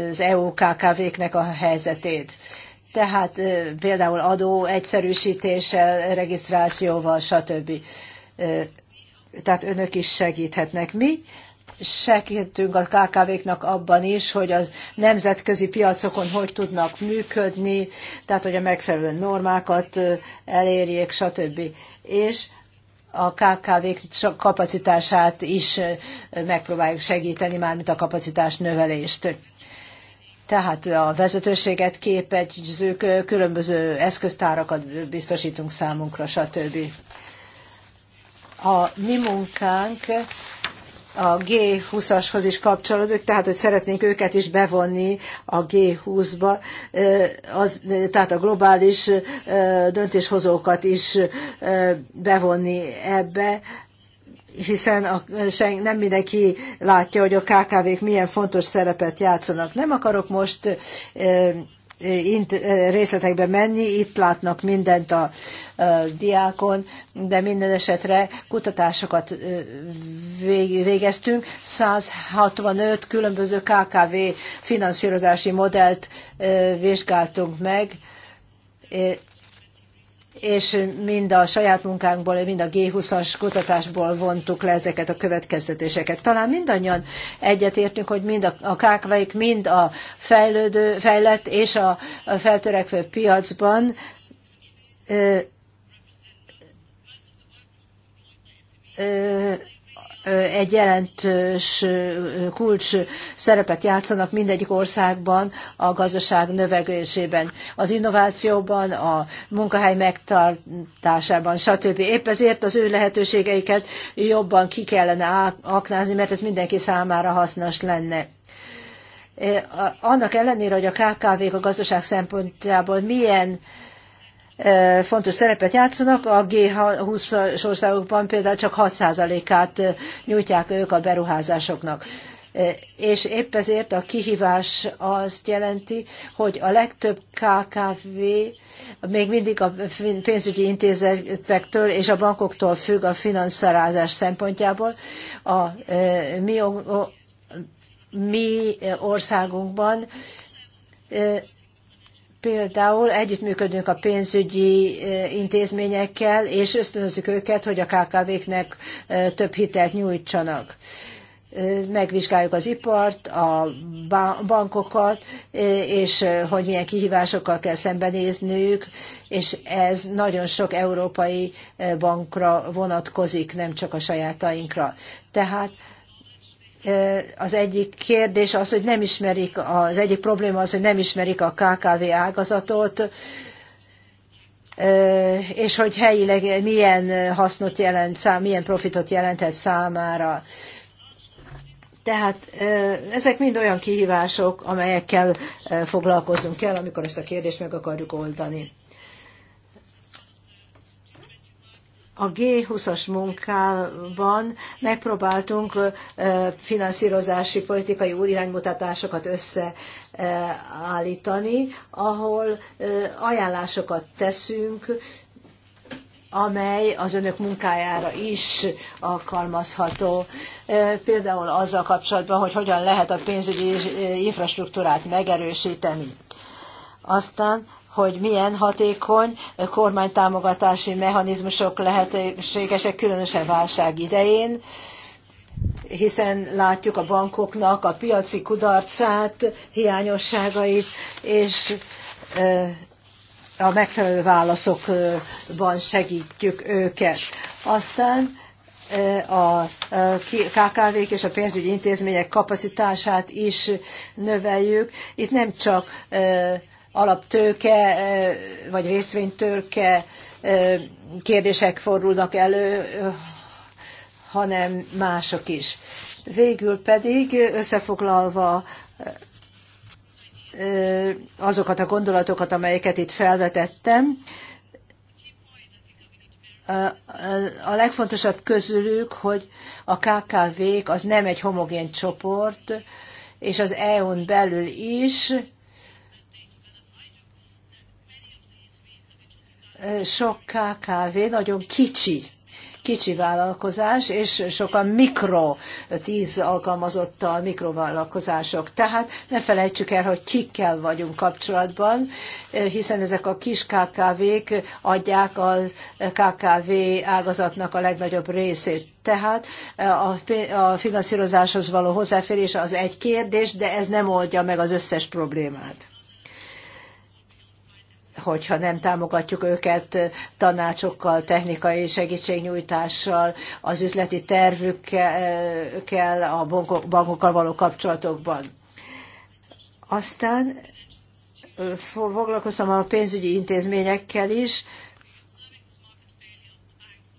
az EU KKV-knek a helyzetét. Tehát például adó egyszerűsítéssel, regisztrációval, stb. Tehát önök is segíthetnek. Mi segítünk a KKV-knak abban is, hogy a nemzetközi piacokon hogy tudnak működni, tehát hogy a megfelelő normákat elérjék, stb. És a KKV kapacitását is megpróbáljuk segíteni, mármint a kapacitás növelést. Tehát a vezetőséget képegyzők, különböző eszköztárakat biztosítunk számunkra, stb. A mi munkánk a G20-ashoz is kapcsolódik, tehát hogy szeretnénk őket is bevonni a G20-ba, az, tehát a globális döntéshozókat is bevonni ebbe, hiszen a, sen, nem mindenki látja, hogy a KKV-k milyen fontos szerepet játszanak. Nem akarok most részletekbe menni, itt látnak mindent a diákon, de minden esetre kutatásokat végeztünk, 165 különböző KKV finanszírozási modellt vizsgáltunk meg, és mind a saját munkánkból, mind a G20-as kutatásból vontuk le ezeket a következtetéseket. Talán mindannyian egyetértünk, hogy mind a, a mind a fejlődő, fejlett és a, a feltörekvő piacban ö, ö, egy jelentős kulcs szerepet játszanak mindegyik országban a gazdaság növekedésében, az innovációban, a munkahely megtartásában, stb. Épp ezért az ő lehetőségeiket jobban ki kellene aknázni, mert ez mindenki számára hasznos lenne annak ellenére, hogy a KKV-k a gazdaság szempontjából milyen fontos szerepet játszanak, a G20-as országokban például csak 6%-át nyújtják ők a beruházásoknak. És épp ezért a kihívás azt jelenti, hogy a legtöbb KKV még mindig a pénzügyi intézetektől és a bankoktól függ a finanszírozás szempontjából. A mi, mi országunkban Például együttműködünk a pénzügyi e, intézményekkel, és ösztönözzük őket, hogy a KKV-knek e, több hitelt nyújtsanak. E, megvizsgáljuk az ipart, a bankokat, és hogy milyen kihívásokkal kell szembenézniük, és ez nagyon sok európai bankra vonatkozik, nem csak a sajátainkra. Tehát az egyik kérdés az, hogy nem ismerik, az egyik probléma az, hogy nem ismerik a KKV ágazatot, és hogy helyileg milyen hasznot jelent, milyen profitot jelenthet számára. Tehát ezek mind olyan kihívások, amelyekkel foglalkoznunk kell, amikor ezt a kérdést meg akarjuk oldani. a G20-as munkában megpróbáltunk finanszírozási politikai úriránymutatásokat összeállítani, ahol ajánlásokat teszünk, amely az önök munkájára is alkalmazható. Például azzal kapcsolatban, hogy hogyan lehet a pénzügyi infrastruktúrát megerősíteni. Aztán hogy milyen hatékony kormánytámogatási mechanizmusok lehetőségesek, különösen válság idején, hiszen látjuk a bankoknak a piaci kudarcát, hiányosságait, és a megfelelő válaszokban segítjük őket. Aztán a KKV-k és a pénzügyi intézmények kapacitását is növeljük. Itt nem csak alaptőke vagy részvénytőke kérdések fordulnak elő, hanem mások is. Végül pedig összefoglalva azokat a gondolatokat, amelyeket itt felvetettem, a legfontosabb közülük, hogy a KKV-k az nem egy homogén csoport, és az EU-n belül is sok KKV nagyon kicsi kicsi vállalkozás, és sokan mikro, tíz alkalmazottal mikrovállalkozások. Tehát ne felejtsük el, hogy kikkel vagyunk kapcsolatban, hiszen ezek a kis KKV-k adják a KKV ágazatnak a legnagyobb részét. Tehát a finanszírozáshoz való hozzáférés az egy kérdés, de ez nem oldja meg az összes problémát hogyha nem támogatjuk őket tanácsokkal, technikai segítségnyújtással, az üzleti tervükkel, a bankokkal való kapcsolatokban. Aztán foglalkozom a pénzügyi intézményekkel is,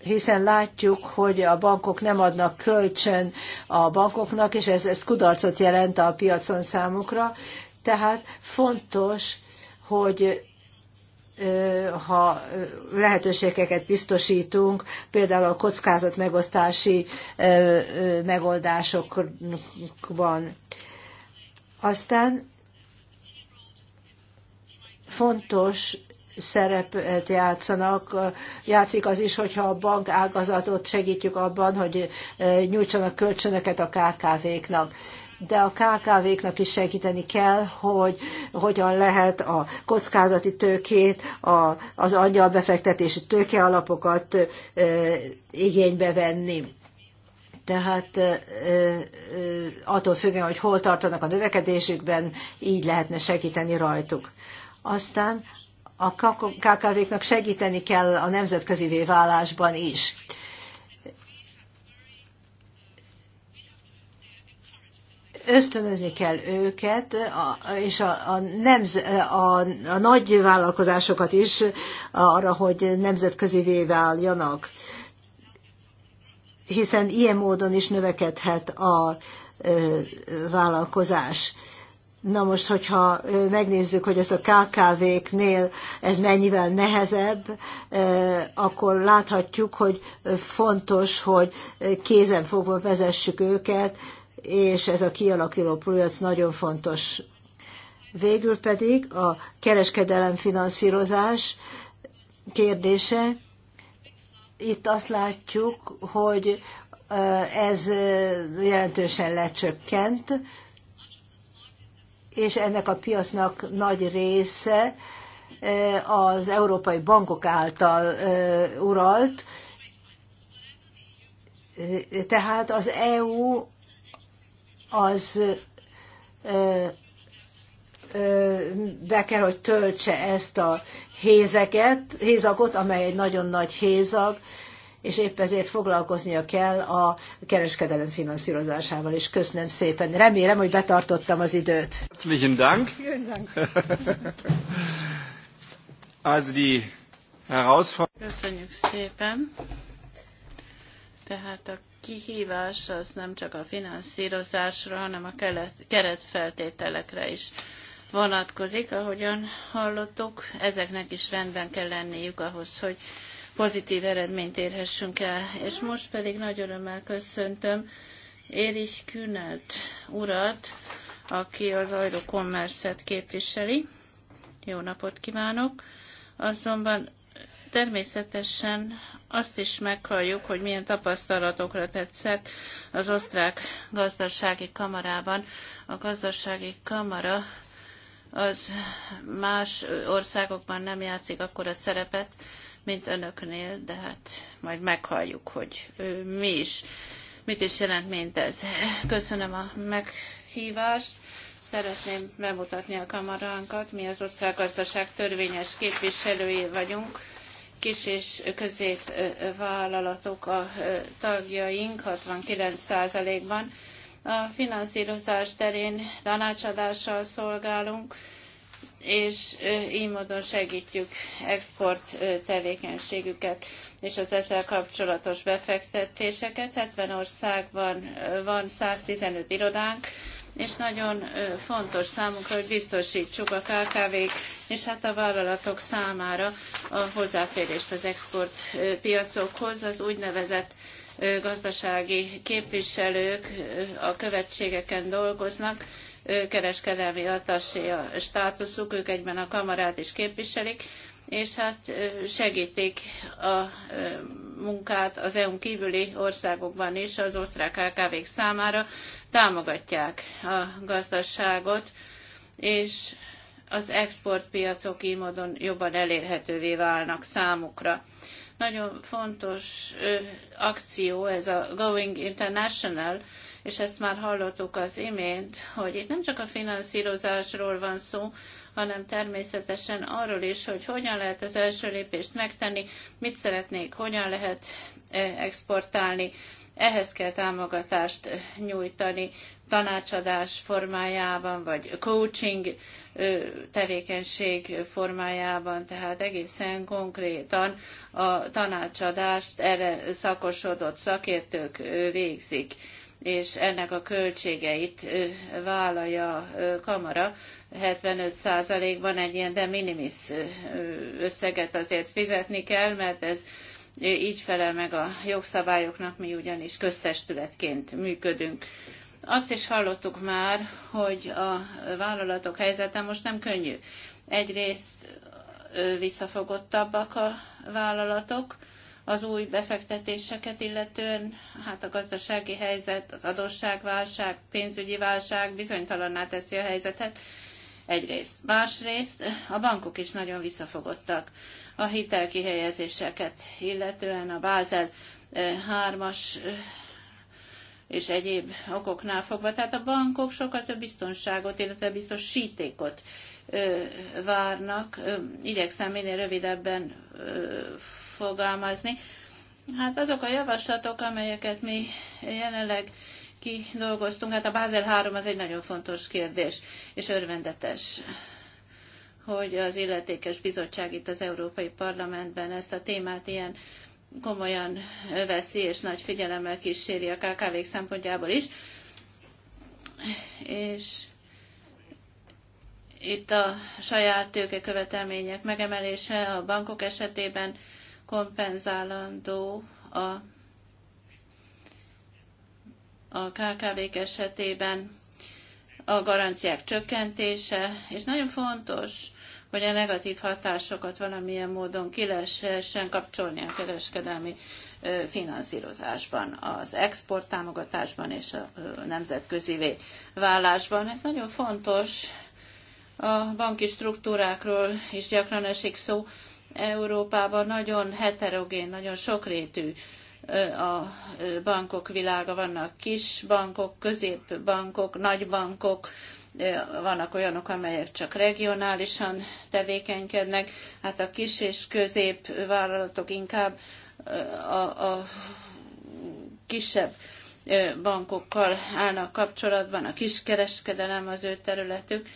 hiszen látjuk, hogy a bankok nem adnak kölcsön a bankoknak, és ez, ez kudarcot jelent a piacon számukra. Tehát fontos, hogy ha lehetőségeket biztosítunk, például a kockázat megosztási megoldásokban. Aztán fontos szerepet játszanak, játszik az is, hogyha a bank ágazatot segítjük abban, hogy nyújtsanak kölcsönöket a KKV-knak de a KKV-knak is segíteni kell, hogy hogyan lehet a kockázati tőkét, a, az angyalbefektetési tőkealapokat e, igénybe venni. Tehát attól függően, hogy hol tartanak a növekedésükben, így lehetne segíteni rajtuk. Aztán a KKV-knak segíteni kell a nemzetközi válásban is ösztönözni kell őket, és a, a, nemz, a, a nagy vállalkozásokat is arra, hogy nemzetközivé váljanak, hiszen ilyen módon is növekedhet a vállalkozás. Na most, hogyha megnézzük, hogy ez a KKV-knél ez mennyivel nehezebb, akkor láthatjuk, hogy fontos, hogy kézen fogva vezessük őket, és ez a kialakuló piac nagyon fontos. Végül pedig a kereskedelem finanszírozás kérdése. Itt azt látjuk, hogy ez jelentősen lecsökkent, és ennek a piacnak nagy része az európai bankok által uralt. Tehát az EU az be kell, hogy töltse ezt a hézeket, hézagot, amely egy nagyon nagy hézag, és épp ezért foglalkoznia kell a kereskedelem finanszírozásával is. Köszönöm szépen. Remélem, hogy betartottam az időt. Herzlichen Dank. Also die Köszönjük szépen. Tehát a kihívás az nem csak a finanszírozásra, hanem a keretfeltételekre is vonatkozik. Ahogyan hallottuk, ezeknek is rendben kell lenniük ahhoz, hogy pozitív eredményt érhessünk el. És most pedig nagy örömmel köszöntöm Éris Künelt urat, aki az Aero Commerce-et képviseli. Jó napot kívánok! Azonban Természetesen azt is meghalljuk, hogy milyen tapasztalatokra tetszett az osztrák gazdasági kamarában. A gazdasági kamara az más országokban nem játszik akkor a szerepet, mint önöknél, de hát majd meghalljuk, hogy mi is, mit is jelent mindez. Köszönöm a meghívást. Szeretném bemutatni a kamaránkat. Mi az osztrák gazdaság törvényes képviselői vagyunk kis és középvállalatok a tagjaink 69%-ban. A finanszírozás terén tanácsadással szolgálunk, és így módon segítjük export tevékenységüket és az ezzel kapcsolatos befektetéseket. 70 országban van 115 irodánk, és nagyon fontos számunkra, hogy biztosítsuk a KKV-k és hát a vállalatok számára a hozzáférést az exportpiacokhoz, az úgynevezett gazdasági képviselők a követségeken dolgoznak, kereskedelmi attasé a státuszuk, ők egyben a kamarát is képviselik, és hát segítik a munkát az EU-n kívüli országokban is az osztrák KKV-k számára, támogatják a gazdaságot, és az exportpiacok így módon jobban elérhetővé válnak számukra. Nagyon fontos ö, akció ez a Going International, és ezt már hallottuk az imént, hogy itt nem csak a finanszírozásról van szó, hanem természetesen arról is, hogy hogyan lehet az első lépést megtenni, mit szeretnék, hogyan lehet exportálni ehhez kell támogatást nyújtani tanácsadás formájában, vagy coaching tevékenység formájában, tehát egészen konkrétan a tanácsadást erre szakosodott szakértők végzik és ennek a költségeit vállalja a kamara. 75%-ban egy ilyen de minimis összeget azért fizetni kell, mert ez így felel meg a jogszabályoknak, mi ugyanis köztestületként működünk. Azt is hallottuk már, hogy a vállalatok helyzete most nem könnyű. Egyrészt visszafogottabbak a vállalatok, az új befektetéseket illetően, hát a gazdasági helyzet, az adósságválság, pénzügyi válság bizonytalanná teszi a helyzetet egyrészt. Másrészt a bankok is nagyon visszafogottak a hitelkihelyezéseket, illetően a Bázel 3-as eh, eh, és egyéb okoknál fogva. Tehát a bankok sokkal több biztonságot, illetve biztosítékot eh, várnak. Igyekszem minél rövidebben fogalmazni. Hát azok a javaslatok, amelyeket mi jelenleg kidolgoztunk, hát a Bázel 3 az egy nagyon fontos kérdés, és örvendetes hogy az illetékes bizottság itt az Európai Parlamentben ezt a témát ilyen komolyan veszi és nagy figyelemmel kíséri a KKV-k szempontjából is. És itt a saját tőke követelmények megemelése a bankok esetében kompenzálandó a, a KKV-k esetében a garanciák csökkentése, és nagyon fontos, hogy a negatív hatásokat valamilyen módon ki lehessen kapcsolni a kereskedelmi finanszírozásban, az export támogatásban és a nemzetközi vállásban. Ez nagyon fontos. A banki struktúrákról is gyakran esik szó. Európában nagyon heterogén, nagyon sokrétű a bankok világa, vannak kis bankok, középbankok, nagy bankok, vannak olyanok, amelyek csak regionálisan tevékenykednek, hát a kis és vállalatok inkább a, a kisebb bankokkal állnak kapcsolatban, a kiskereskedelem az ő területük,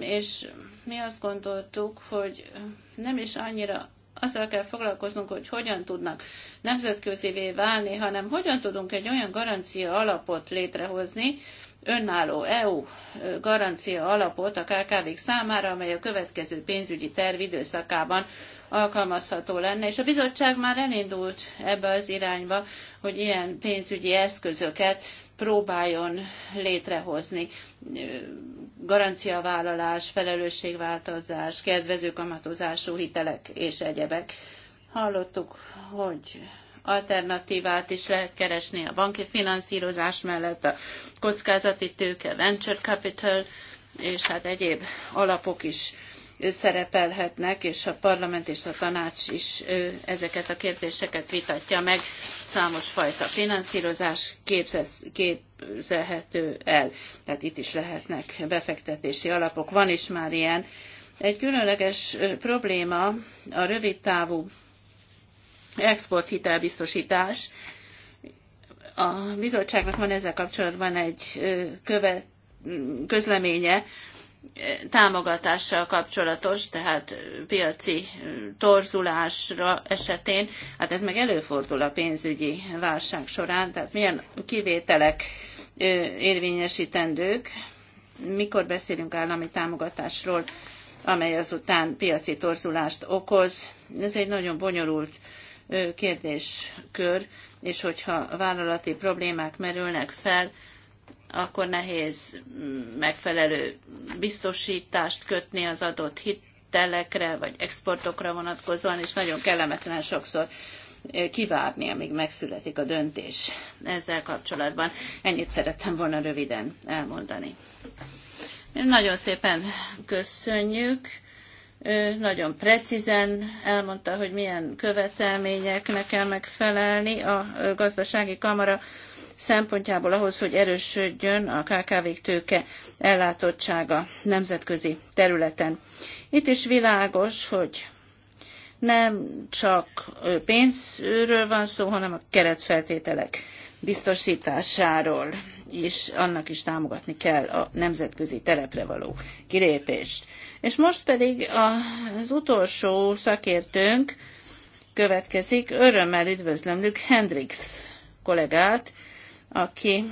és mi azt gondoltuk, hogy nem is annyira azzal kell foglalkoznunk, hogy hogyan tudnak nemzetközivé válni, hanem hogyan tudunk egy olyan garancia alapot létrehozni, önálló EU garancia alapot a KKV-k számára, amely a következő pénzügyi terv időszakában alkalmazható lenne, és a bizottság már elindult ebbe az irányba, hogy ilyen pénzügyi eszközöket próbáljon létrehozni. Garanciavállalás, felelősségváltozás, kedvező kamatozású hitelek és egyebek. Hallottuk, hogy alternatívát is lehet keresni a banki finanszírozás mellett, a kockázati tőke, venture capital, és hát egyéb alapok is szerepelhetnek, és a parlament és a tanács is ezeket a kérdéseket vitatja meg. Számos fajta finanszírozás képzesz, képzelhető el, tehát itt is lehetnek befektetési alapok. Van is már ilyen. Egy különleges probléma a rövidtávú exporthitelbiztosítás. A bizottságnak van ezzel kapcsolatban egy követ, közleménye, támogatással kapcsolatos, tehát piaci torzulásra esetén, hát ez meg előfordul a pénzügyi válság során, tehát milyen kivételek érvényesítendők, mikor beszélünk állami támogatásról, amely azután piaci torzulást okoz. Ez egy nagyon bonyolult kérdéskör, és hogyha vállalati problémák merülnek fel, akkor nehéz mm, megfelelő biztosítást kötni az adott hitelekre vagy exportokra vonatkozóan, és nagyon kellemetlen sokszor kivárni, amíg megszületik a döntés ezzel kapcsolatban. Ennyit szerettem volna röviden elmondani. Nagyon szépen köszönjük. Ő nagyon precízen elmondta, hogy milyen követelményeknek kell megfelelni a gazdasági kamara szempontjából ahhoz, hogy erősödjön a KKV-k tőke ellátottsága nemzetközi területen. Itt is világos, hogy nem csak pénzről van szó, hanem a keretfeltételek biztosításáról és annak is támogatni kell a nemzetközi terepre való kilépést. És most pedig az utolsó szakértőnk következik. Örömmel üdvözlöm Lük Hendrix kollégát, aki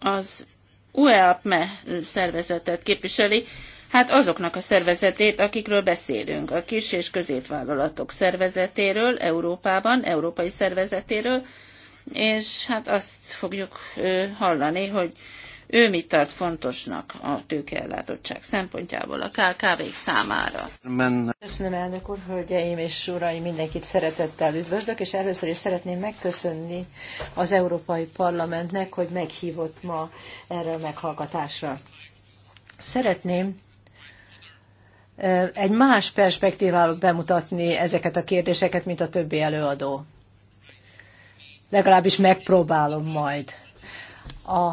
az UEAPME szervezetet képviseli, hát azoknak a szervezetét, akikről beszélünk, a kis és középvállalatok szervezetéről Európában, európai szervezetéről, és hát azt fogjuk hallani, hogy ő mit tart fontosnak a tőkeellátottság szempontjából a kkv számára. Menne. Köszönöm elnök úr, hölgyeim és uraim, mindenkit szeretettel üdvözlök, és először is szeretném megköszönni az Európai Parlamentnek, hogy meghívott ma erre a meghallgatásra. Szeretném egy más perspektívával bemutatni ezeket a kérdéseket, mint a többi előadó. Legalábbis megpróbálom majd. A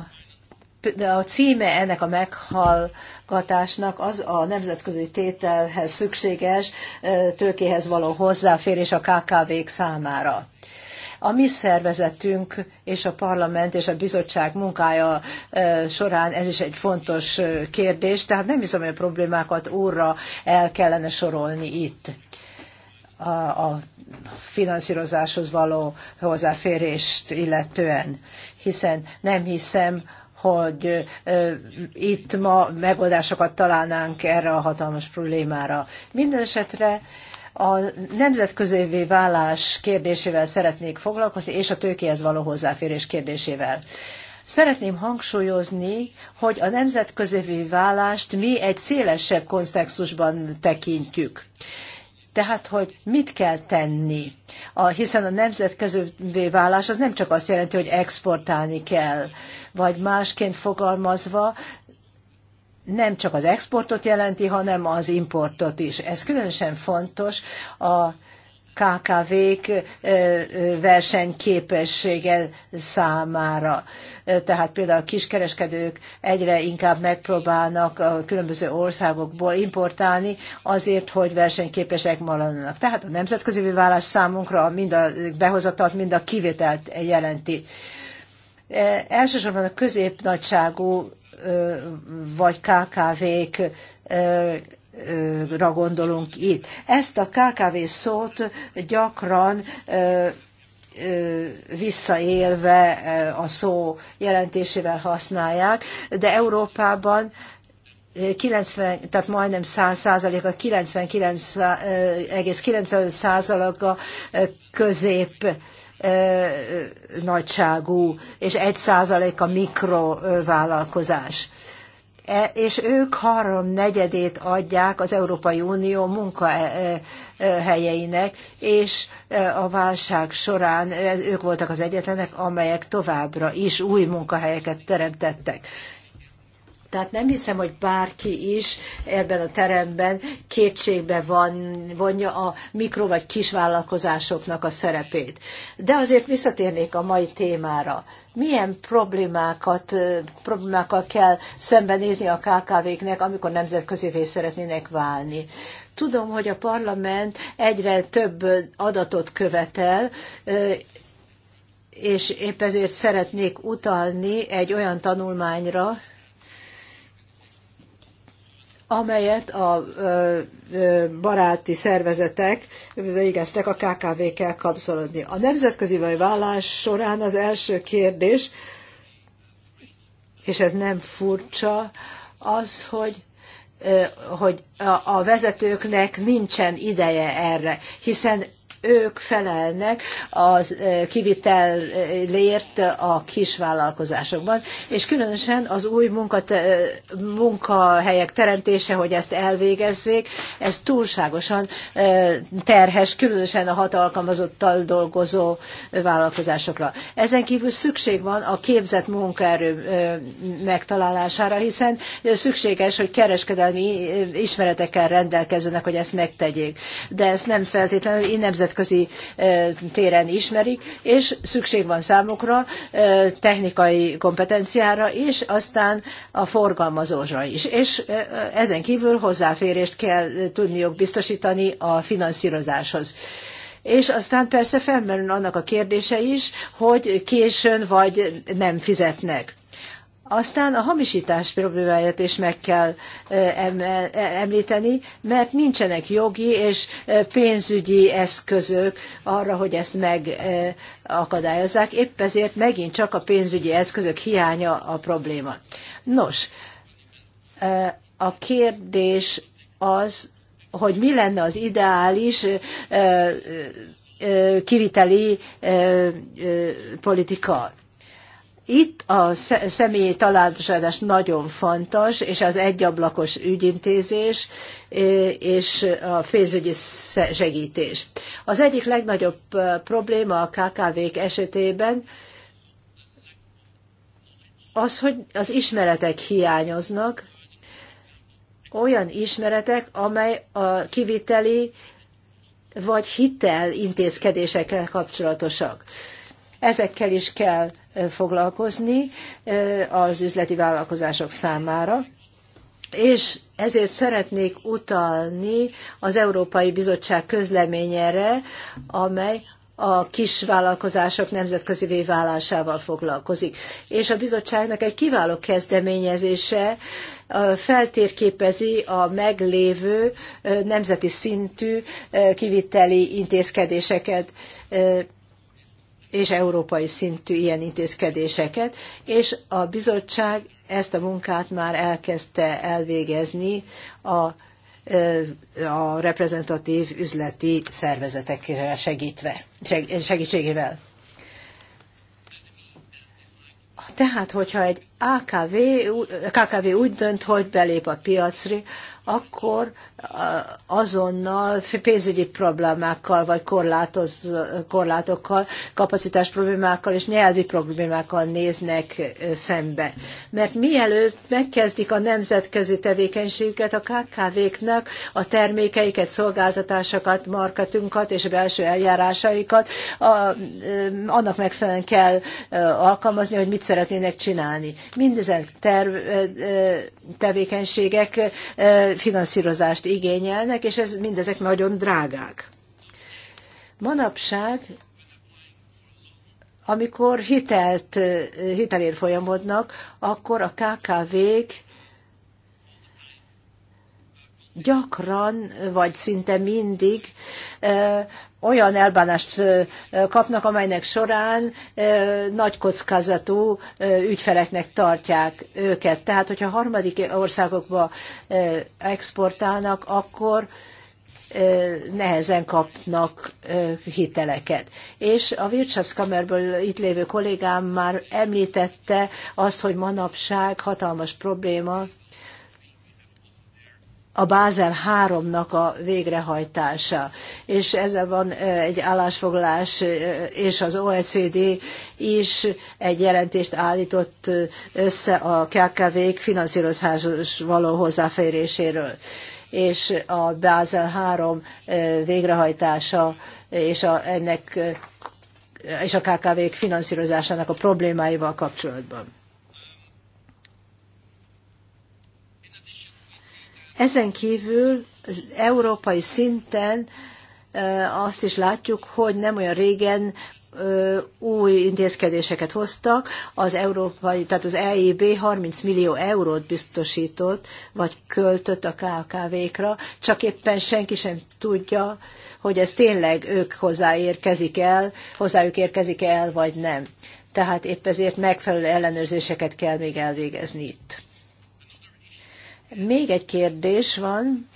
a címe ennek a meghallgatásnak az a nemzetközi tételhez szükséges tőkéhez való hozzáférés a KKV-k számára. A mi szervezetünk és a parlament és a bizottság munkája során ez is egy fontos kérdés, tehát nem hiszem, hogy a problémákat úrra el kellene sorolni itt a, a finanszírozáshoz való hozzáférést illetően, hiszen nem hiszem, hogy itt ma megoldásokat találnánk erre a hatalmas problémára. Minden esetre a nemzetközévé válás kérdésével szeretnék foglalkozni, és a tőkéhez való hozzáférés kérdésével. Szeretném hangsúlyozni, hogy a nemzetközévé válást mi egy szélesebb kontextusban tekintjük. Tehát, hogy mit kell tenni? A, hiszen a nemzetközi válás az nem csak azt jelenti, hogy exportálni kell, vagy másként fogalmazva, nem csak az exportot jelenti, hanem az importot is. Ez különösen fontos a KKV-k versenyképessége számára. Tehát például a kiskereskedők egyre inkább megpróbálnak a különböző országokból importálni azért, hogy versenyképesek maradjanak. Tehát a nemzetközi válás számunkra mind a behozatalt, mind a kivételt jelenti. Elsősorban a középnagyságú vagy KKV-k ra gondolunk itt. Ezt a KKV szót gyakran visszaélve a szó jelentésével használják, de Európában 90, tehát majdnem 100 százaléka, 99,9 százaléka közép nagyságú, és 1 a mikrovállalkozás. E, és ők három negyedét adják az Európai Unió munkahelyeinek, és e, a válság során e, ők voltak az egyetlenek, amelyek továbbra is új munkahelyeket teremtettek. Tehát nem hiszem, hogy bárki is ebben a teremben kétségbe van, vonja a mikro vagy kisvállalkozásoknak a szerepét. De azért visszatérnék a mai témára. Milyen problémákat, problémákkal kell szembenézni a KKV-knek, amikor nemzetközivé szeretnének válni? Tudom, hogy a parlament egyre több adatot követel, és épp ezért szeretnék utalni egy olyan tanulmányra, amelyet a baráti szervezetek végeztek a KKV-kkel kapcsolatban. A nemzetközi vállás során az első kérdés, és ez nem furcsa, az, hogy hogy a vezetőknek nincsen ideje erre, hiszen ők felelnek az kivitelért a kisvállalkozásokban, és különösen az új munkate- munkahelyek teremtése, hogy ezt elvégezzék, ez túlságosan terhes, különösen a hat alkalmazottal dolgozó vállalkozásokra. Ezen kívül szükség van a képzett munkaerő megtalálására, hiszen szükséges, hogy kereskedelmi ismeretekkel rendelkezzenek, hogy ezt megtegyék. De ezt nem feltétlenül nemzet nemzetközi téren ismerik, és szükség van számukra technikai kompetenciára és aztán a forgalmazósra is. És ezen kívül hozzáférést kell tudniuk biztosítani a finanszírozáshoz. És aztán persze felmerül annak a kérdése is, hogy későn vagy nem fizetnek. Aztán a hamisítás problémáját is meg kell e-, említeni, mert nincsenek jogi és pénzügyi eszközök arra, hogy ezt megakadályozzák. Épp ezért megint csak a pénzügyi eszközök hiánya a probléma. Nos, a kérdés az, hogy mi lenne az ideális kiviteli politika itt a személyi találkozás nagyon fontos, és az egyablakos ügyintézés és a pénzügyi segítés. Az egyik legnagyobb probléma a KKV-k esetében az, hogy az ismeretek hiányoznak, olyan ismeretek, amely a kiviteli vagy hitel intézkedésekkel kapcsolatosak. Ezekkel is kell foglalkozni az üzleti vállalkozások számára. És ezért szeretnék utalni az Európai Bizottság közleményére, amely a kisvállalkozások nemzetközi válásával foglalkozik. És a bizottságnak egy kiváló kezdeményezése feltérképezi a meglévő nemzeti szintű kiviteli intézkedéseket és európai szintű ilyen intézkedéseket, és a bizottság ezt a munkát már elkezdte elvégezni a a reprezentatív üzleti szervezetekre segítve, segítségével. Tehát, hogyha egy AKV, KKV úgy dönt, hogy belép a piacra, akkor azonnal pénzügyi problémákkal, vagy korlátoz, korlátokkal, kapacitás problémákkal és nyelvi problémákkal néznek szembe. Mert mielőtt megkezdik a nemzetközi tevékenységüket, a KKV-knak a termékeiket, szolgáltatásokat, marketunkat és a belső eljárásaikat a, annak megfelelően kell alkalmazni, hogy mit szeretnének csinálni. Mindezen terv, tevékenységek finanszírozást igényelnek, és ez mindezek nagyon drágák. Manapság, amikor hitelt, hitelért folyamodnak, akkor a KKV-k gyakran, vagy szinte mindig olyan elbánást kapnak, amelynek során nagy kockázatú ügyfeleknek tartják őket. Tehát, hogyha harmadik országokba exportálnak, akkor nehezen kapnak hiteleket. És a Wirtschaftskammerből itt lévő kollégám már említette azt, hogy manapság hatalmas probléma a Bázel 3-nak a végrehajtása. És ezzel van egy állásfoglalás, és az OECD is egy jelentést állított össze a KKV-k finanszírozáshoz való hozzáféréséről és a Bázel 3 végrehajtása és a, ennek és a KKV-k finanszírozásának a problémáival kapcsolatban. Ezen kívül az európai szinten azt is látjuk, hogy nem olyan régen új intézkedéseket hoztak, az európai, tehát az EIB 30 millió eurót biztosított, vagy költött a KKV-kra, csak éppen senki sem tudja, hogy ez tényleg ők hozzáérkezik el, hozzájuk érkezik el, vagy nem. Tehát épp ezért megfelelő ellenőrzéseket kell még elvégezni itt. Még egy kérdés van.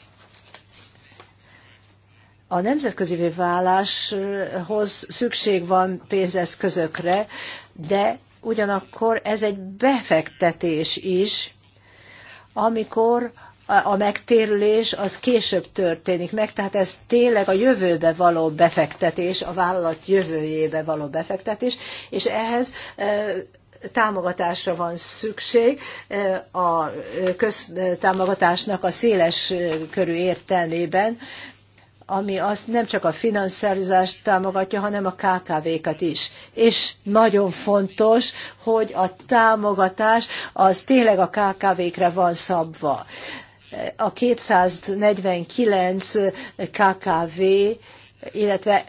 A nemzetközi válláshoz szükség van pénzeszközökre, de ugyanakkor ez egy befektetés is, amikor a megtérülés az később történik meg, tehát ez tényleg a jövőbe való befektetés, a vállalat jövőjébe való befektetés, és ehhez eh, támogatásra van szükség, eh, a eh, köztámogatásnak a széles eh, körű értelmében, ami azt nem csak a finanszírozást támogatja, hanem a KKV-kat is. És nagyon fontos, hogy a támogatás az tényleg a KKV-kre van szabva. A 249 KKV, illetve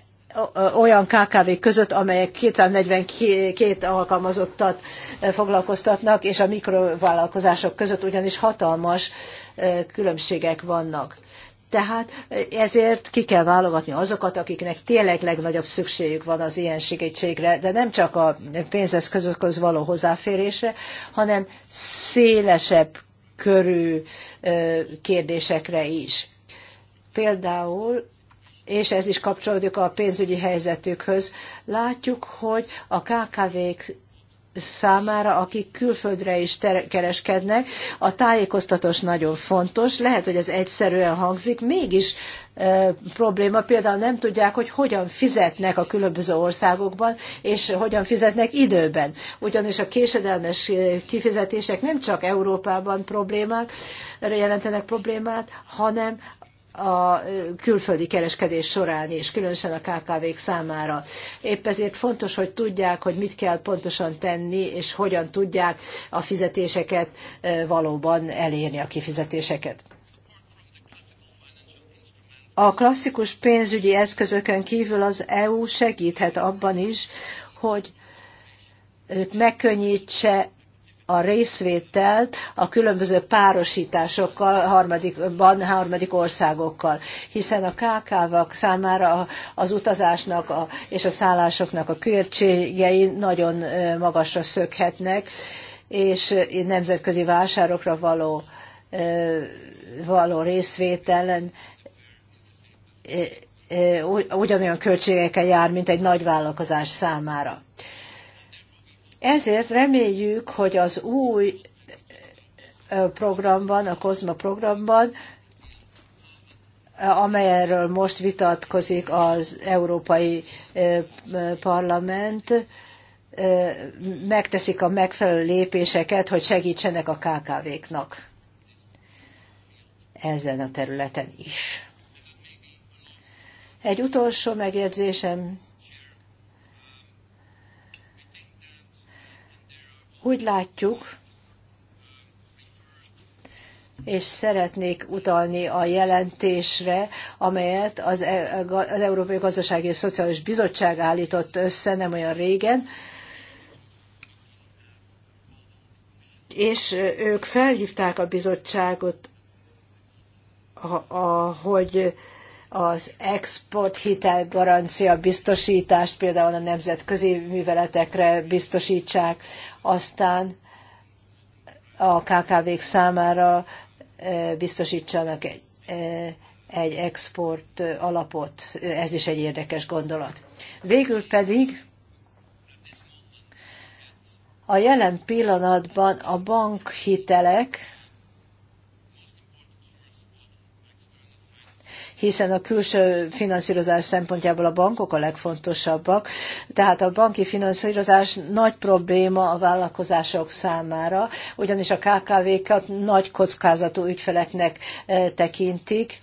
olyan KKV között, amelyek 242 alkalmazottat foglalkoztatnak, és a mikrovállalkozások között ugyanis hatalmas különbségek vannak. Tehát ezért ki kell válogatni azokat, akiknek tényleg legnagyobb szükségük van az ilyen segítségre, de nem csak a pénzeszközökhöz való hozzáférésre, hanem szélesebb körű kérdésekre is. Például és ez is kapcsolódik a pénzügyi helyzetükhöz. Látjuk, hogy a KKV-k számára, akik külföldre is kereskednek, a tájékoztatás nagyon fontos. Lehet, hogy ez egyszerűen hangzik, mégis e, probléma, például nem tudják, hogy hogyan fizetnek a különböző országokban, és hogyan fizetnek időben. Ugyanis a késedelmes e, kifizetések nem csak Európában problémák, jelentenek problémát, hanem a külföldi kereskedés során is, különösen a KKV-k számára. Épp ezért fontos, hogy tudják, hogy mit kell pontosan tenni, és hogyan tudják a fizetéseket valóban elérni a kifizetéseket. A klasszikus pénzügyi eszközökön kívül az EU segíthet abban is, hogy megkönnyítse a részvételt a különböző párosításokkal harmadikban, harmadik országokkal, hiszen a KKV-k számára az utazásnak a, és a szállásoknak a költségei nagyon magasra szökhetnek, és nemzetközi vásárokra való, való részvételen ugyanolyan költségekkel jár, mint egy nagy vállalkozás számára. Ezért reméljük, hogy az új programban, a Kozma programban, amelyről most vitatkozik az Európai Parlament, megteszik a megfelelő lépéseket, hogy segítsenek a KKV-knak ezen a területen is. Egy utolsó megjegyzésem Úgy látjuk, és szeretnék utalni a jelentésre, amelyet az, e- az Európai Gazdasági és Szociális Bizottság állított össze nem olyan régen, és ők felhívták a bizottságot, a, a, hogy az export hitelgarancia biztosítást például a nemzetközi műveletekre biztosítsák, aztán a KKV-k számára e, biztosítsanak egy, e, egy export alapot. Ez is egy érdekes gondolat. Végül pedig a jelen pillanatban a bankhitelek hiszen a külső finanszírozás szempontjából a bankok a legfontosabbak, tehát a banki finanszírozás nagy probléma a vállalkozások számára, ugyanis a KKV-kat nagy kockázatú ügyfeleknek e, tekintik,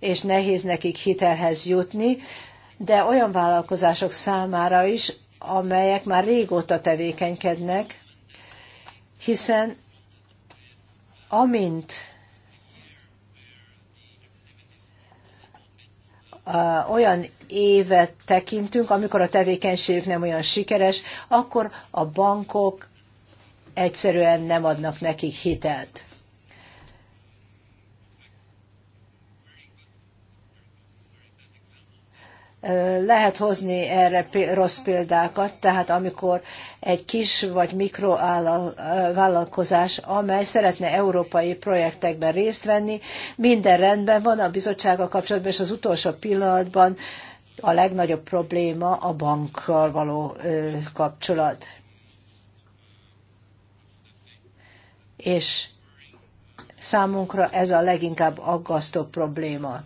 és nehéz nekik hitelhez jutni, de olyan vállalkozások számára is, amelyek már régóta tevékenykednek, hiszen amint olyan évet tekintünk, amikor a tevékenységük nem olyan sikeres, akkor a bankok egyszerűen nem adnak nekik hitelt. Lehet hozni erre rossz példákat, tehát amikor egy kis vagy mikrovállalkozás, amely szeretne európai projektekben részt venni, minden rendben van a bizottsággal kapcsolatban, és az utolsó pillanatban a legnagyobb probléma a bankkal való kapcsolat. És számunkra ez a leginkább aggasztó probléma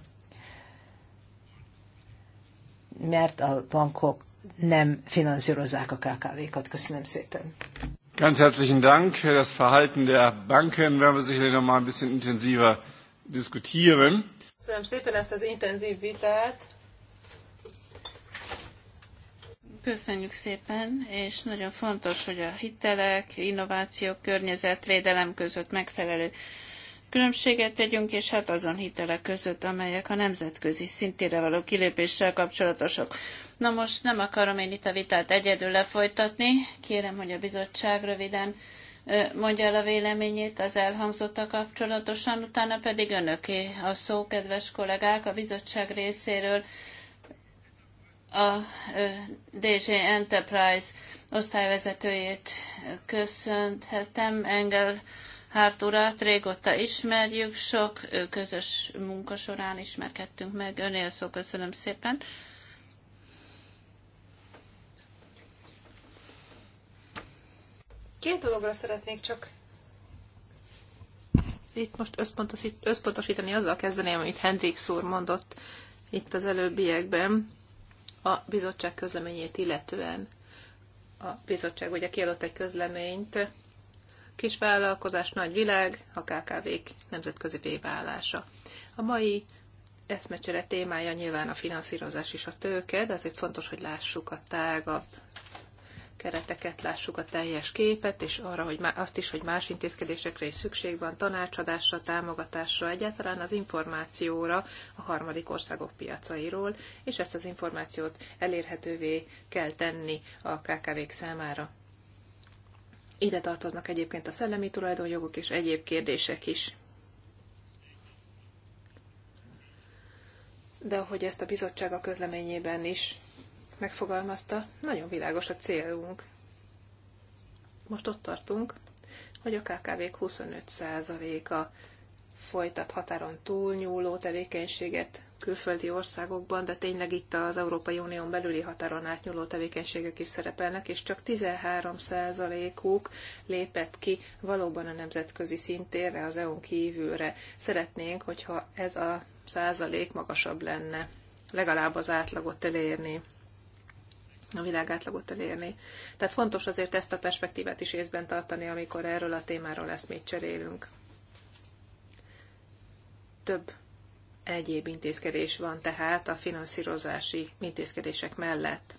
mert a bankok nem finanszírozzák a KKV-kat. Köszönöm szépen. Ganz herzlichen Dank. Das Verhalten der Banken werden wir sicherlich noch mal ein bisschen intensiver diskutieren. Köszönöm szépen ezt az intenzív vitát. Köszönjük szépen, és nagyon fontos, hogy a hitelek, innováció, környezetvédelem között megfelelő különbséget tegyünk, és hát azon hitelek között, amelyek a nemzetközi szintére való kilépéssel kapcsolatosak. Na most nem akarom én itt a vitát egyedül lefolytatni, kérem, hogy a bizottság röviden mondja el a véleményét az elhangzottak kapcsolatosan, utána pedig önöké a szó, kedves kollégák, a bizottság részéről a DG Enterprise osztályvezetőjét köszönhetem, Engel Hárturát régóta ismerjük, sok közös munka során ismerkedtünk meg. Önél szó, köszönöm szépen. Két dologra szeretnék csak itt most összpontosít, összpontosítani, azzal kezdeném, amit Hendrik szór mondott itt az előbbiekben a bizottság közleményét illetően. A bizottság ugye kiadott egy közleményt kisvállalkozás, nagy világ, a KKV-k nemzetközi véválása. A mai eszmecsere témája nyilván a finanszírozás és a tőke, de azért fontos, hogy lássuk a tágabb kereteket, lássuk a teljes képet, és arra, hogy azt is, hogy más intézkedésekre is szükség van, tanácsadásra, támogatásra, egyáltalán az információra a harmadik országok piacairól, és ezt az információt elérhetővé kell tenni a KKV-k számára. Ide tartoznak egyébként a szellemi tulajdonjogok és egyéb kérdések is. De ahogy ezt a bizottság a közleményében is megfogalmazta, nagyon világos a célunk. Most ott tartunk, hogy a kkv 25%-a folytat határon túlnyúló tevékenységet, külföldi országokban, de tényleg itt az Európai Unión belüli határon átnyúló tevékenységek is szerepelnek, és csak 13%-uk lépett ki valóban a nemzetközi szintérre, az EU-n kívülre. Szeretnénk, hogyha ez a százalék magasabb lenne, legalább az átlagot elérni a világ átlagot elérni. Tehát fontos azért ezt a perspektívet is észben tartani, amikor erről a témáról eszmét cserélünk. Több egyéb intézkedés van tehát a finanszírozási intézkedések mellett.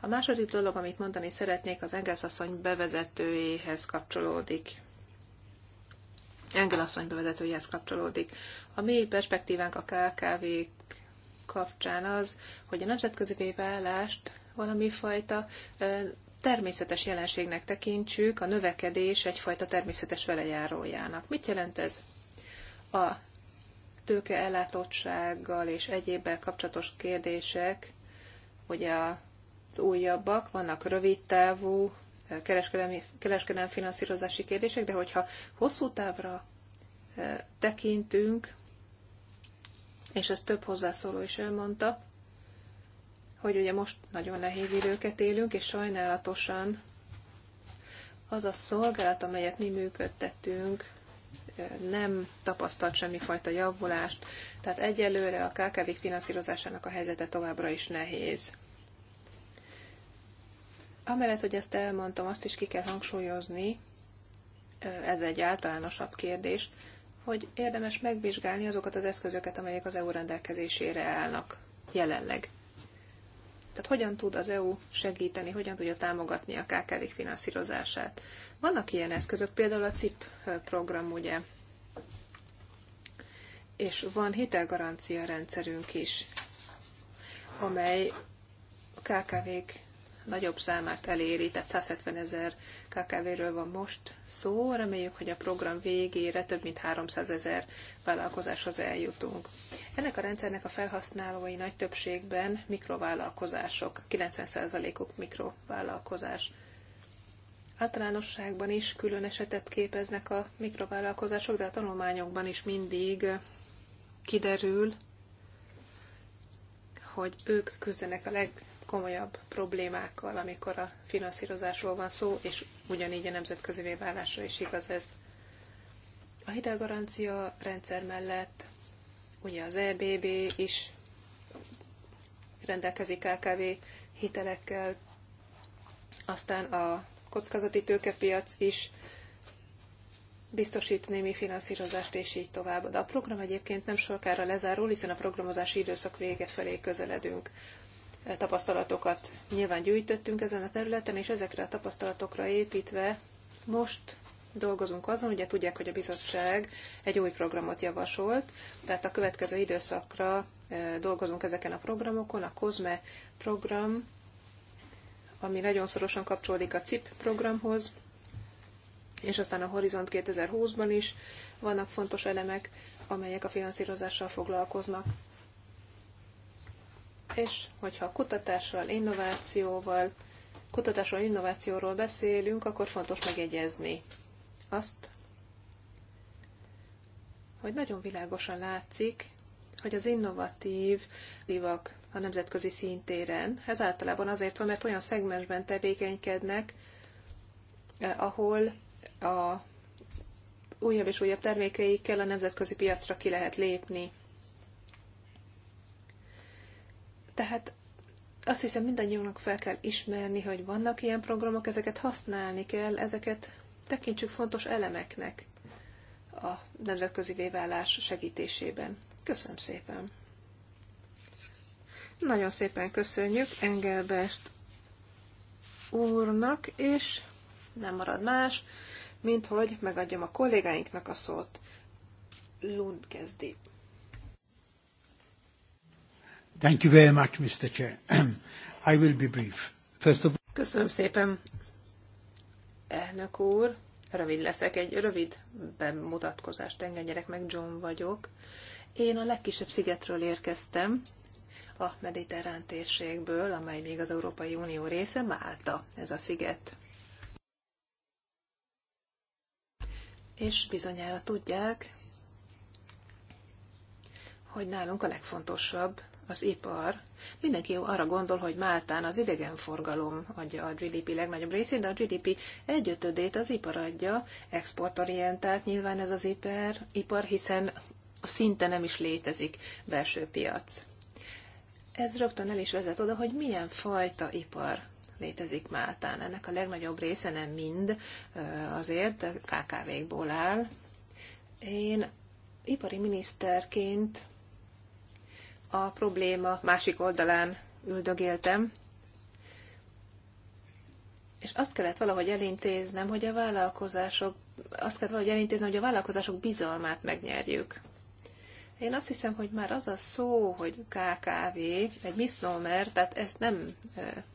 A második dolog, amit mondani szeretnék, az Engels asszony bevezetőjéhez kapcsolódik. Engel asszony bevezetőjéhez kapcsolódik. A mi perspektívánk a kkv kapcsán az, hogy a nemzetközi válást valami fajta természetes jelenségnek tekintsük, a növekedés egyfajta természetes velejárójának. Mit jelent ez? A tőke ellátottsággal és egyébbel kapcsolatos kérdések, ugye az újabbak, vannak rövid távú eh, kereskedelmi, kereskedelmi finanszírozási kérdések, de hogyha hosszú távra eh, tekintünk, és ezt több hozzászóló is elmondta, hogy ugye most nagyon nehéz időket élünk, és sajnálatosan az a szolgálat, amelyet mi működtetünk, nem tapasztalt semmifajta javulást, tehát egyelőre a kkv finanszírozásának a helyzete továbbra is nehéz. Amellett, hogy ezt elmondtam, azt is ki kell hangsúlyozni, ez egy általánosabb kérdés, hogy érdemes megvizsgálni azokat az eszközöket, amelyek az EU rendelkezésére állnak jelenleg. Tehát hogyan tud az EU segíteni, hogyan tudja támogatni a KKV-k finanszírozását. Vannak ilyen eszközök, például a CIP program, ugye, és van hitelgarancia rendszerünk is, amely KKV-k nagyobb számát eléri, tehát 170 ezer KKV-ről van most szó. Reméljük, hogy a program végére több mint 300 ezer vállalkozáshoz eljutunk. Ennek a rendszernek a felhasználói nagy többségben mikrovállalkozások, 90%-uk mikrovállalkozás. Általánosságban is külön esetet képeznek a mikrovállalkozások, de a tanulmányokban is mindig kiderül, hogy ők küzdenek a legkomolyabb problémákkal, amikor a finanszírozásról van szó, és ugyanígy a nemzetközi válásra is igaz ez. A hitelgarancia rendszer mellett ugye az EBB is rendelkezik KKV hitelekkel, aztán a kockázati tőkepiac is biztosít némi finanszírozást, és így tovább. De a program egyébként nem sokára lezárul, hiszen a programozási időszak vége felé közeledünk. Tapasztalatokat nyilván gyűjtöttünk ezen a területen, és ezekre a tapasztalatokra építve most dolgozunk azon, ugye tudják, hogy a bizottság egy új programot javasolt, tehát a következő időszakra eh, dolgozunk ezeken a programokon, a COSME program ami nagyon szorosan kapcsolódik a CIP programhoz, és aztán a Horizont 2020-ban is vannak fontos elemek, amelyek a finanszírozással foglalkoznak. És hogyha kutatással, innovációval, kutatásról, innovációról beszélünk, akkor fontos megjegyezni azt, hogy nagyon világosan látszik, hogy az innovatív divak a nemzetközi szintéren. Ez általában azért van, mert olyan szegmensben tevékenykednek, eh, ahol a újabb és újabb termékeikkel a nemzetközi piacra ki lehet lépni. Tehát azt hiszem mindannyiunknak fel kell ismerni, hogy vannak ilyen programok, ezeket használni kell, ezeket tekintsük fontos elemeknek a nemzetközi vévállás segítésében. Köszönöm szépen! Nagyon szépen köszönjük Engelbert úrnak, és nem marad más, mint hogy megadjam a kollégáinknak a szót. Lund kezdi. Thank you very much, Mr. Chair. I will be brief. First of... Köszönöm szépen, elnök úr. Rövid leszek, egy rövid bemutatkozást engedjenek meg, John vagyok. Én a legkisebb szigetről érkeztem, a mediterrán térségből, amely még az Európai Unió része, Málta, ez a sziget. És bizonyára tudják, hogy nálunk a legfontosabb az ipar. Mindenki arra gondol, hogy Máltán az idegenforgalom adja a GDP legnagyobb részét, de a GDP egyötödét az ipar adja, exportorientált nyilván ez az ipar, ipar hiszen szinte nem is létezik belső piac ez rögtön el is vezet oda, hogy milyen fajta ipar létezik Máltán. Ennek a legnagyobb része nem mind azért, KKV-kból áll. Én ipari miniszterként a probléma másik oldalán üldögéltem, és azt kellett valahogy elintéznem, hogy a vállalkozások, azt kellett valahogy elintéznem, hogy a vállalkozások bizalmát megnyerjük. Én azt hiszem, hogy már az a szó, hogy KKV egy misznómer, tehát ezt nem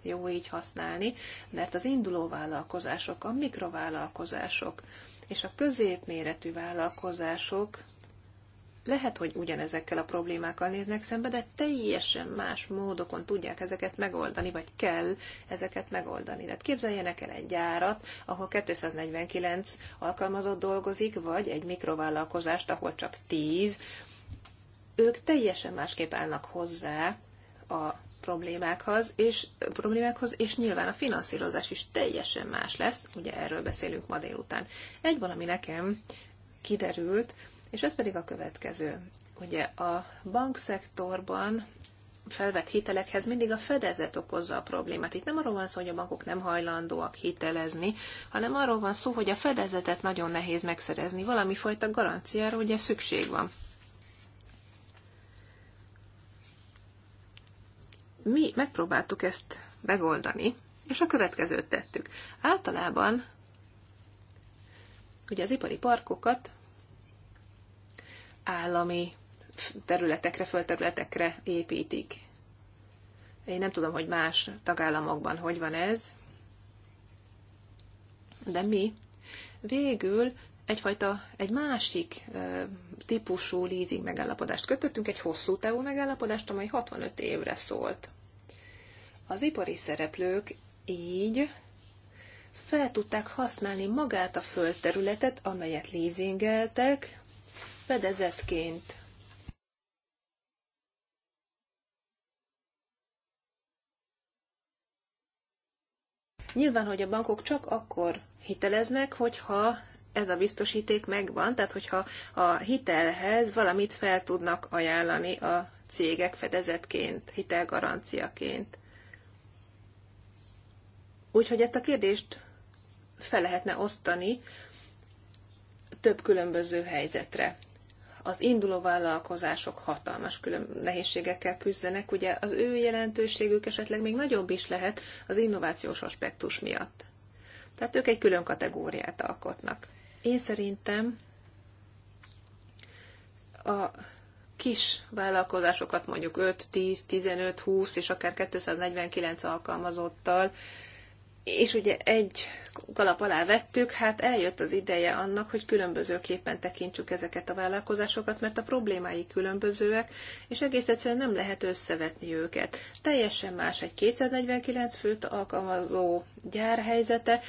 jó így használni, mert az induló vállalkozások, a mikrovállalkozások és a középméretű vállalkozások lehet, hogy ugyanezekkel a problémákkal néznek szembe, de teljesen más módokon tudják ezeket megoldani, vagy kell ezeket megoldani. Tehát képzeljenek el egy gyárat, ahol 249 alkalmazott dolgozik, vagy egy mikrovállalkozást, ahol csak 10, ők teljesen másképp állnak hozzá a problémákhoz, és, problémákhoz, és nyilván a finanszírozás is teljesen más lesz, ugye erről beszélünk ma délután. Egy valami nekem kiderült, és ez pedig a következő. Ugye a bankszektorban felvett hitelekhez mindig a fedezet okozza a problémát. Itt nem arról van szó, hogy a bankok nem hajlandóak hitelezni, hanem arról van szó, hogy a fedezetet nagyon nehéz megszerezni, valami fajta garanciára ugye szükség van. mi megpróbáltuk ezt megoldani, és a következőt tettük. Általában ugye az ipari parkokat állami területekre, földterületekre építik. Én nem tudom, hogy más tagállamokban hogy van ez, de mi végül egyfajta, egy másik e, típusú leasing megállapodást kötöttünk, egy hosszú távú megállapodást, amely 65 évre szólt. Az ipari szereplők így fel tudták használni magát a földterületet, amelyet lézingeltek, fedezetként. Nyilván, hogy a bankok csak akkor hiteleznek, hogyha ez a biztosíték megvan, tehát hogyha a hitelhez valamit fel tudnak ajánlani a cégek fedezetként, hitelgaranciaként. Úgyhogy ezt a kérdést fel lehetne osztani több különböző helyzetre. Az induló vállalkozások hatalmas külön nehézségekkel küzdenek, ugye az ő jelentőségük esetleg még nagyobb is lehet az innovációs aspektus miatt. Tehát ők egy külön kategóriát alkotnak. Én szerintem a kis vállalkozásokat mondjuk 5, 10, 15, 20 és akár 249 alkalmazottal és ugye egy kalap alá vettük, hát eljött az ideje annak, hogy különbözőképpen tekintsük ezeket a vállalkozásokat, mert a problémái különbözőek, és egész egyszerűen nem lehet összevetni őket. Teljesen más egy 249 főt alkalmazó gyár helyzete,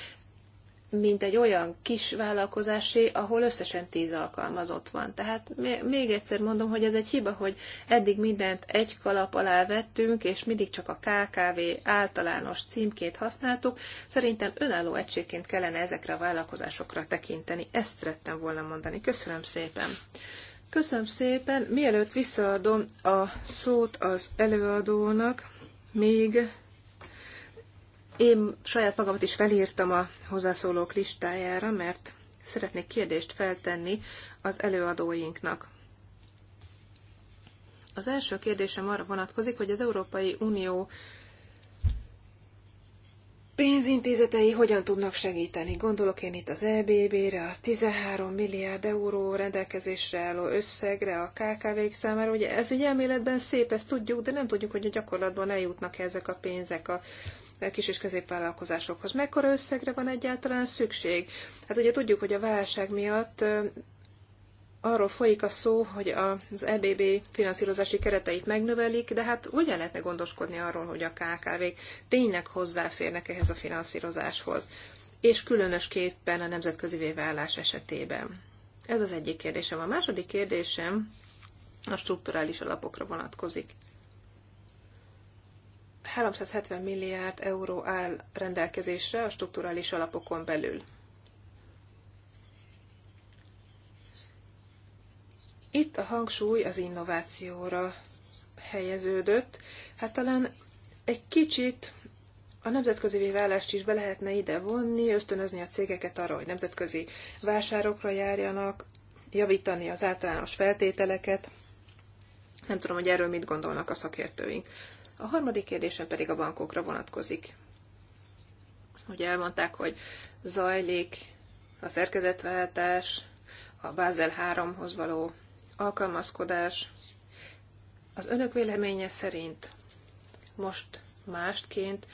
mint egy olyan kis vállalkozásé, ahol összesen tíz alkalmazott van. Tehát még egyszer mondom, hogy ez egy hiba, hogy eddig mindent egy kalap alá vettünk, és mindig csak a KKV általános címkét használtuk. Szerintem önálló egységként kellene ezekre a vállalkozásokra tekinteni. Ezt szerettem volna mondani. Köszönöm szépen! Köszönöm szépen! Mielőtt visszaadom a szót az előadónak, még én saját magamat is felírtam a hozzászólók listájára, mert szeretnék kérdést feltenni az előadóinknak. Az első kérdésem arra vonatkozik, hogy az Európai Unió pénzintézetei hogyan tudnak segíteni. Gondolok én itt az EBB-re, a 13 milliárd euró rendelkezésre álló összegre, a KKV-k számára. Ugye ez egy elméletben szép, ezt tudjuk, de nem tudjuk, hogy a gyakorlatban eljutnak -e ezek a pénzek a kis- és középvállalkozásokhoz. Mekkora összegre van egyáltalán szükség? Hát ugye tudjuk, hogy a válság miatt arról folyik a szó, hogy az EBB finanszírozási kereteit megnövelik, de hát ugyan lehetne gondoskodni arról, hogy a KKV-k tényleg hozzáférnek ehhez a finanszírozáshoz, és különösképpen a nemzetközi vállás esetében. Ez az egyik kérdésem. A második kérdésem a strukturális alapokra vonatkozik. 370 milliárd euró áll rendelkezésre a strukturális alapokon belül. Itt a hangsúly az innovációra helyeződött. Hát talán egy kicsit a nemzetközi vállást is be lehetne ide vonni, ösztönözni a cégeket arra, hogy nemzetközi vásárokra járjanak, javítani az általános feltételeket. Nem tudom, hogy erről mit gondolnak a szakértőink. A harmadik kérdésem pedig a bankokra vonatkozik. Ugye elmondták, hogy zajlik a szerkezetváltás, a Bázel 3-hoz való alkalmazkodás. Az önök véleménye szerint most mástként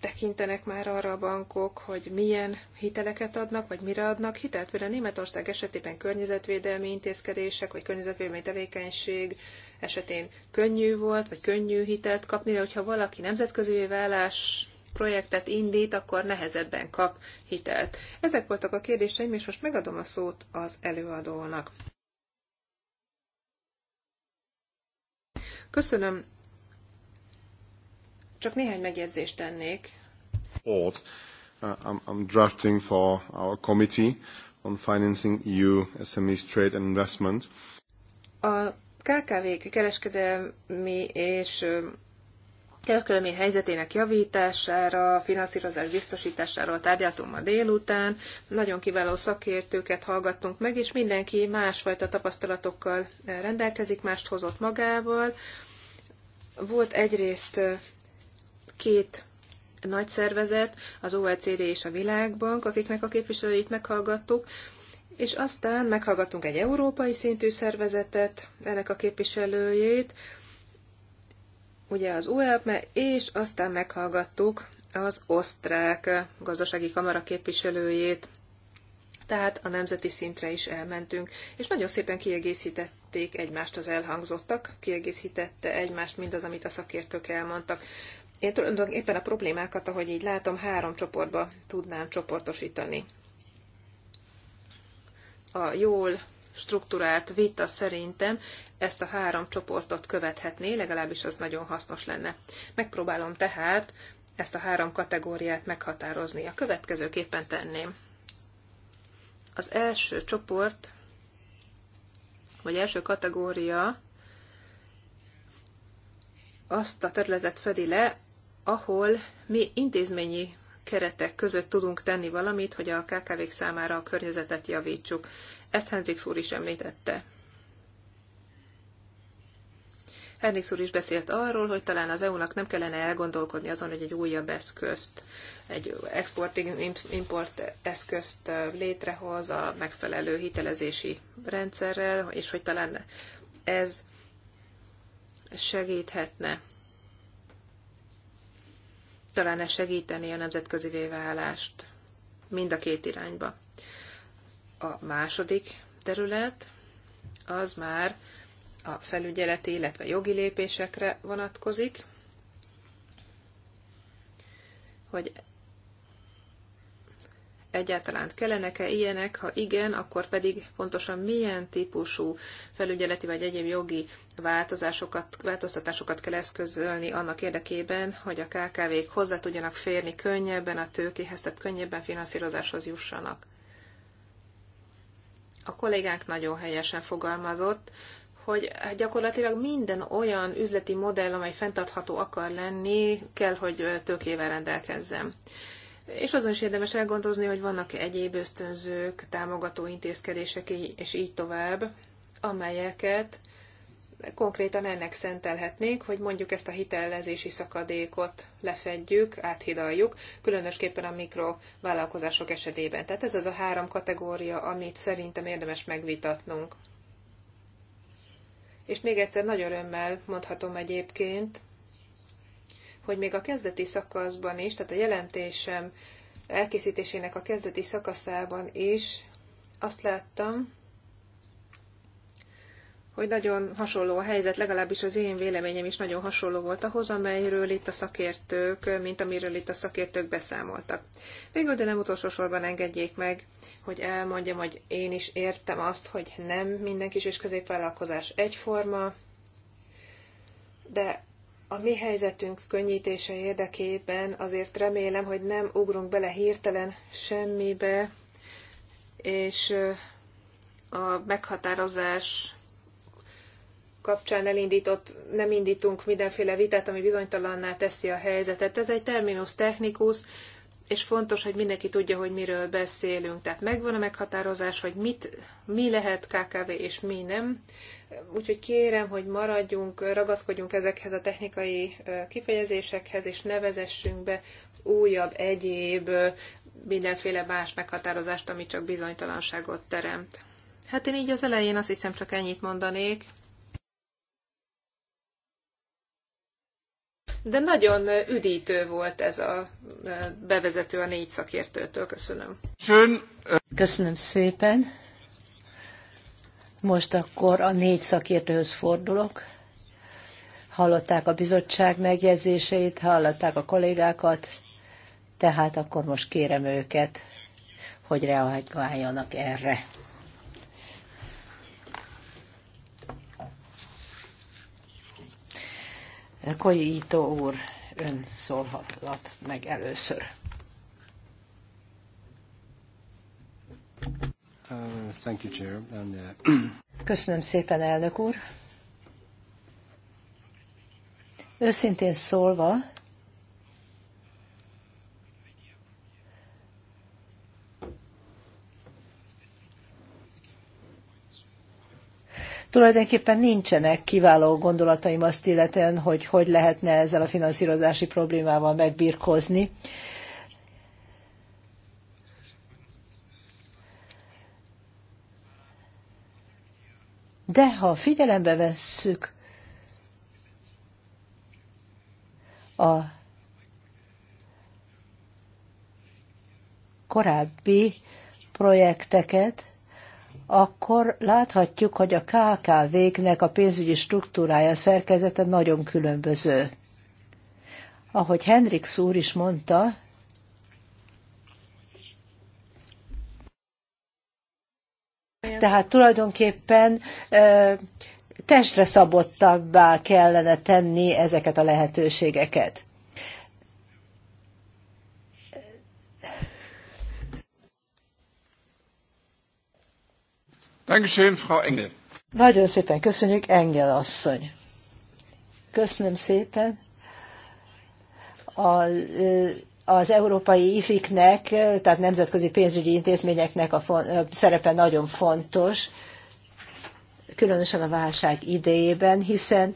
tekintenek már arra a bankok, hogy milyen hiteleket adnak, vagy mire adnak hitelt. Például Németország esetében környezetvédelmi intézkedések, vagy környezetvédelmi tevékenység esetén könnyű volt, vagy könnyű hitelt kapni, de hogyha valaki nemzetközi vállás projektet indít, akkor nehezebben kap hitelt. Ezek voltak a kérdéseim, és most megadom a szót az előadónak. Köszönöm. Csak néhány megjegyzést tennék. Old. Uh, I'm, I'm drafting for our committee on financing EU SMEs trade and investment. A KKV kereskedelmi és kereskedelmi helyzetének javítására, finanszírozás biztosításáról tárgyaltunk ma délután, nagyon kiváló szakértőket hallgattunk meg, és mindenki másfajta tapasztalatokkal rendelkezik, mást hozott magával. Volt egyrészt két nagy szervezet, az OECD és a Világbank, akiknek a képviselőit meghallgattuk, és aztán meghallgattunk egy európai szintű szervezetet, ennek a képviselőjét, ugye az UEPME, és aztán meghallgattuk az osztrák gazdasági kamara képviselőjét, tehát a nemzeti szintre is elmentünk, és nagyon szépen kiegészítették egymást az elhangzottak, kiegészítette egymást mindaz, amit a szakértők elmondtak. Én tulajdonképpen a problémákat, ahogy így látom, három csoportba tudnám csoportosítani a jól struktúrált vita szerintem ezt a három csoportot követhetné, legalábbis az nagyon hasznos lenne. Megpróbálom tehát ezt a három kategóriát meghatározni. A következőképpen tenném. Az első csoport, vagy első kategória azt a területet fedi le, ahol mi intézményi keretek között tudunk tenni valamit, hogy a KKV-k számára a környezetet javítsuk. Ezt Hendrix úr is említette. Hendrix úr is beszélt arról, hogy talán az EU-nak nem kellene elgondolkodni azon, hogy egy újabb eszközt, egy export-import eszközt létrehoz a megfelelő hitelezési rendszerrel, és hogy talán ez segíthetne talán ez segíteni a nemzetközi válást mind a két irányba. A második terület az már a felügyeleti, illetve jogi lépésekre vonatkozik, hogy egyáltalán kellenek-e ilyenek, ha igen, akkor pedig pontosan milyen típusú felügyeleti vagy egyéb jogi változásokat, változtatásokat kell eszközölni annak érdekében, hogy a KKV-k hozzá tudjanak férni könnyebben a tőkéhez, tehát könnyebben finanszírozáshoz jussanak. A kollégánk nagyon helyesen fogalmazott, hogy hát gyakorlatilag minden olyan üzleti modell, amely fenntartható akar lenni, kell, hogy tőkével rendelkezzen és azon is érdemes elgondozni, hogy vannak-e egyéb ösztönzők, támogató intézkedések, és így tovább, amelyeket konkrétan ennek szentelhetnénk, hogy mondjuk ezt a hitelezési szakadékot lefedjük, áthidaljuk, különösképpen a mikrovállalkozások esetében. Tehát ez az a három kategória, amit szerintem érdemes megvitatnunk. És még egyszer nagy örömmel mondhatom egyébként, hogy még a kezdeti szakaszban is, tehát a jelentésem elkészítésének a kezdeti szakaszában is azt láttam, hogy nagyon hasonló a helyzet, legalábbis az én véleményem is nagyon hasonló volt ahhoz, amelyről itt a szakértők, mint amiről itt a szakértők beszámoltak. Végül, de nem utolsó sorban engedjék meg, hogy elmondjam, hogy én is értem azt, hogy nem minden kis és középvállalkozás egyforma, de a mi helyzetünk könnyítése érdekében azért remélem, hogy nem ugrunk bele hirtelen semmibe, és a meghatározás kapcsán elindított, nem indítunk mindenféle vitát, ami bizonytalanná teszi a helyzetet. Ez egy terminus technikus, és fontos, hogy mindenki tudja, hogy miről beszélünk. Tehát megvan a meghatározás, hogy mit, mi lehet KKV és mi nem. Úgyhogy kérem, hogy maradjunk, ragaszkodjunk ezekhez a technikai kifejezésekhez, és nevezessünk be újabb, egyéb, mindenféle más meghatározást, ami csak bizonytalanságot teremt. Hát én így az elején azt hiszem csak ennyit mondanék. de nagyon üdítő volt ez a bevezető a négy szakértőtől. Köszönöm. Köszönöm szépen. Most akkor a négy szakértőhöz fordulok. Hallották a bizottság megjegyzéseit, hallották a kollégákat, tehát akkor most kérem őket, hogy reagáljanak erre. Koyito úr, ön szólhat meg először. Uh, thank you, Chair. Uh, Köszönöm szépen, elnök úr. Őszintén szólva, Tulajdonképpen nincsenek kiváló gondolataim azt illetően, hogy hogy lehetne ezzel a finanszírozási problémával megbirkózni. De ha figyelembe vesszük a korábbi projekteket, akkor láthatjuk, hogy a KKV-knek a pénzügyi struktúrája, szerkezete nagyon különböző. Ahogy Henrik úr is mondta, tehát tulajdonképpen testre szabottabbá kellene tenni ezeket a lehetőségeket. Dankeschön, Frau Engel. Nagyon szépen köszönjük, Engel asszony. Köszönöm szépen. A, az európai ifiknek, tehát nemzetközi pénzügyi intézményeknek a, fon, a szerepe nagyon fontos, különösen a válság idejében, hiszen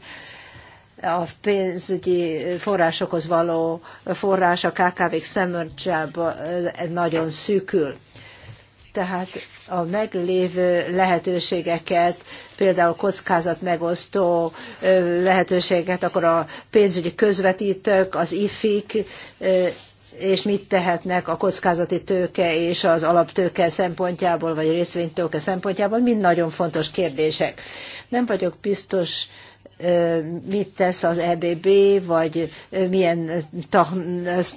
a pénzügyi forrásokhoz való forrás a KKV-k eh, nagyon szűkül tehát a meglévő lehetőségeket, például kockázat megosztó lehetőségeket, akkor a pénzügyi közvetítők, az IFIK, és mit tehetnek a kockázati tőke és az alaptőke szempontjából, vagy részvénytőke szempontjából, mind nagyon fontos kérdések. Nem vagyok biztos, mit tesz az EBB, vagy milyen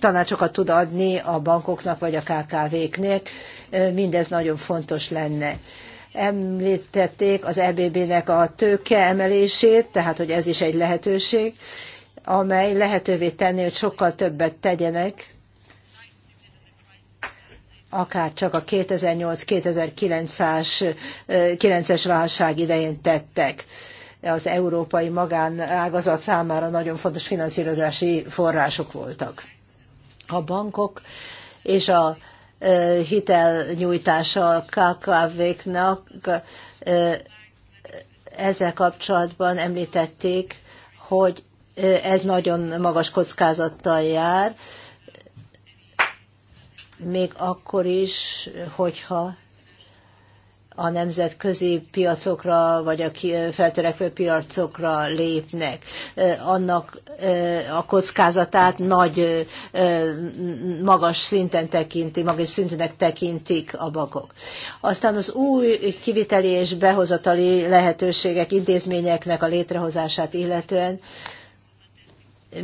tanácsokat tud adni a bankoknak, vagy a KKV-knek. Mindez nagyon fontos lenne említették az EBB-nek a tőke emelését, tehát hogy ez is egy lehetőség, amely lehetővé tenni, hogy sokkal többet tegyenek, akár csak a 2008-2009-es válság idején tettek az európai magánágazat számára nagyon fontos finanszírozási források voltak. A bankok és a hitelnyújtása a KKV-knak ezzel kapcsolatban említették, hogy ez nagyon magas kockázattal jár, még akkor is, hogyha a nemzetközi piacokra, vagy a feltörekvő piacokra lépnek, annak a kockázatát nagy, magas szinten tekinti, magas szintűnek tekintik a bakok. Aztán az új kiviteli és behozatali lehetőségek, intézményeknek a létrehozását illetően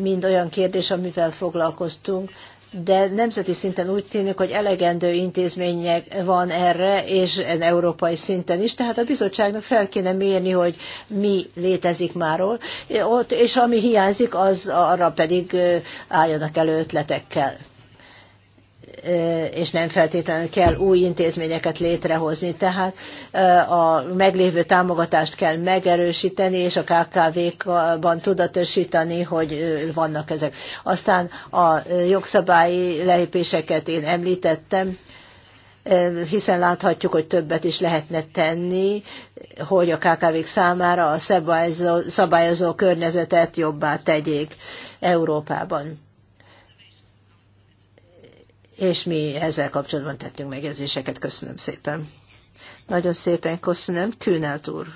mind olyan kérdés, amivel foglalkoztunk, de nemzeti szinten úgy tűnik, hogy elegendő intézmények van erre, és európai szinten is, tehát a bizottságnak fel kéne mérni, hogy mi létezik máról, ott, és ami hiányzik, az arra pedig álljanak elő ötletekkel és nem feltétlenül kell új intézményeket létrehozni. Tehát a meglévő támogatást kell megerősíteni, és a KKV-ban tudatosítani, hogy vannak ezek. Aztán a jogszabályi lépéseket én említettem, hiszen láthatjuk, hogy többet is lehetne tenni, hogy a KKV-k számára a szabályozó, szabályozó környezetet jobbá tegyék Európában és mi ezzel kapcsolatban tettünk megjegyzéseket. Köszönöm szépen. Nagyon szépen köszönöm. Kühnelt úr.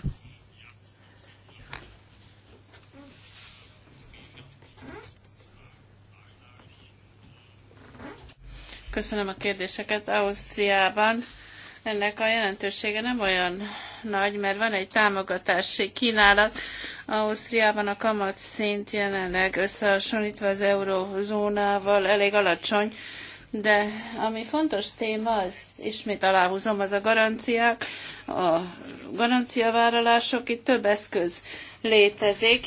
Köszönöm a kérdéseket. Ausztriában ennek a jelentősége nem olyan nagy, mert van egy támogatási kínálat. Ausztriában a szint jelenleg összehasonlítva az eurózónával elég alacsony, de ami fontos téma, az ismét aláhúzom, az a garanciák, a garanciavállalások, itt több eszköz létezik,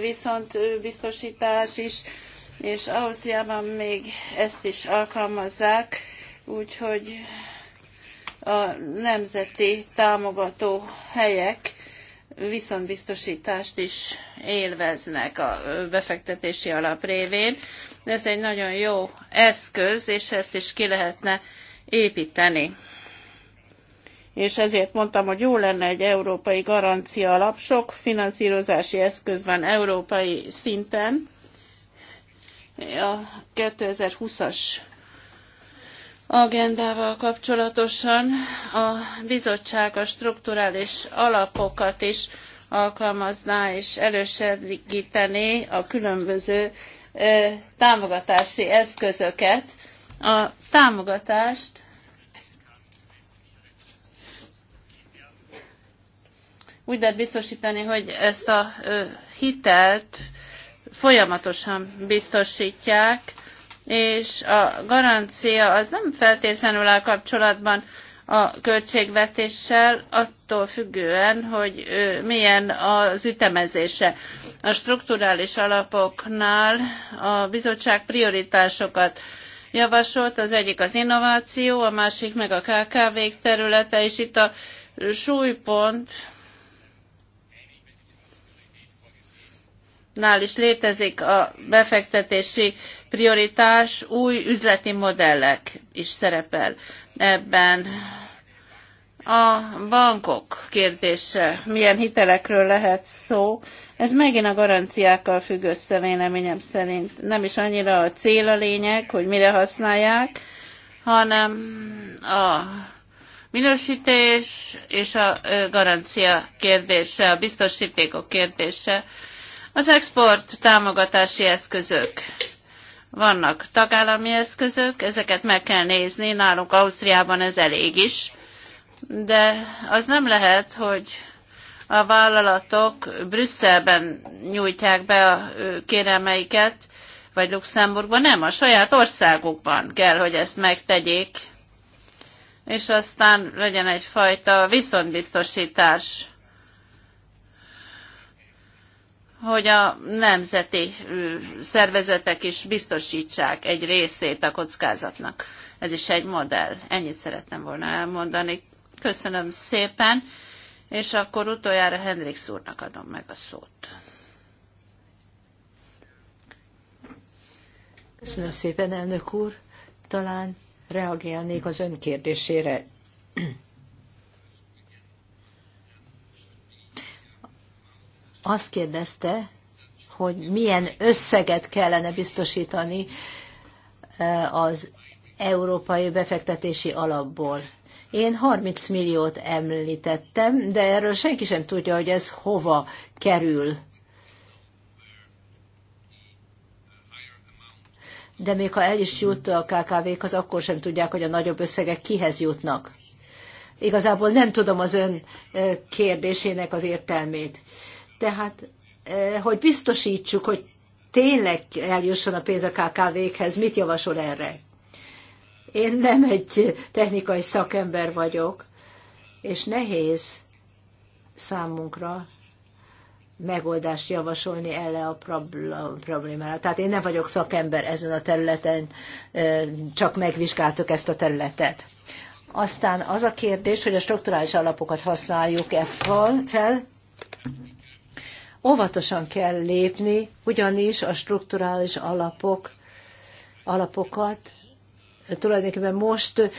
viszont biztosítás is, és Ausztriában még ezt is alkalmazzák, úgyhogy a nemzeti támogató helyek viszont biztosítást is élveznek a befektetési alap révén. Ez egy nagyon jó eszköz, és ezt is ki lehetne építeni. És ezért mondtam, hogy jó lenne egy európai garancia alap. Sok finanszírozási eszköz van európai szinten. A 2020-as agendával kapcsolatosan a bizottság a strukturális alapokat is alkalmazná és elősegítené a különböző támogatási eszközöket. A támogatást úgy lehet biztosítani, hogy ezt a hitelt folyamatosan biztosítják, és a garancia az nem feltétlenül áll kapcsolatban a költségvetéssel, attól függően, hogy milyen az ütemezése a strukturális alapoknál a bizottság prioritásokat javasolt, az egyik az innováció, a másik meg a KKV-k területe, és itt a súlypont nál is létezik a befektetési prioritás, új üzleti modellek is szerepel ebben. A bankok kérdése, milyen hitelekről lehet szó, ez megint a garanciákkal függ össze véleményem szerint. Nem is annyira a cél a lényeg, hogy mire használják, hanem a minősítés és a garancia kérdése, a biztosítékok kérdése. Az export támogatási eszközök. Vannak tagállami eszközök, ezeket meg kell nézni, nálunk Ausztriában ez elég is de az nem lehet, hogy a vállalatok Brüsszelben nyújtják be a kérelmeiket, vagy Luxemburgban, nem, a saját országukban kell, hogy ezt megtegyék, és aztán legyen egyfajta viszontbiztosítás, hogy a nemzeti szervezetek is biztosítsák egy részét a kockázatnak. Ez is egy modell. Ennyit szerettem volna elmondani. Köszönöm szépen, és akkor utoljára Hendrik úrnak adom meg a szót. Köszönöm szépen, elnök úr. Talán reagálnék az ön kérdésére. Azt kérdezte, hogy milyen összeget kellene biztosítani eh, az Európai Befektetési Alapból. Én 30 milliót említettem, de erről senki sem tudja, hogy ez hova kerül. De még ha el is jut a KKV-khoz, akkor sem tudják, hogy a nagyobb összegek kihez jutnak. Igazából nem tudom az ön kérdésének az értelmét. Tehát, hogy biztosítsuk, hogy tényleg eljusson a pénz a KKV-khez, mit javasol erre? Én nem egy technikai szakember vagyok, és nehéz számunkra megoldást javasolni ele a problémára. Tehát én nem vagyok szakember ezen a területen, csak megvizsgáltuk ezt a területet. Aztán az a kérdés, hogy a strukturális alapokat használjuk-e fel. Óvatosan kell lépni, ugyanis a strukturális alapok, alapokat tulajdonképpen most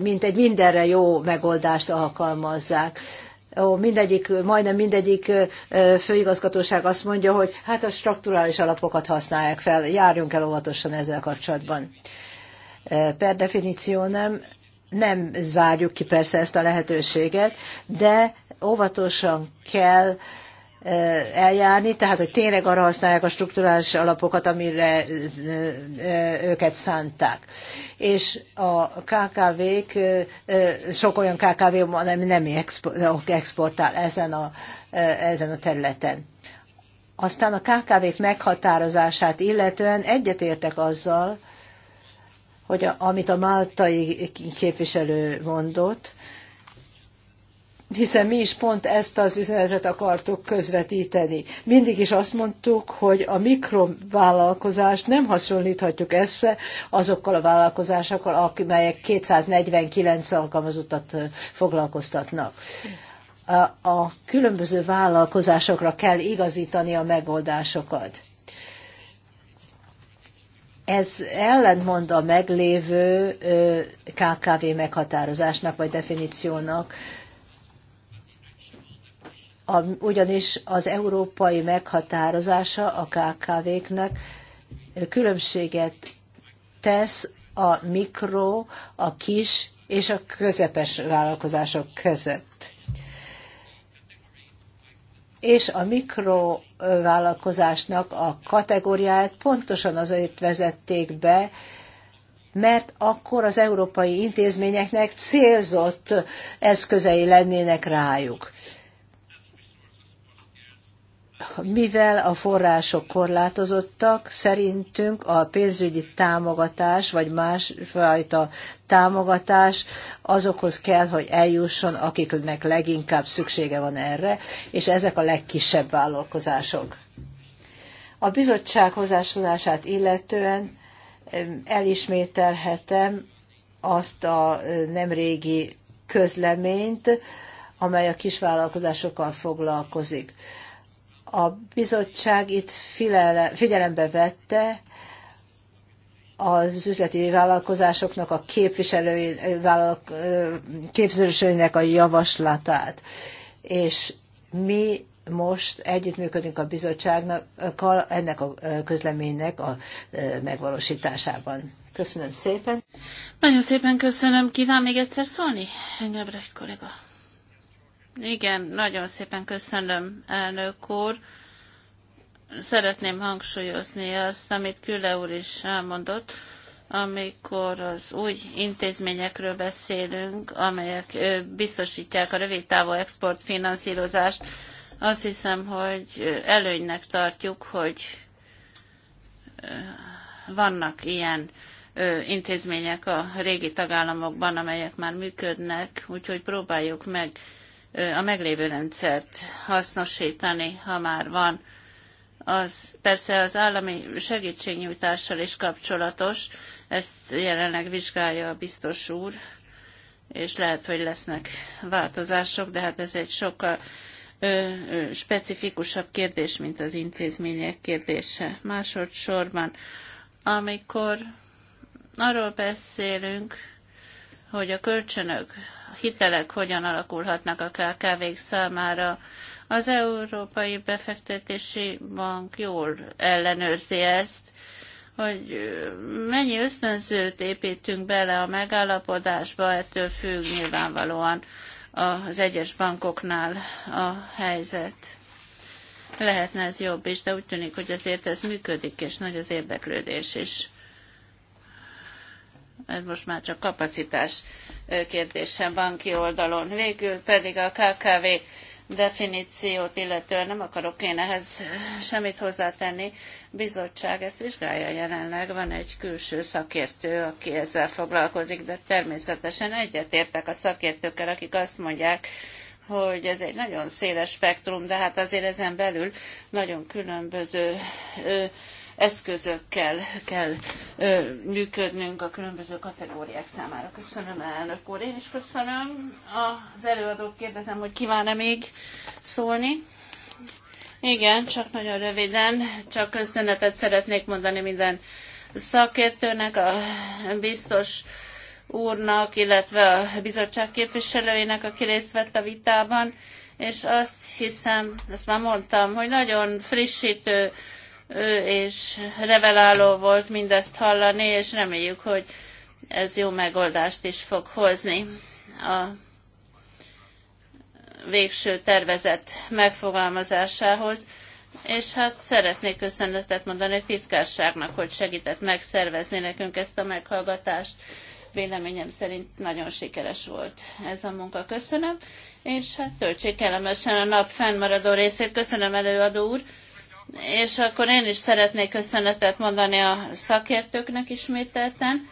mint egy mindenre jó megoldást alkalmazzák. Ó, mindegyik, majdnem mindegyik főigazgatóság azt mondja, hogy hát a strukturális alapokat használják fel, járjunk el óvatosan ezzel kapcsolatban. Per definíció nem, nem zárjuk ki persze ezt a lehetőséget, de óvatosan kell eljárni, tehát hogy tényleg arra használják a strukturális alapokat, amire őket szánták. És a KKV-k, sok olyan KKV van, ami nem exportál ezen a, ezen a területen. Aztán a KKV-k meghatározását illetően egyetértek azzal, hogy a, amit a máltai képviselő mondott, hiszen mi is pont ezt az üzenetet akartuk közvetíteni. Mindig is azt mondtuk, hogy a mikrovállalkozást nem hasonlíthatjuk össze azokkal a vállalkozásokkal, amelyek 249 alkalmazottat foglalkoztatnak. A különböző vállalkozásokra kell igazítani a megoldásokat. Ez ellentmond a meglévő KKV meghatározásnak vagy definíciónak, a, ugyanis az európai meghatározása a KKV-knek különbséget tesz a mikro, a kis és a közepes vállalkozások között. És a mikrovállalkozásnak a kategóriáját pontosan azért vezették be, mert akkor az európai intézményeknek célzott eszközei lennének rájuk mivel a források korlátozottak, szerintünk a pénzügyi támogatás, vagy másfajta támogatás azokhoz kell, hogy eljusson, akiknek leginkább szüksége van erre, és ezek a legkisebb vállalkozások. A bizottság hozzászólását illetően elismételhetem azt a nemrégi közleményt, amely a kisvállalkozásokkal foglalkozik a bizottság itt figyelembe vette az üzleti vállalkozásoknak, a képviselői képviselőinek a javaslatát. És mi most együttműködünk a bizottságnakkal ennek a közleménynek a megvalósításában. Köszönöm szépen. Nagyon szépen köszönöm. Kíván még egyszer szólni, Engelbrecht kollega? Igen, nagyon szépen köszönöm, elnök úr. Szeretném hangsúlyozni azt, amit Küle úr is elmondott, amikor az új intézményekről beszélünk, amelyek biztosítják a rövidtávú exportfinanszírozást, azt hiszem, hogy előnynek tartjuk, hogy vannak ilyen intézmények a régi tagállamokban, amelyek már működnek, úgyhogy próbáljuk meg a meglévő rendszert hasznosítani, ha már van. Az persze az állami segítségnyújtással is kapcsolatos, ezt jelenleg vizsgálja a biztos úr, és lehet, hogy lesznek változások, de hát ez egy sokkal ö, ö, specifikusabb kérdés, mint az intézmények kérdése. Másodszorban, amikor arról beszélünk, hogy a kölcsönök hitelek hogyan alakulhatnak a KKV-k számára. Az Európai Befektetési Bank jól ellenőrzi ezt, hogy mennyi ösztönzőt építünk bele a megállapodásba, ettől függ nyilvánvalóan az egyes bankoknál a helyzet. Lehetne ez jobb is, de úgy tűnik, hogy azért ez működik, és nagy az érdeklődés is ez most már csak kapacitás kérdésem banki oldalon. Végül pedig a KKV definíciót illetően nem akarok én ehhez semmit hozzátenni. Bizottság ezt vizsgálja jelenleg, van egy külső szakértő, aki ezzel foglalkozik, de természetesen egyetértek a szakértőkkel, akik azt mondják, hogy ez egy nagyon széles spektrum, de hát azért ezen belül nagyon különböző ö, eszközökkel kell ö, működnünk a különböző kategóriák számára. Köszönöm, elnök úr. Én is köszönöm. Az előadót kérdezem, hogy kíván-e még szólni. Igen, csak nagyon röviden, csak köszönetet szeretnék mondani minden szakértőnek, a biztos úrnak, illetve a bizottság képviselőinek, aki részt vett a vitában, és azt hiszem, ezt már mondtam, hogy nagyon frissítő és reveláló volt mindezt hallani, és reméljük, hogy ez jó megoldást is fog hozni a végső tervezet megfogalmazásához. És hát szeretnék köszönetet mondani a titkárságnak, hogy segített megszervezni nekünk ezt a meghallgatást. Véleményem szerint nagyon sikeres volt ez a munka. Köszönöm, és hát töltsék kellemesen a nap fennmaradó részét. Köszönöm előadó úr. És akkor én is szeretnék köszönetet mondani a szakértőknek ismételten.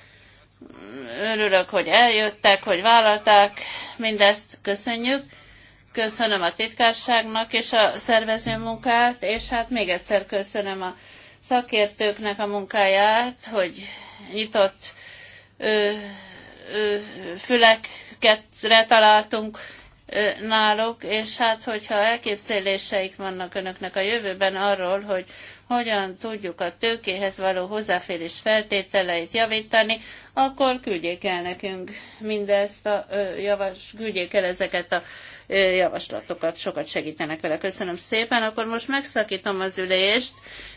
Örülök, hogy eljöttek, hogy vállalták, mindezt köszönjük. Köszönöm a titkárságnak és a szervező munkát, és hát még egyszer köszönöm a szakértőknek a munkáját, hogy nyitott ö, ö, füleket találtunk, náluk, és hát hogyha elképzeléseik vannak önöknek a jövőben arról, hogy hogyan tudjuk a tőkéhez való hozzáférés feltételeit javítani, akkor küldjék el nekünk mindezt a javas, küldjék el ezeket a javaslatokat, sokat segítenek vele. Köszönöm szépen. Akkor most megszakítom az ülést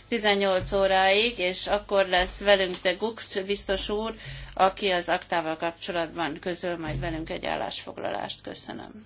18 óráig, és akkor lesz velünk te Gukt biztos úr, aki az aktával kapcsolatban közöl majd velünk egy állásfoglalást. Köszönöm.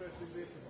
Köszönöm.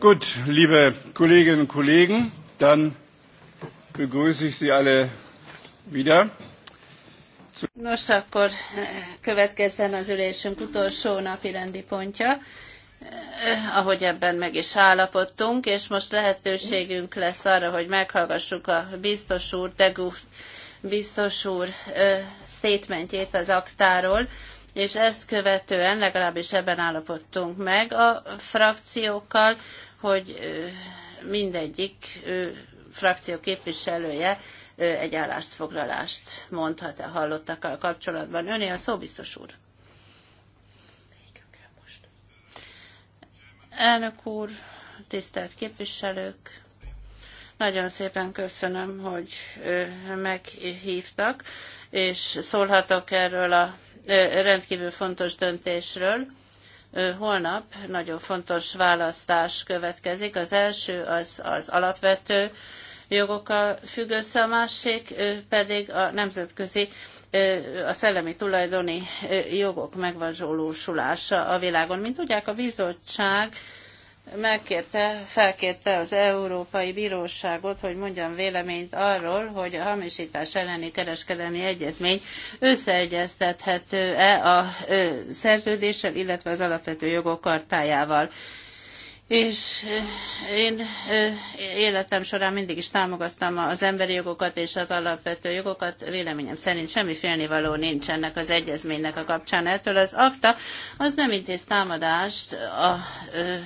Gut, liebe Kolleginnen und Kollegen, dann begrüße ich Sie alle wieder. Nos, akkor eh, következzen az ülésünk utolsó napi rendi pontja, eh, ahogy ebben meg is állapodtunk, és most lehetőségünk lesz arra, hogy meghallgassuk a biztos úr, Degu biztos úr eh, statementjét az aktáról, és ezt követően legalábbis ebben állapodtunk meg a frakciókkal, hogy mindegyik frakció képviselője egy állásfoglalást mondhat a e hallottakkal kapcsolatban. Öné a szó, biztos úr. Elnök úr, tisztelt képviselők, nagyon szépen köszönöm, hogy meghívtak, és szólhatok erről a rendkívül fontos döntésről Holnap nagyon fontos választás következik. Az első az, az alapvető jogokkal függ össze, a másik pedig a nemzetközi a szellemi tulajdoni jogok megvazsolósulása a világon. Mint tudják, a bizottság megkérte, felkérte az Európai Bíróságot, hogy mondjam véleményt arról, hogy a hamisítás elleni kereskedelmi egyezmény összeegyeztethető-e a szerződéssel, illetve az alapvető jogok kartájával és eh, én eh, életem során mindig is támogattam az emberi jogokat és az alapvető jogokat. Véleményem szerint semmi félnivaló nincs ennek az egyezménynek a kapcsán. Ettől az akta az nem intéz támadást a eh,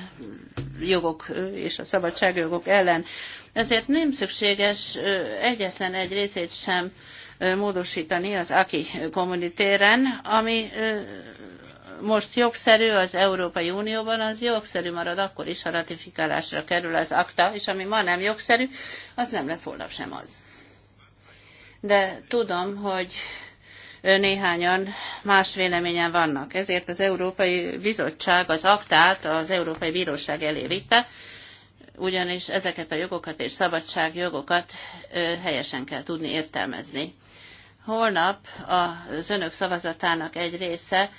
jogok és a szabadságjogok ellen. Ezért nem szükséges egyetlen egy részét sem módosítani az AKI kommunitéren, ami most jogszerű az Európai Unióban, az jogszerű marad akkor is, ha ratifikálásra kerül az akta, és ami ma nem jogszerű, az nem lesz holnap sem az. De tudom, hogy néhányan más véleményen vannak. Ezért az Európai Bizottság az aktát az Európai Bíróság elé vitte, ugyanis ezeket a jogokat és szabadságjogokat helyesen kell tudni értelmezni. Holnap az önök szavazatának egy része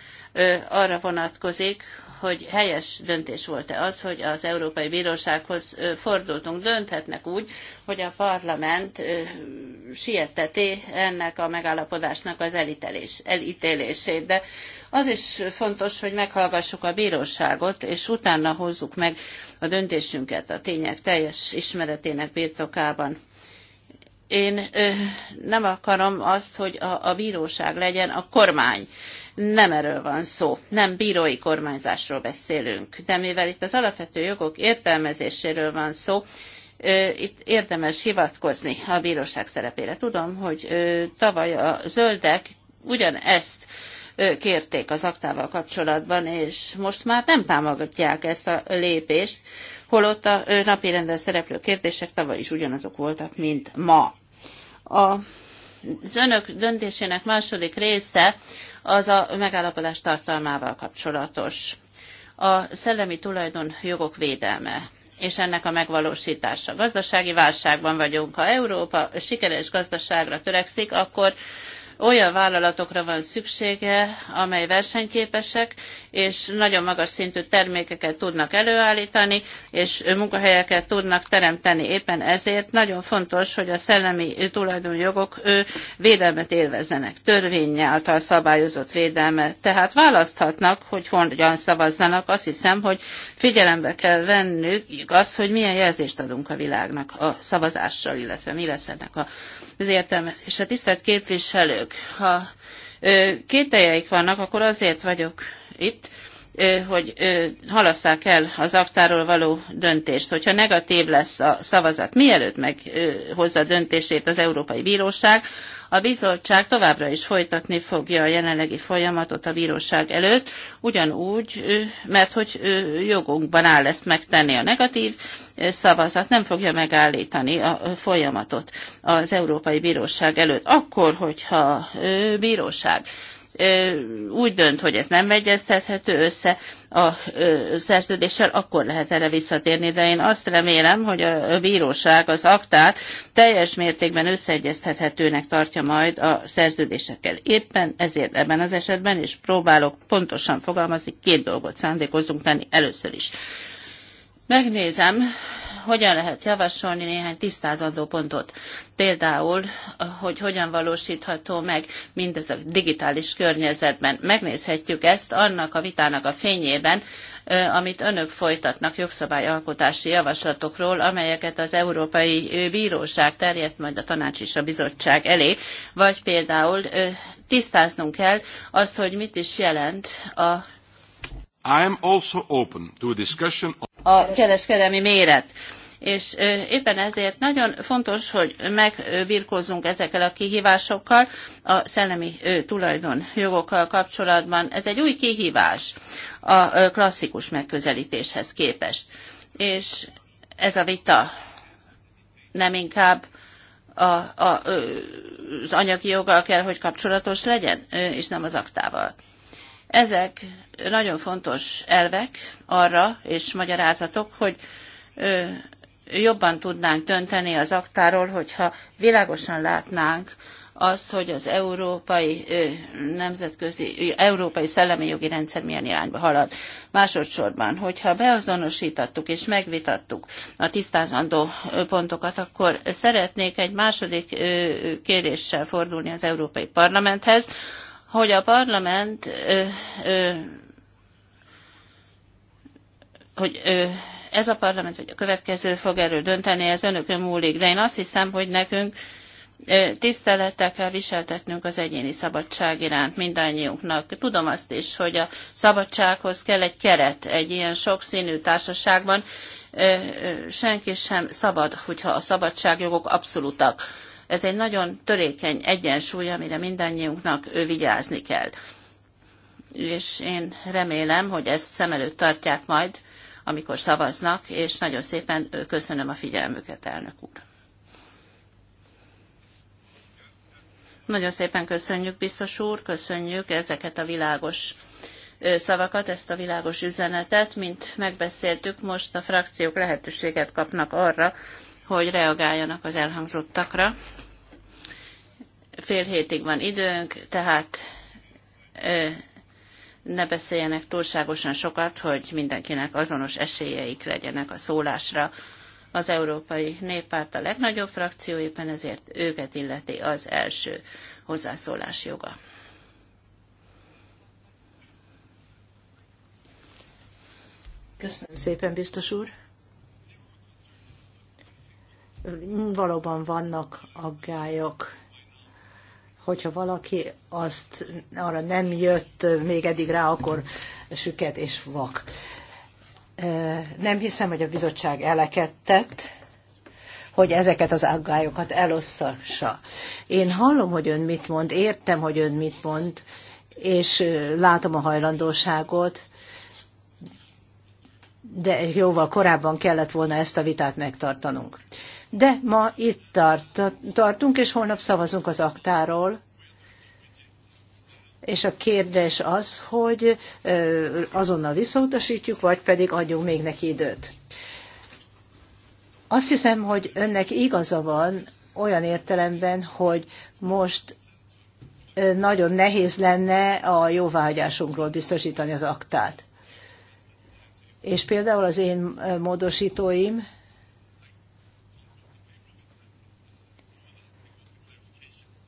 arra vonatkozik, hogy helyes döntés volt-e az, hogy az Európai Bírósághoz fordultunk. Dönthetnek úgy, hogy a parlament sietteti ennek a megállapodásnak az elítelés, elítélését, de az is fontos, hogy meghallgassuk a bíróságot, és utána hozzuk meg a döntésünket a tények teljes ismeretének birtokában. Én nem akarom azt, hogy a, a bíróság legyen a kormány nem erről van szó, nem bírói kormányzásról beszélünk, de mivel itt az alapvető jogok értelmezéséről van szó, itt érdemes hivatkozni a bíróság szerepére. Tudom, hogy tavaly a zöldek ugyanezt kérték az aktával kapcsolatban, és most már nem támogatják ezt a lépést, holott a napirenden szereplő kérdések tavaly is ugyanazok voltak, mint ma. A az önök döntésének második része az a megállapodás tartalmával kapcsolatos. A szellemi tulajdon jogok védelme és ennek a megvalósítása. Gazdasági válságban vagyunk. Ha Európa sikeres gazdaságra törekszik, akkor olyan vállalatokra van szüksége, amely versenyképesek, és nagyon magas szintű termékeket tudnak előállítani, és munkahelyeket tudnak teremteni. Éppen ezért nagyon fontos, hogy a szellemi tulajdonjogok védelmet élvezzenek, törvénye által szabályozott védelme. Tehát választhatnak, hogy hogyan szavazzanak. Azt hiszem, hogy figyelembe kell vennük azt, hogy milyen jelzést adunk a világnak a szavazással, illetve mi lesz ennek a az értelmezésre. Hát, tisztelt képviselők, ha kételjeik vannak, akkor azért vagyok itt, hogy halasszák el az aktáról való döntést, hogyha negatív lesz a szavazat, mielőtt meghozza döntését az Európai Bíróság, a bizottság továbbra is folytatni fogja a jelenlegi folyamatot a bíróság előtt, ugyanúgy, mert hogy jogunkban áll ezt megtenni a negatív szavazat, nem fogja megállítani a folyamatot az Európai Bíróság előtt. Akkor, hogyha bíróság úgy dönt, hogy ez nem egyeztethető össze a szerződéssel, akkor lehet erre visszatérni, de én azt remélem, hogy a bíróság az aktát teljes mértékben összeegyeztethetőnek tartja majd a szerződésekkel. Éppen ezért ebben az esetben, és próbálok pontosan fogalmazni, két dolgot szándékozunk tenni először is. Megnézem, hogyan lehet javasolni néhány tisztázandó pontot. Például, hogy hogyan valósítható meg mindez a digitális környezetben. Megnézhetjük ezt annak a vitának a fényében, amit önök folytatnak jogszabályalkotási javaslatokról, amelyeket az Európai Bíróság terjeszt majd a tanács és a bizottság elé, vagy például tisztáznunk kell azt, hogy mit is jelent a I am also open to a discussion on a kereskedelmi méret és éppen ezért nagyon fontos, hogy megbirkózzunk ezekkel a kihívásokkal a szellemi tulajdonjogokkal kapcsolatban. Ez egy új kihívás a klasszikus megközelítéshez képest. És ez a vita nem inkább a, a, az anyagi joggal kell, hogy kapcsolatos legyen, és nem az aktával. Ezek nagyon fontos elvek arra, és magyarázatok, hogy jobban tudnánk dönteni az aktáról, hogyha világosan látnánk azt, hogy az európai nemzetközi, európai szellemi jogi rendszer milyen irányba halad. Másodszorban, hogyha beazonosítattuk és megvitattuk a tisztázandó pontokat, akkor szeretnék egy második kéréssel fordulni az Európai Parlamenthez, hogy a parlament hogy ez a parlament, vagy a következő fog erről dönteni, ez önökön múlik. De én azt hiszem, hogy nekünk tisztelettel kell viseltetnünk az egyéni szabadság iránt mindannyiunknak. Tudom azt is, hogy a szabadsághoz kell egy keret egy ilyen sokszínű társaságban. Senki sem szabad, hogyha a szabadságjogok abszolútak ez egy nagyon törékeny egyensúly, amire mindannyiunknak ő vigyázni kell. És én remélem, hogy ezt szem előtt tartják majd, amikor szavaznak, és nagyon szépen köszönöm a figyelmüket, elnök úr. Nagyon szépen köszönjük, biztos úr, köszönjük ezeket a világos szavakat, ezt a világos üzenetet. Mint megbeszéltük, most a frakciók lehetőséget kapnak arra, hogy reagáljanak az elhangzottakra fél hétig van időnk, tehát ne beszéljenek túlságosan sokat, hogy mindenkinek azonos esélyeik legyenek a szólásra. Az Európai Néppárt a legnagyobb frakció, éppen ezért őket illeti az első hozzászólás joga. Köszönöm szépen, biztos úr. Valóban vannak aggályok hogyha valaki azt arra nem jött még eddig rá, akkor süket és vak. Nem hiszem, hogy a bizottság elekedtett, hogy ezeket az aggályokat elosszassa. Én hallom, hogy ön mit mond, értem, hogy ön mit mond, és látom a hajlandóságot, de jóval korábban kellett volna ezt a vitát megtartanunk de ma itt tart, tartunk, és holnap szavazunk az aktáról. És a kérdés az, hogy azonnal visszautasítjuk, vagy pedig adjunk még neki időt. Azt hiszem, hogy önnek igaza van olyan értelemben, hogy most nagyon nehéz lenne a jóvágyásunkról biztosítani az aktát. És például az én módosítóim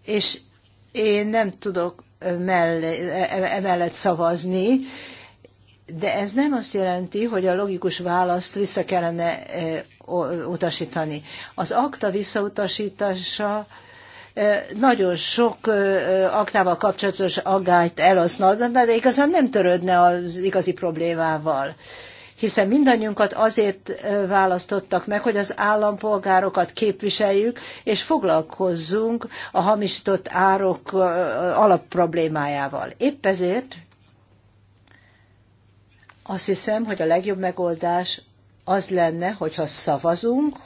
és én nem tudok e, e, emellett szavazni, de ez nem azt jelenti, hogy a logikus választ vissza kellene e, utasítani. Az akta visszautasítása nagyon sok aktával kapcsolatos aggályt eloszlat, de igazán nem törődne az igazi problémával hiszen mindannyiunkat azért választottak meg, hogy az állampolgárokat képviseljük, és foglalkozzunk a hamisított árok alapproblémájával. Épp ezért azt hiszem, hogy a legjobb megoldás az lenne, hogyha szavazunk,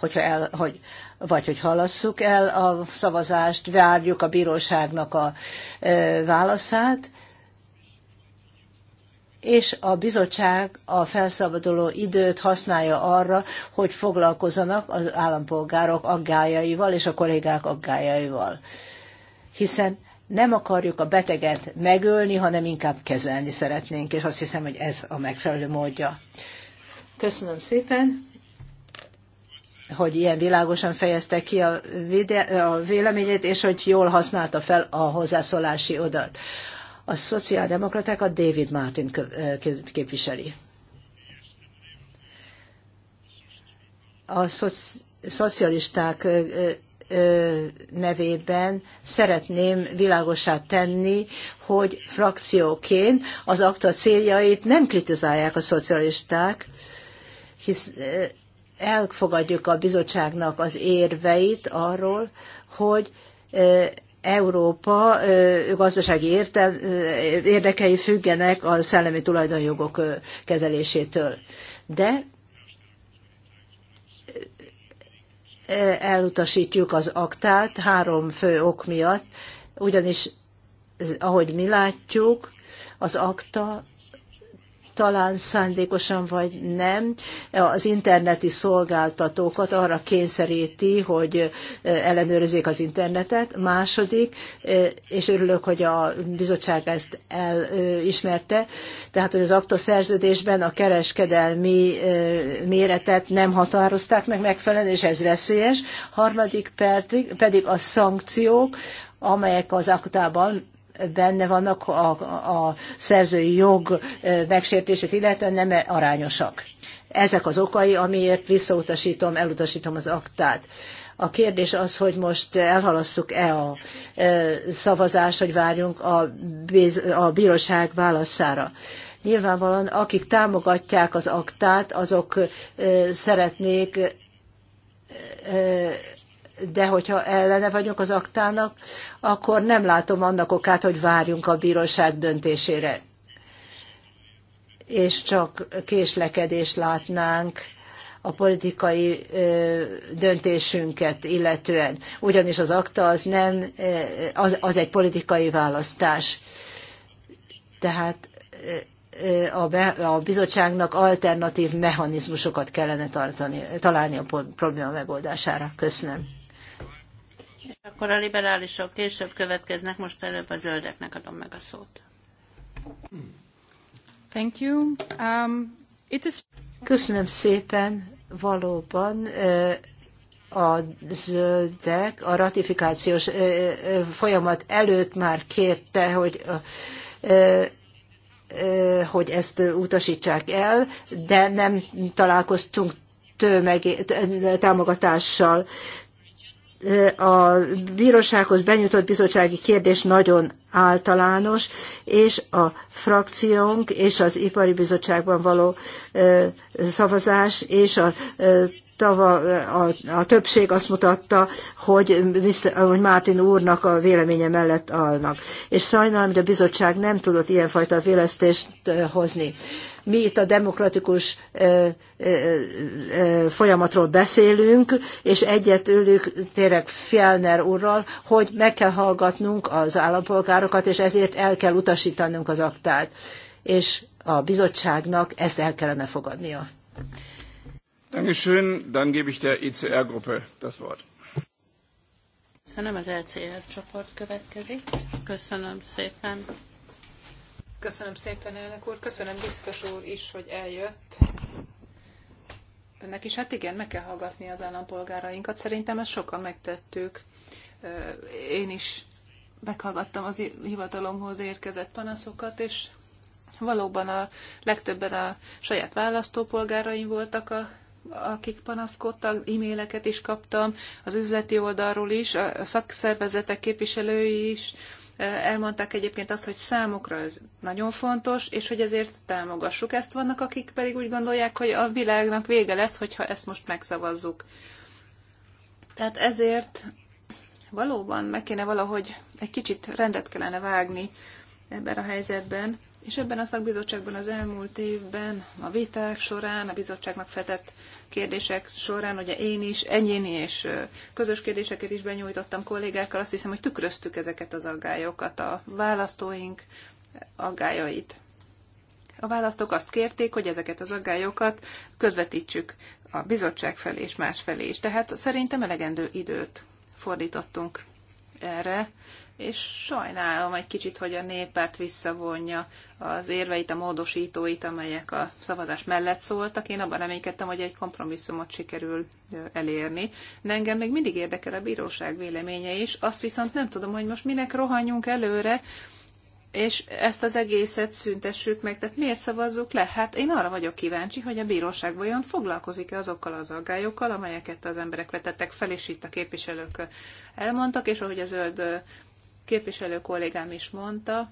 hogyha el, hogy, vagy hogy halasszuk el a szavazást, várjuk a bíróságnak a válaszát, és a bizottság a felszabaduló időt használja arra, hogy foglalkozanak az állampolgárok aggájaival és a kollégák aggájaival. Hiszen nem akarjuk a beteget megölni, hanem inkább kezelni szeretnénk, és azt hiszem, hogy ez a megfelelő módja. Köszönöm szépen, hogy ilyen világosan fejezte ki a, véleményét, és hogy jól használta fel a hozzászólási odat. A szociáldemokratákat David Martin képviseli. A szoci szocialisták nevében szeretném világosá tenni, hogy frakcióként az akta céljait nem kritizálják a szocialisták, hisz elfogadjuk a bizottságnak az érveit arról, hogy Európa gazdasági érdekei függenek a szellemi tulajdonjogok kezelésétől. De elutasítjuk az aktát három fő ok miatt, ugyanis, ahogy mi látjuk, az akta talán szándékosan vagy nem, az interneti szolgáltatókat arra kényszeríti, hogy ellenőrizzék az internetet. Második, és örülök, hogy a bizottság ezt elismerte, tehát, hogy az akta szerződésben a kereskedelmi méretet nem határozták meg megfelelően, és ez veszélyes. Harmadik pedig a szankciók, amelyek az aktában benne vannak a, a szerzői jog megsértését illetően nem arányosak. Ezek az okai, amiért visszautasítom, elutasítom az aktát. A kérdés az, hogy most elhalasszuk-e a szavazást, hogy várjunk a, a bíróság válaszára. Nyilvánvalóan akik támogatják az aktát, azok szeretnék de hogyha ellene vagyok az aktának, akkor nem látom annak okát, hogy várjunk a bíróság döntésére. És csak késlekedés látnánk a politikai döntésünket illetően. Ugyanis az akta az nem, az, az egy politikai választás. Tehát a, be, a bizottságnak alternatív mechanizmusokat kellene tartani, találni a probléma megoldására. Köszönöm. Akkor a liberálisok később következnek, most előbb a zöldeknek adom meg a szót. Thank you. Um, it is... Köszönöm szépen, valóban eh, a zöldek a ratifikációs eh, eh, folyamat előtt már kérte, hogy hogy ezt utasítsák el, de nem találkoztunk tömeg, támogatással a bírósághoz benyújtott bizottsági kérdés nagyon általános, és a frakciónk és az ipari bizottságban való szavazás és a a, a, a többség azt mutatta, hogy, hogy Mártin úrnak a véleménye mellett állnak. És sajnálom, hogy a bizottság nem tudott ilyenfajta vélesztést hozni mi itt a demokratikus folyamatról beszélünk, és egyet ülünk tényleg Fjellner úrral, hogy meg kell hallgatnunk az állampolgárokat, és ezért el kell utasítanunk az aktát. És a bizottságnak ezt el kellene fogadnia. Dankeschön, dann gebe ich der ECR-Gruppe das Wort. Köszönöm, az ECR csoport következik. Köszönöm szépen. Köszönöm szépen, elnök úr. Köszönöm biztos úr is, hogy eljött. Önnek is, hát igen, meg kell hallgatni az állampolgárainkat. Szerintem ezt sokan megtettük. Én is meghallgattam az hivatalomhoz érkezett panaszokat, és valóban a legtöbben a saját választópolgáraim voltak a akik panaszkodtak, e-maileket is kaptam, az üzleti oldalról is, a szakszervezetek képviselői is elmondták egyébként azt, hogy számukra ez nagyon fontos, és hogy ezért támogassuk ezt. Vannak, akik pedig úgy gondolják, hogy a világnak vége lesz, hogyha ezt most megszavazzuk. Tehát ezért valóban meg kéne valahogy egy kicsit rendet kellene vágni ebben a helyzetben, és ebben a szakbizottságban az elmúlt évben a viták során, a bizottságnak fetett kérdések során, ugye én is egyéni és közös kérdéseket is benyújtottam kollégákkal, azt hiszem, hogy tükröztük ezeket az aggályokat, a választóink aggályait. A választók azt kérték, hogy ezeket az aggályokat közvetítsük a bizottság felé és más felé is. Tehát szerintem elegendő időt fordítottunk erre, és sajnálom egy kicsit, hogy a néppárt visszavonja az érveit, a módosítóit, amelyek a szavazás mellett szóltak. Én abban reménykedtem, hogy egy kompromisszumot sikerül elérni. De engem még mindig érdekel a bíróság véleménye is, azt viszont nem tudom, hogy most minek rohanjunk előre, és ezt az egészet szüntessük meg. Tehát miért szavazzuk le? Hát én arra vagyok kíváncsi, hogy a bíróság vajon foglalkozik-e azokkal az aggályokkal, amelyeket az emberek vetettek fel, és itt a képviselők elmondtak, és ahogy a zöld képviselő kollégám is mondta,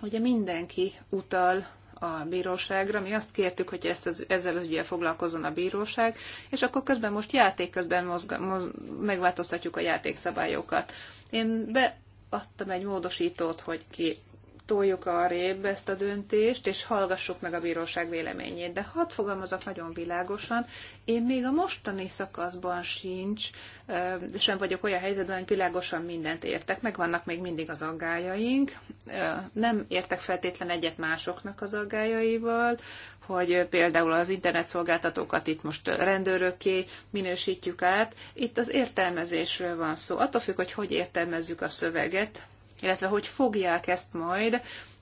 hogy mindenki utal a bíróságra, mi azt kértük, hogy ezt az, ezzel az ügyel foglalkozzon a bíróság, és akkor közben most játék közben mozga, moz, megváltoztatjuk a játékszabályokat. Én beadtam egy módosítót, hogy ki toljuk rébb ezt a döntést, és hallgassuk meg a bíróság véleményét. De hadd fogalmazok nagyon világosan, én még a mostani szakaszban sincs, sem vagyok olyan helyzetben, hogy világosan mindent értek, meg vannak még mindig az aggájaink. Nem értek feltétlen egyet másoknak az aggájaival, hogy például az internetszolgáltatókat itt most rendőrökké minősítjük át. Itt az értelmezésről van szó. Attól függ, hogy hogy értelmezzük a szöveget, illetve hogy fogják ezt majd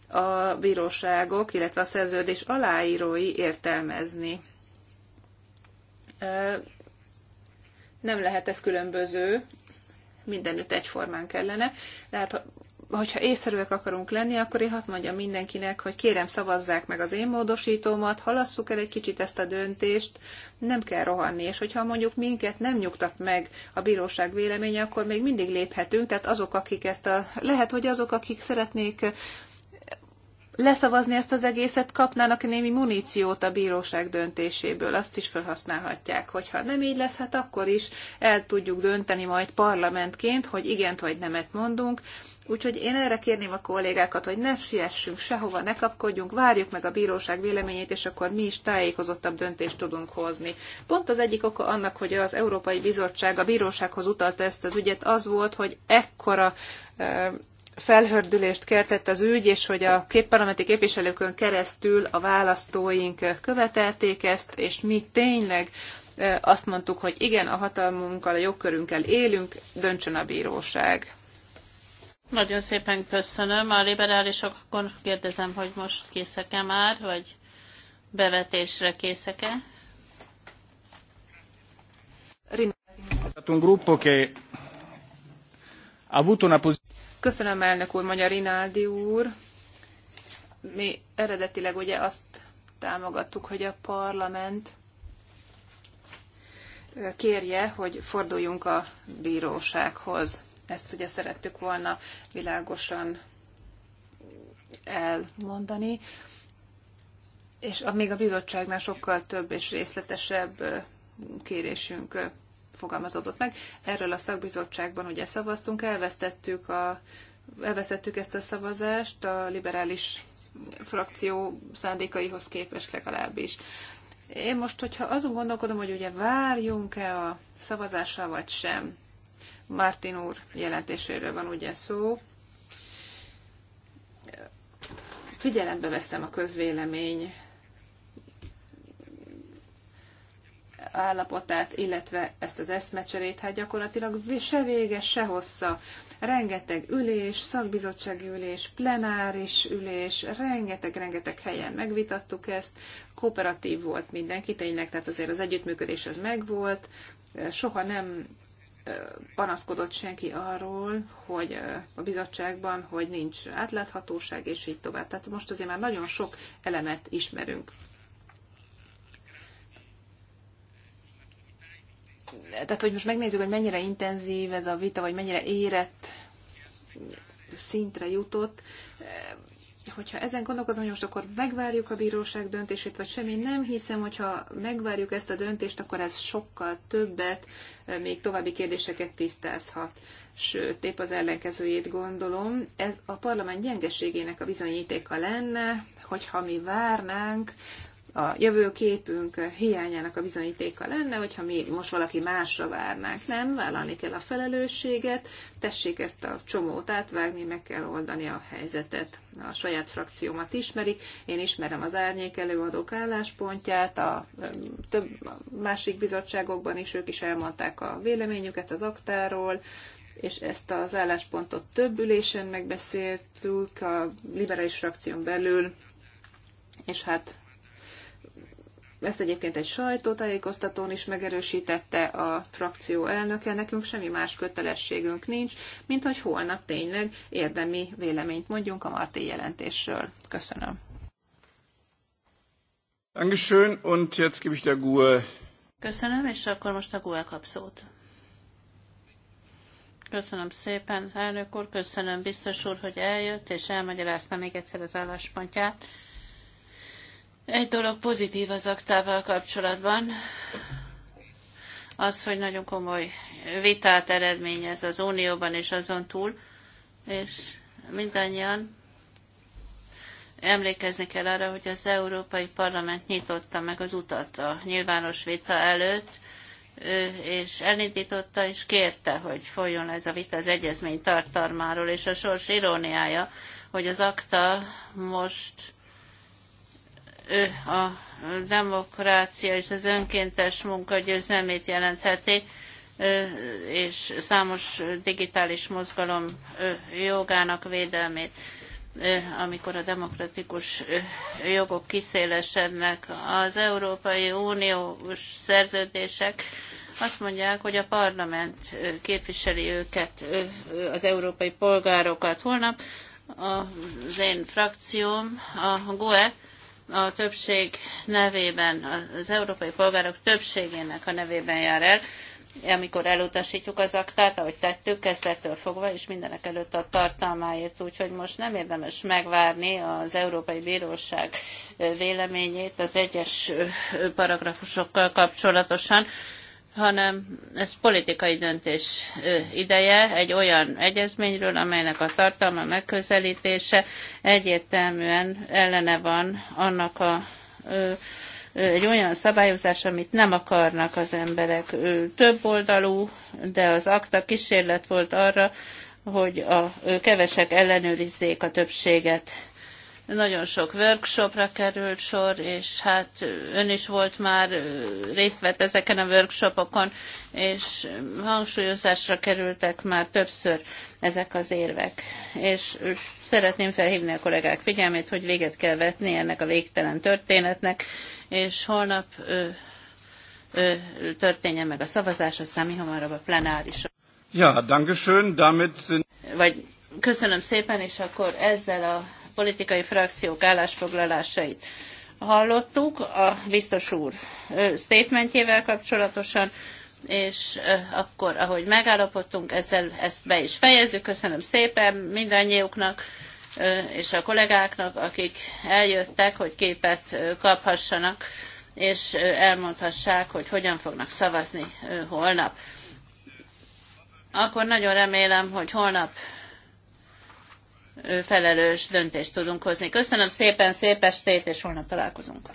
a bíróságok, illetve a szerződés aláírói értelmezni. Nem lehet ez különböző, mindenütt egyformán kellene. De hát, hogyha észszerűek akarunk lenni, akkor én hadd mondjam mindenkinek, hogy kérem szavazzák meg az én módosítómat, halasszuk el egy kicsit ezt a döntést, nem kell rohanni, és hogyha mondjuk minket nem nyugtat meg a bíróság véleménye, akkor még mindig léphetünk, tehát azok, akik ezt a, lehet, hogy azok, akik szeretnék leszavazni ezt az egészet, kapnának némi muníciót a bíróság döntéséből, azt is felhasználhatják. Hogyha nem így lesz, hát akkor is el tudjuk dönteni majd parlamentként, hogy igent vagy nemet mondunk, Úgyhogy én erre kérném a kollégákat, hogy ne siessünk sehova, ne kapkodjunk, várjuk meg a bíróság véleményét, és akkor mi is tájékozottabb döntést tudunk hozni. Pont az egyik oka annak, hogy az Európai Bizottság a bírósághoz utalta ezt az ügyet, az volt, hogy ekkora felhördülést keltett az ügy, és hogy a képparlamenti képviselőkön keresztül a választóink követelték ezt, és mi tényleg azt mondtuk, hogy igen, a hatalmunkkal, a jogkörünkkel élünk, döntsön a bíróság. Nagyon szépen köszönöm. A liberálisok akkor kérdezem, hogy most készek-e már, vagy bevetésre készek-e? Köszönöm elnök úr, Magyar Rinaldi úr. Mi eredetileg ugye azt támogattuk, hogy a parlament kérje, hogy forduljunk a bírósághoz. Ezt ugye szerettük volna világosan elmondani, és még a bizottságnál sokkal több és részletesebb kérésünk fogalmazódott meg. Erről a szakbizottságban ugye szavaztunk, elvesztettük, a, elvesztettük ezt a szavazást a liberális frakció szándékaihoz képest legalábbis. Én most, hogyha azon gondolkodom, hogy ugye várjunk-e a szavazással vagy sem, Martin úr jelentéséről van ugye szó. Figyelembe veszem a közvélemény állapotát, illetve ezt az eszmecserét, hát gyakorlatilag se vége, se hossza. Rengeteg ülés, szakbizottsági ülés, plenáris ülés, rengeteg-rengeteg helyen megvitattuk ezt, kooperatív volt mindenki tényleg, tehát azért az együttműködés az megvolt, soha nem panaszkodott senki arról, hogy a bizottságban, hogy nincs átláthatóság, és így tovább. Tehát most azért már nagyon sok elemet ismerünk. Tehát, hogy most megnézzük, hogy mennyire intenzív ez a vita, vagy mennyire érett szintre jutott, hogyha ezen gondolkozom, hogy most akkor megvárjuk a bíróság döntését, vagy semmi, nem hiszem, hogyha megvárjuk ezt a döntést, akkor ez sokkal többet, még további kérdéseket tisztázhat. Sőt, épp az ellenkezőjét gondolom, ez a parlament gyengeségének a bizonyítéka lenne, hogyha mi várnánk a jövőképünk hiányának a bizonyítéka lenne, hogyha mi most valaki másra várnánk. Nem, vállalni kell a felelősséget, tessék ezt a csomót átvágni, meg kell oldani a helyzetet. A saját frakciómat ismerik, én ismerem az árnyék előadók álláspontját, a több másik bizottságokban is ők is elmondták a véleményüket az aktáról, és ezt az álláspontot több ülésen megbeszéltük a liberális frakción belül, és hát ezt egyébként egy sajtótájékoztatón is megerősítette a frakció elnöke, nekünk semmi más kötelességünk nincs, mint hogy holnap tényleg érdemi véleményt mondjunk a Marti jelentésről. Köszönöm. Dankeschön, und jetzt gebe ich der GUE. Köszönöm, és akkor most a GUE kap szót. Köszönöm szépen, elnök úr, köszönöm biztos úr, hogy eljött, és elmagyarázta még egyszer az álláspontját. Egy dolog pozitív az aktával kapcsolatban, az, hogy nagyon komoly vitát eredményez az Unióban és azon túl, és mindannyian emlékezni kell arra, hogy az Európai Parlament nyitotta meg az utat a nyilvános vita előtt, és elindította és kérte, hogy folyjon ez a vita az egyezmény tartalmáról, és a sors iróniája, hogy az akta most a demokrácia és az önkéntes munka győzelmét jelentheti, és számos digitális mozgalom jogának védelmét, amikor a demokratikus jogok kiszélesednek. Az Európai Uniós szerződések azt mondják, hogy a parlament képviseli őket, az európai polgárokat. Holnap az én frakcióm, a GUE, a többség nevében, az európai polgárok többségének a nevében jár el, amikor elutasítjuk az aktát, ahogy tettük, kezdettől fogva, és mindenek előtt a tartalmáért, úgyhogy most nem érdemes megvárni az Európai Bíróság véleményét az egyes paragrafusokkal kapcsolatosan, hanem ez politikai döntés ideje egy olyan egyezményről, amelynek a tartalma megközelítése egyértelműen ellene van annak a egy olyan szabályozás, amit nem akarnak az emberek. Több oldalú, de az akta kísérlet volt arra, hogy a kevesek ellenőrizzék a többséget. Nagyon sok workshopra került sor, és hát ön is volt már, részt vett ezeken a workshopokon, és hangsúlyozásra kerültek már többször ezek az érvek. És szeretném felhívni a kollégák figyelmét, hogy véget kell vetni ennek a végtelen történetnek, és holnap ö, ö, történjen meg a szavazás, aztán mi hamarabb a plenárisra. Ja, hát danke schön, damit sind... Vagy köszönöm szépen, és akkor ezzel a politikai frakciók állásfoglalásait hallottuk a biztos úr statementjével kapcsolatosan, és akkor, ahogy megállapodtunk, ezzel ezt be is fejezzük. Köszönöm szépen mindannyiuknak és a kollégáknak, akik eljöttek, hogy képet kaphassanak, és elmondhassák, hogy hogyan fognak szavazni holnap. Akkor nagyon remélem, hogy holnap felelős döntést tudunk hozni. Köszönöm szépen, szép estét, és holnap találkozunk.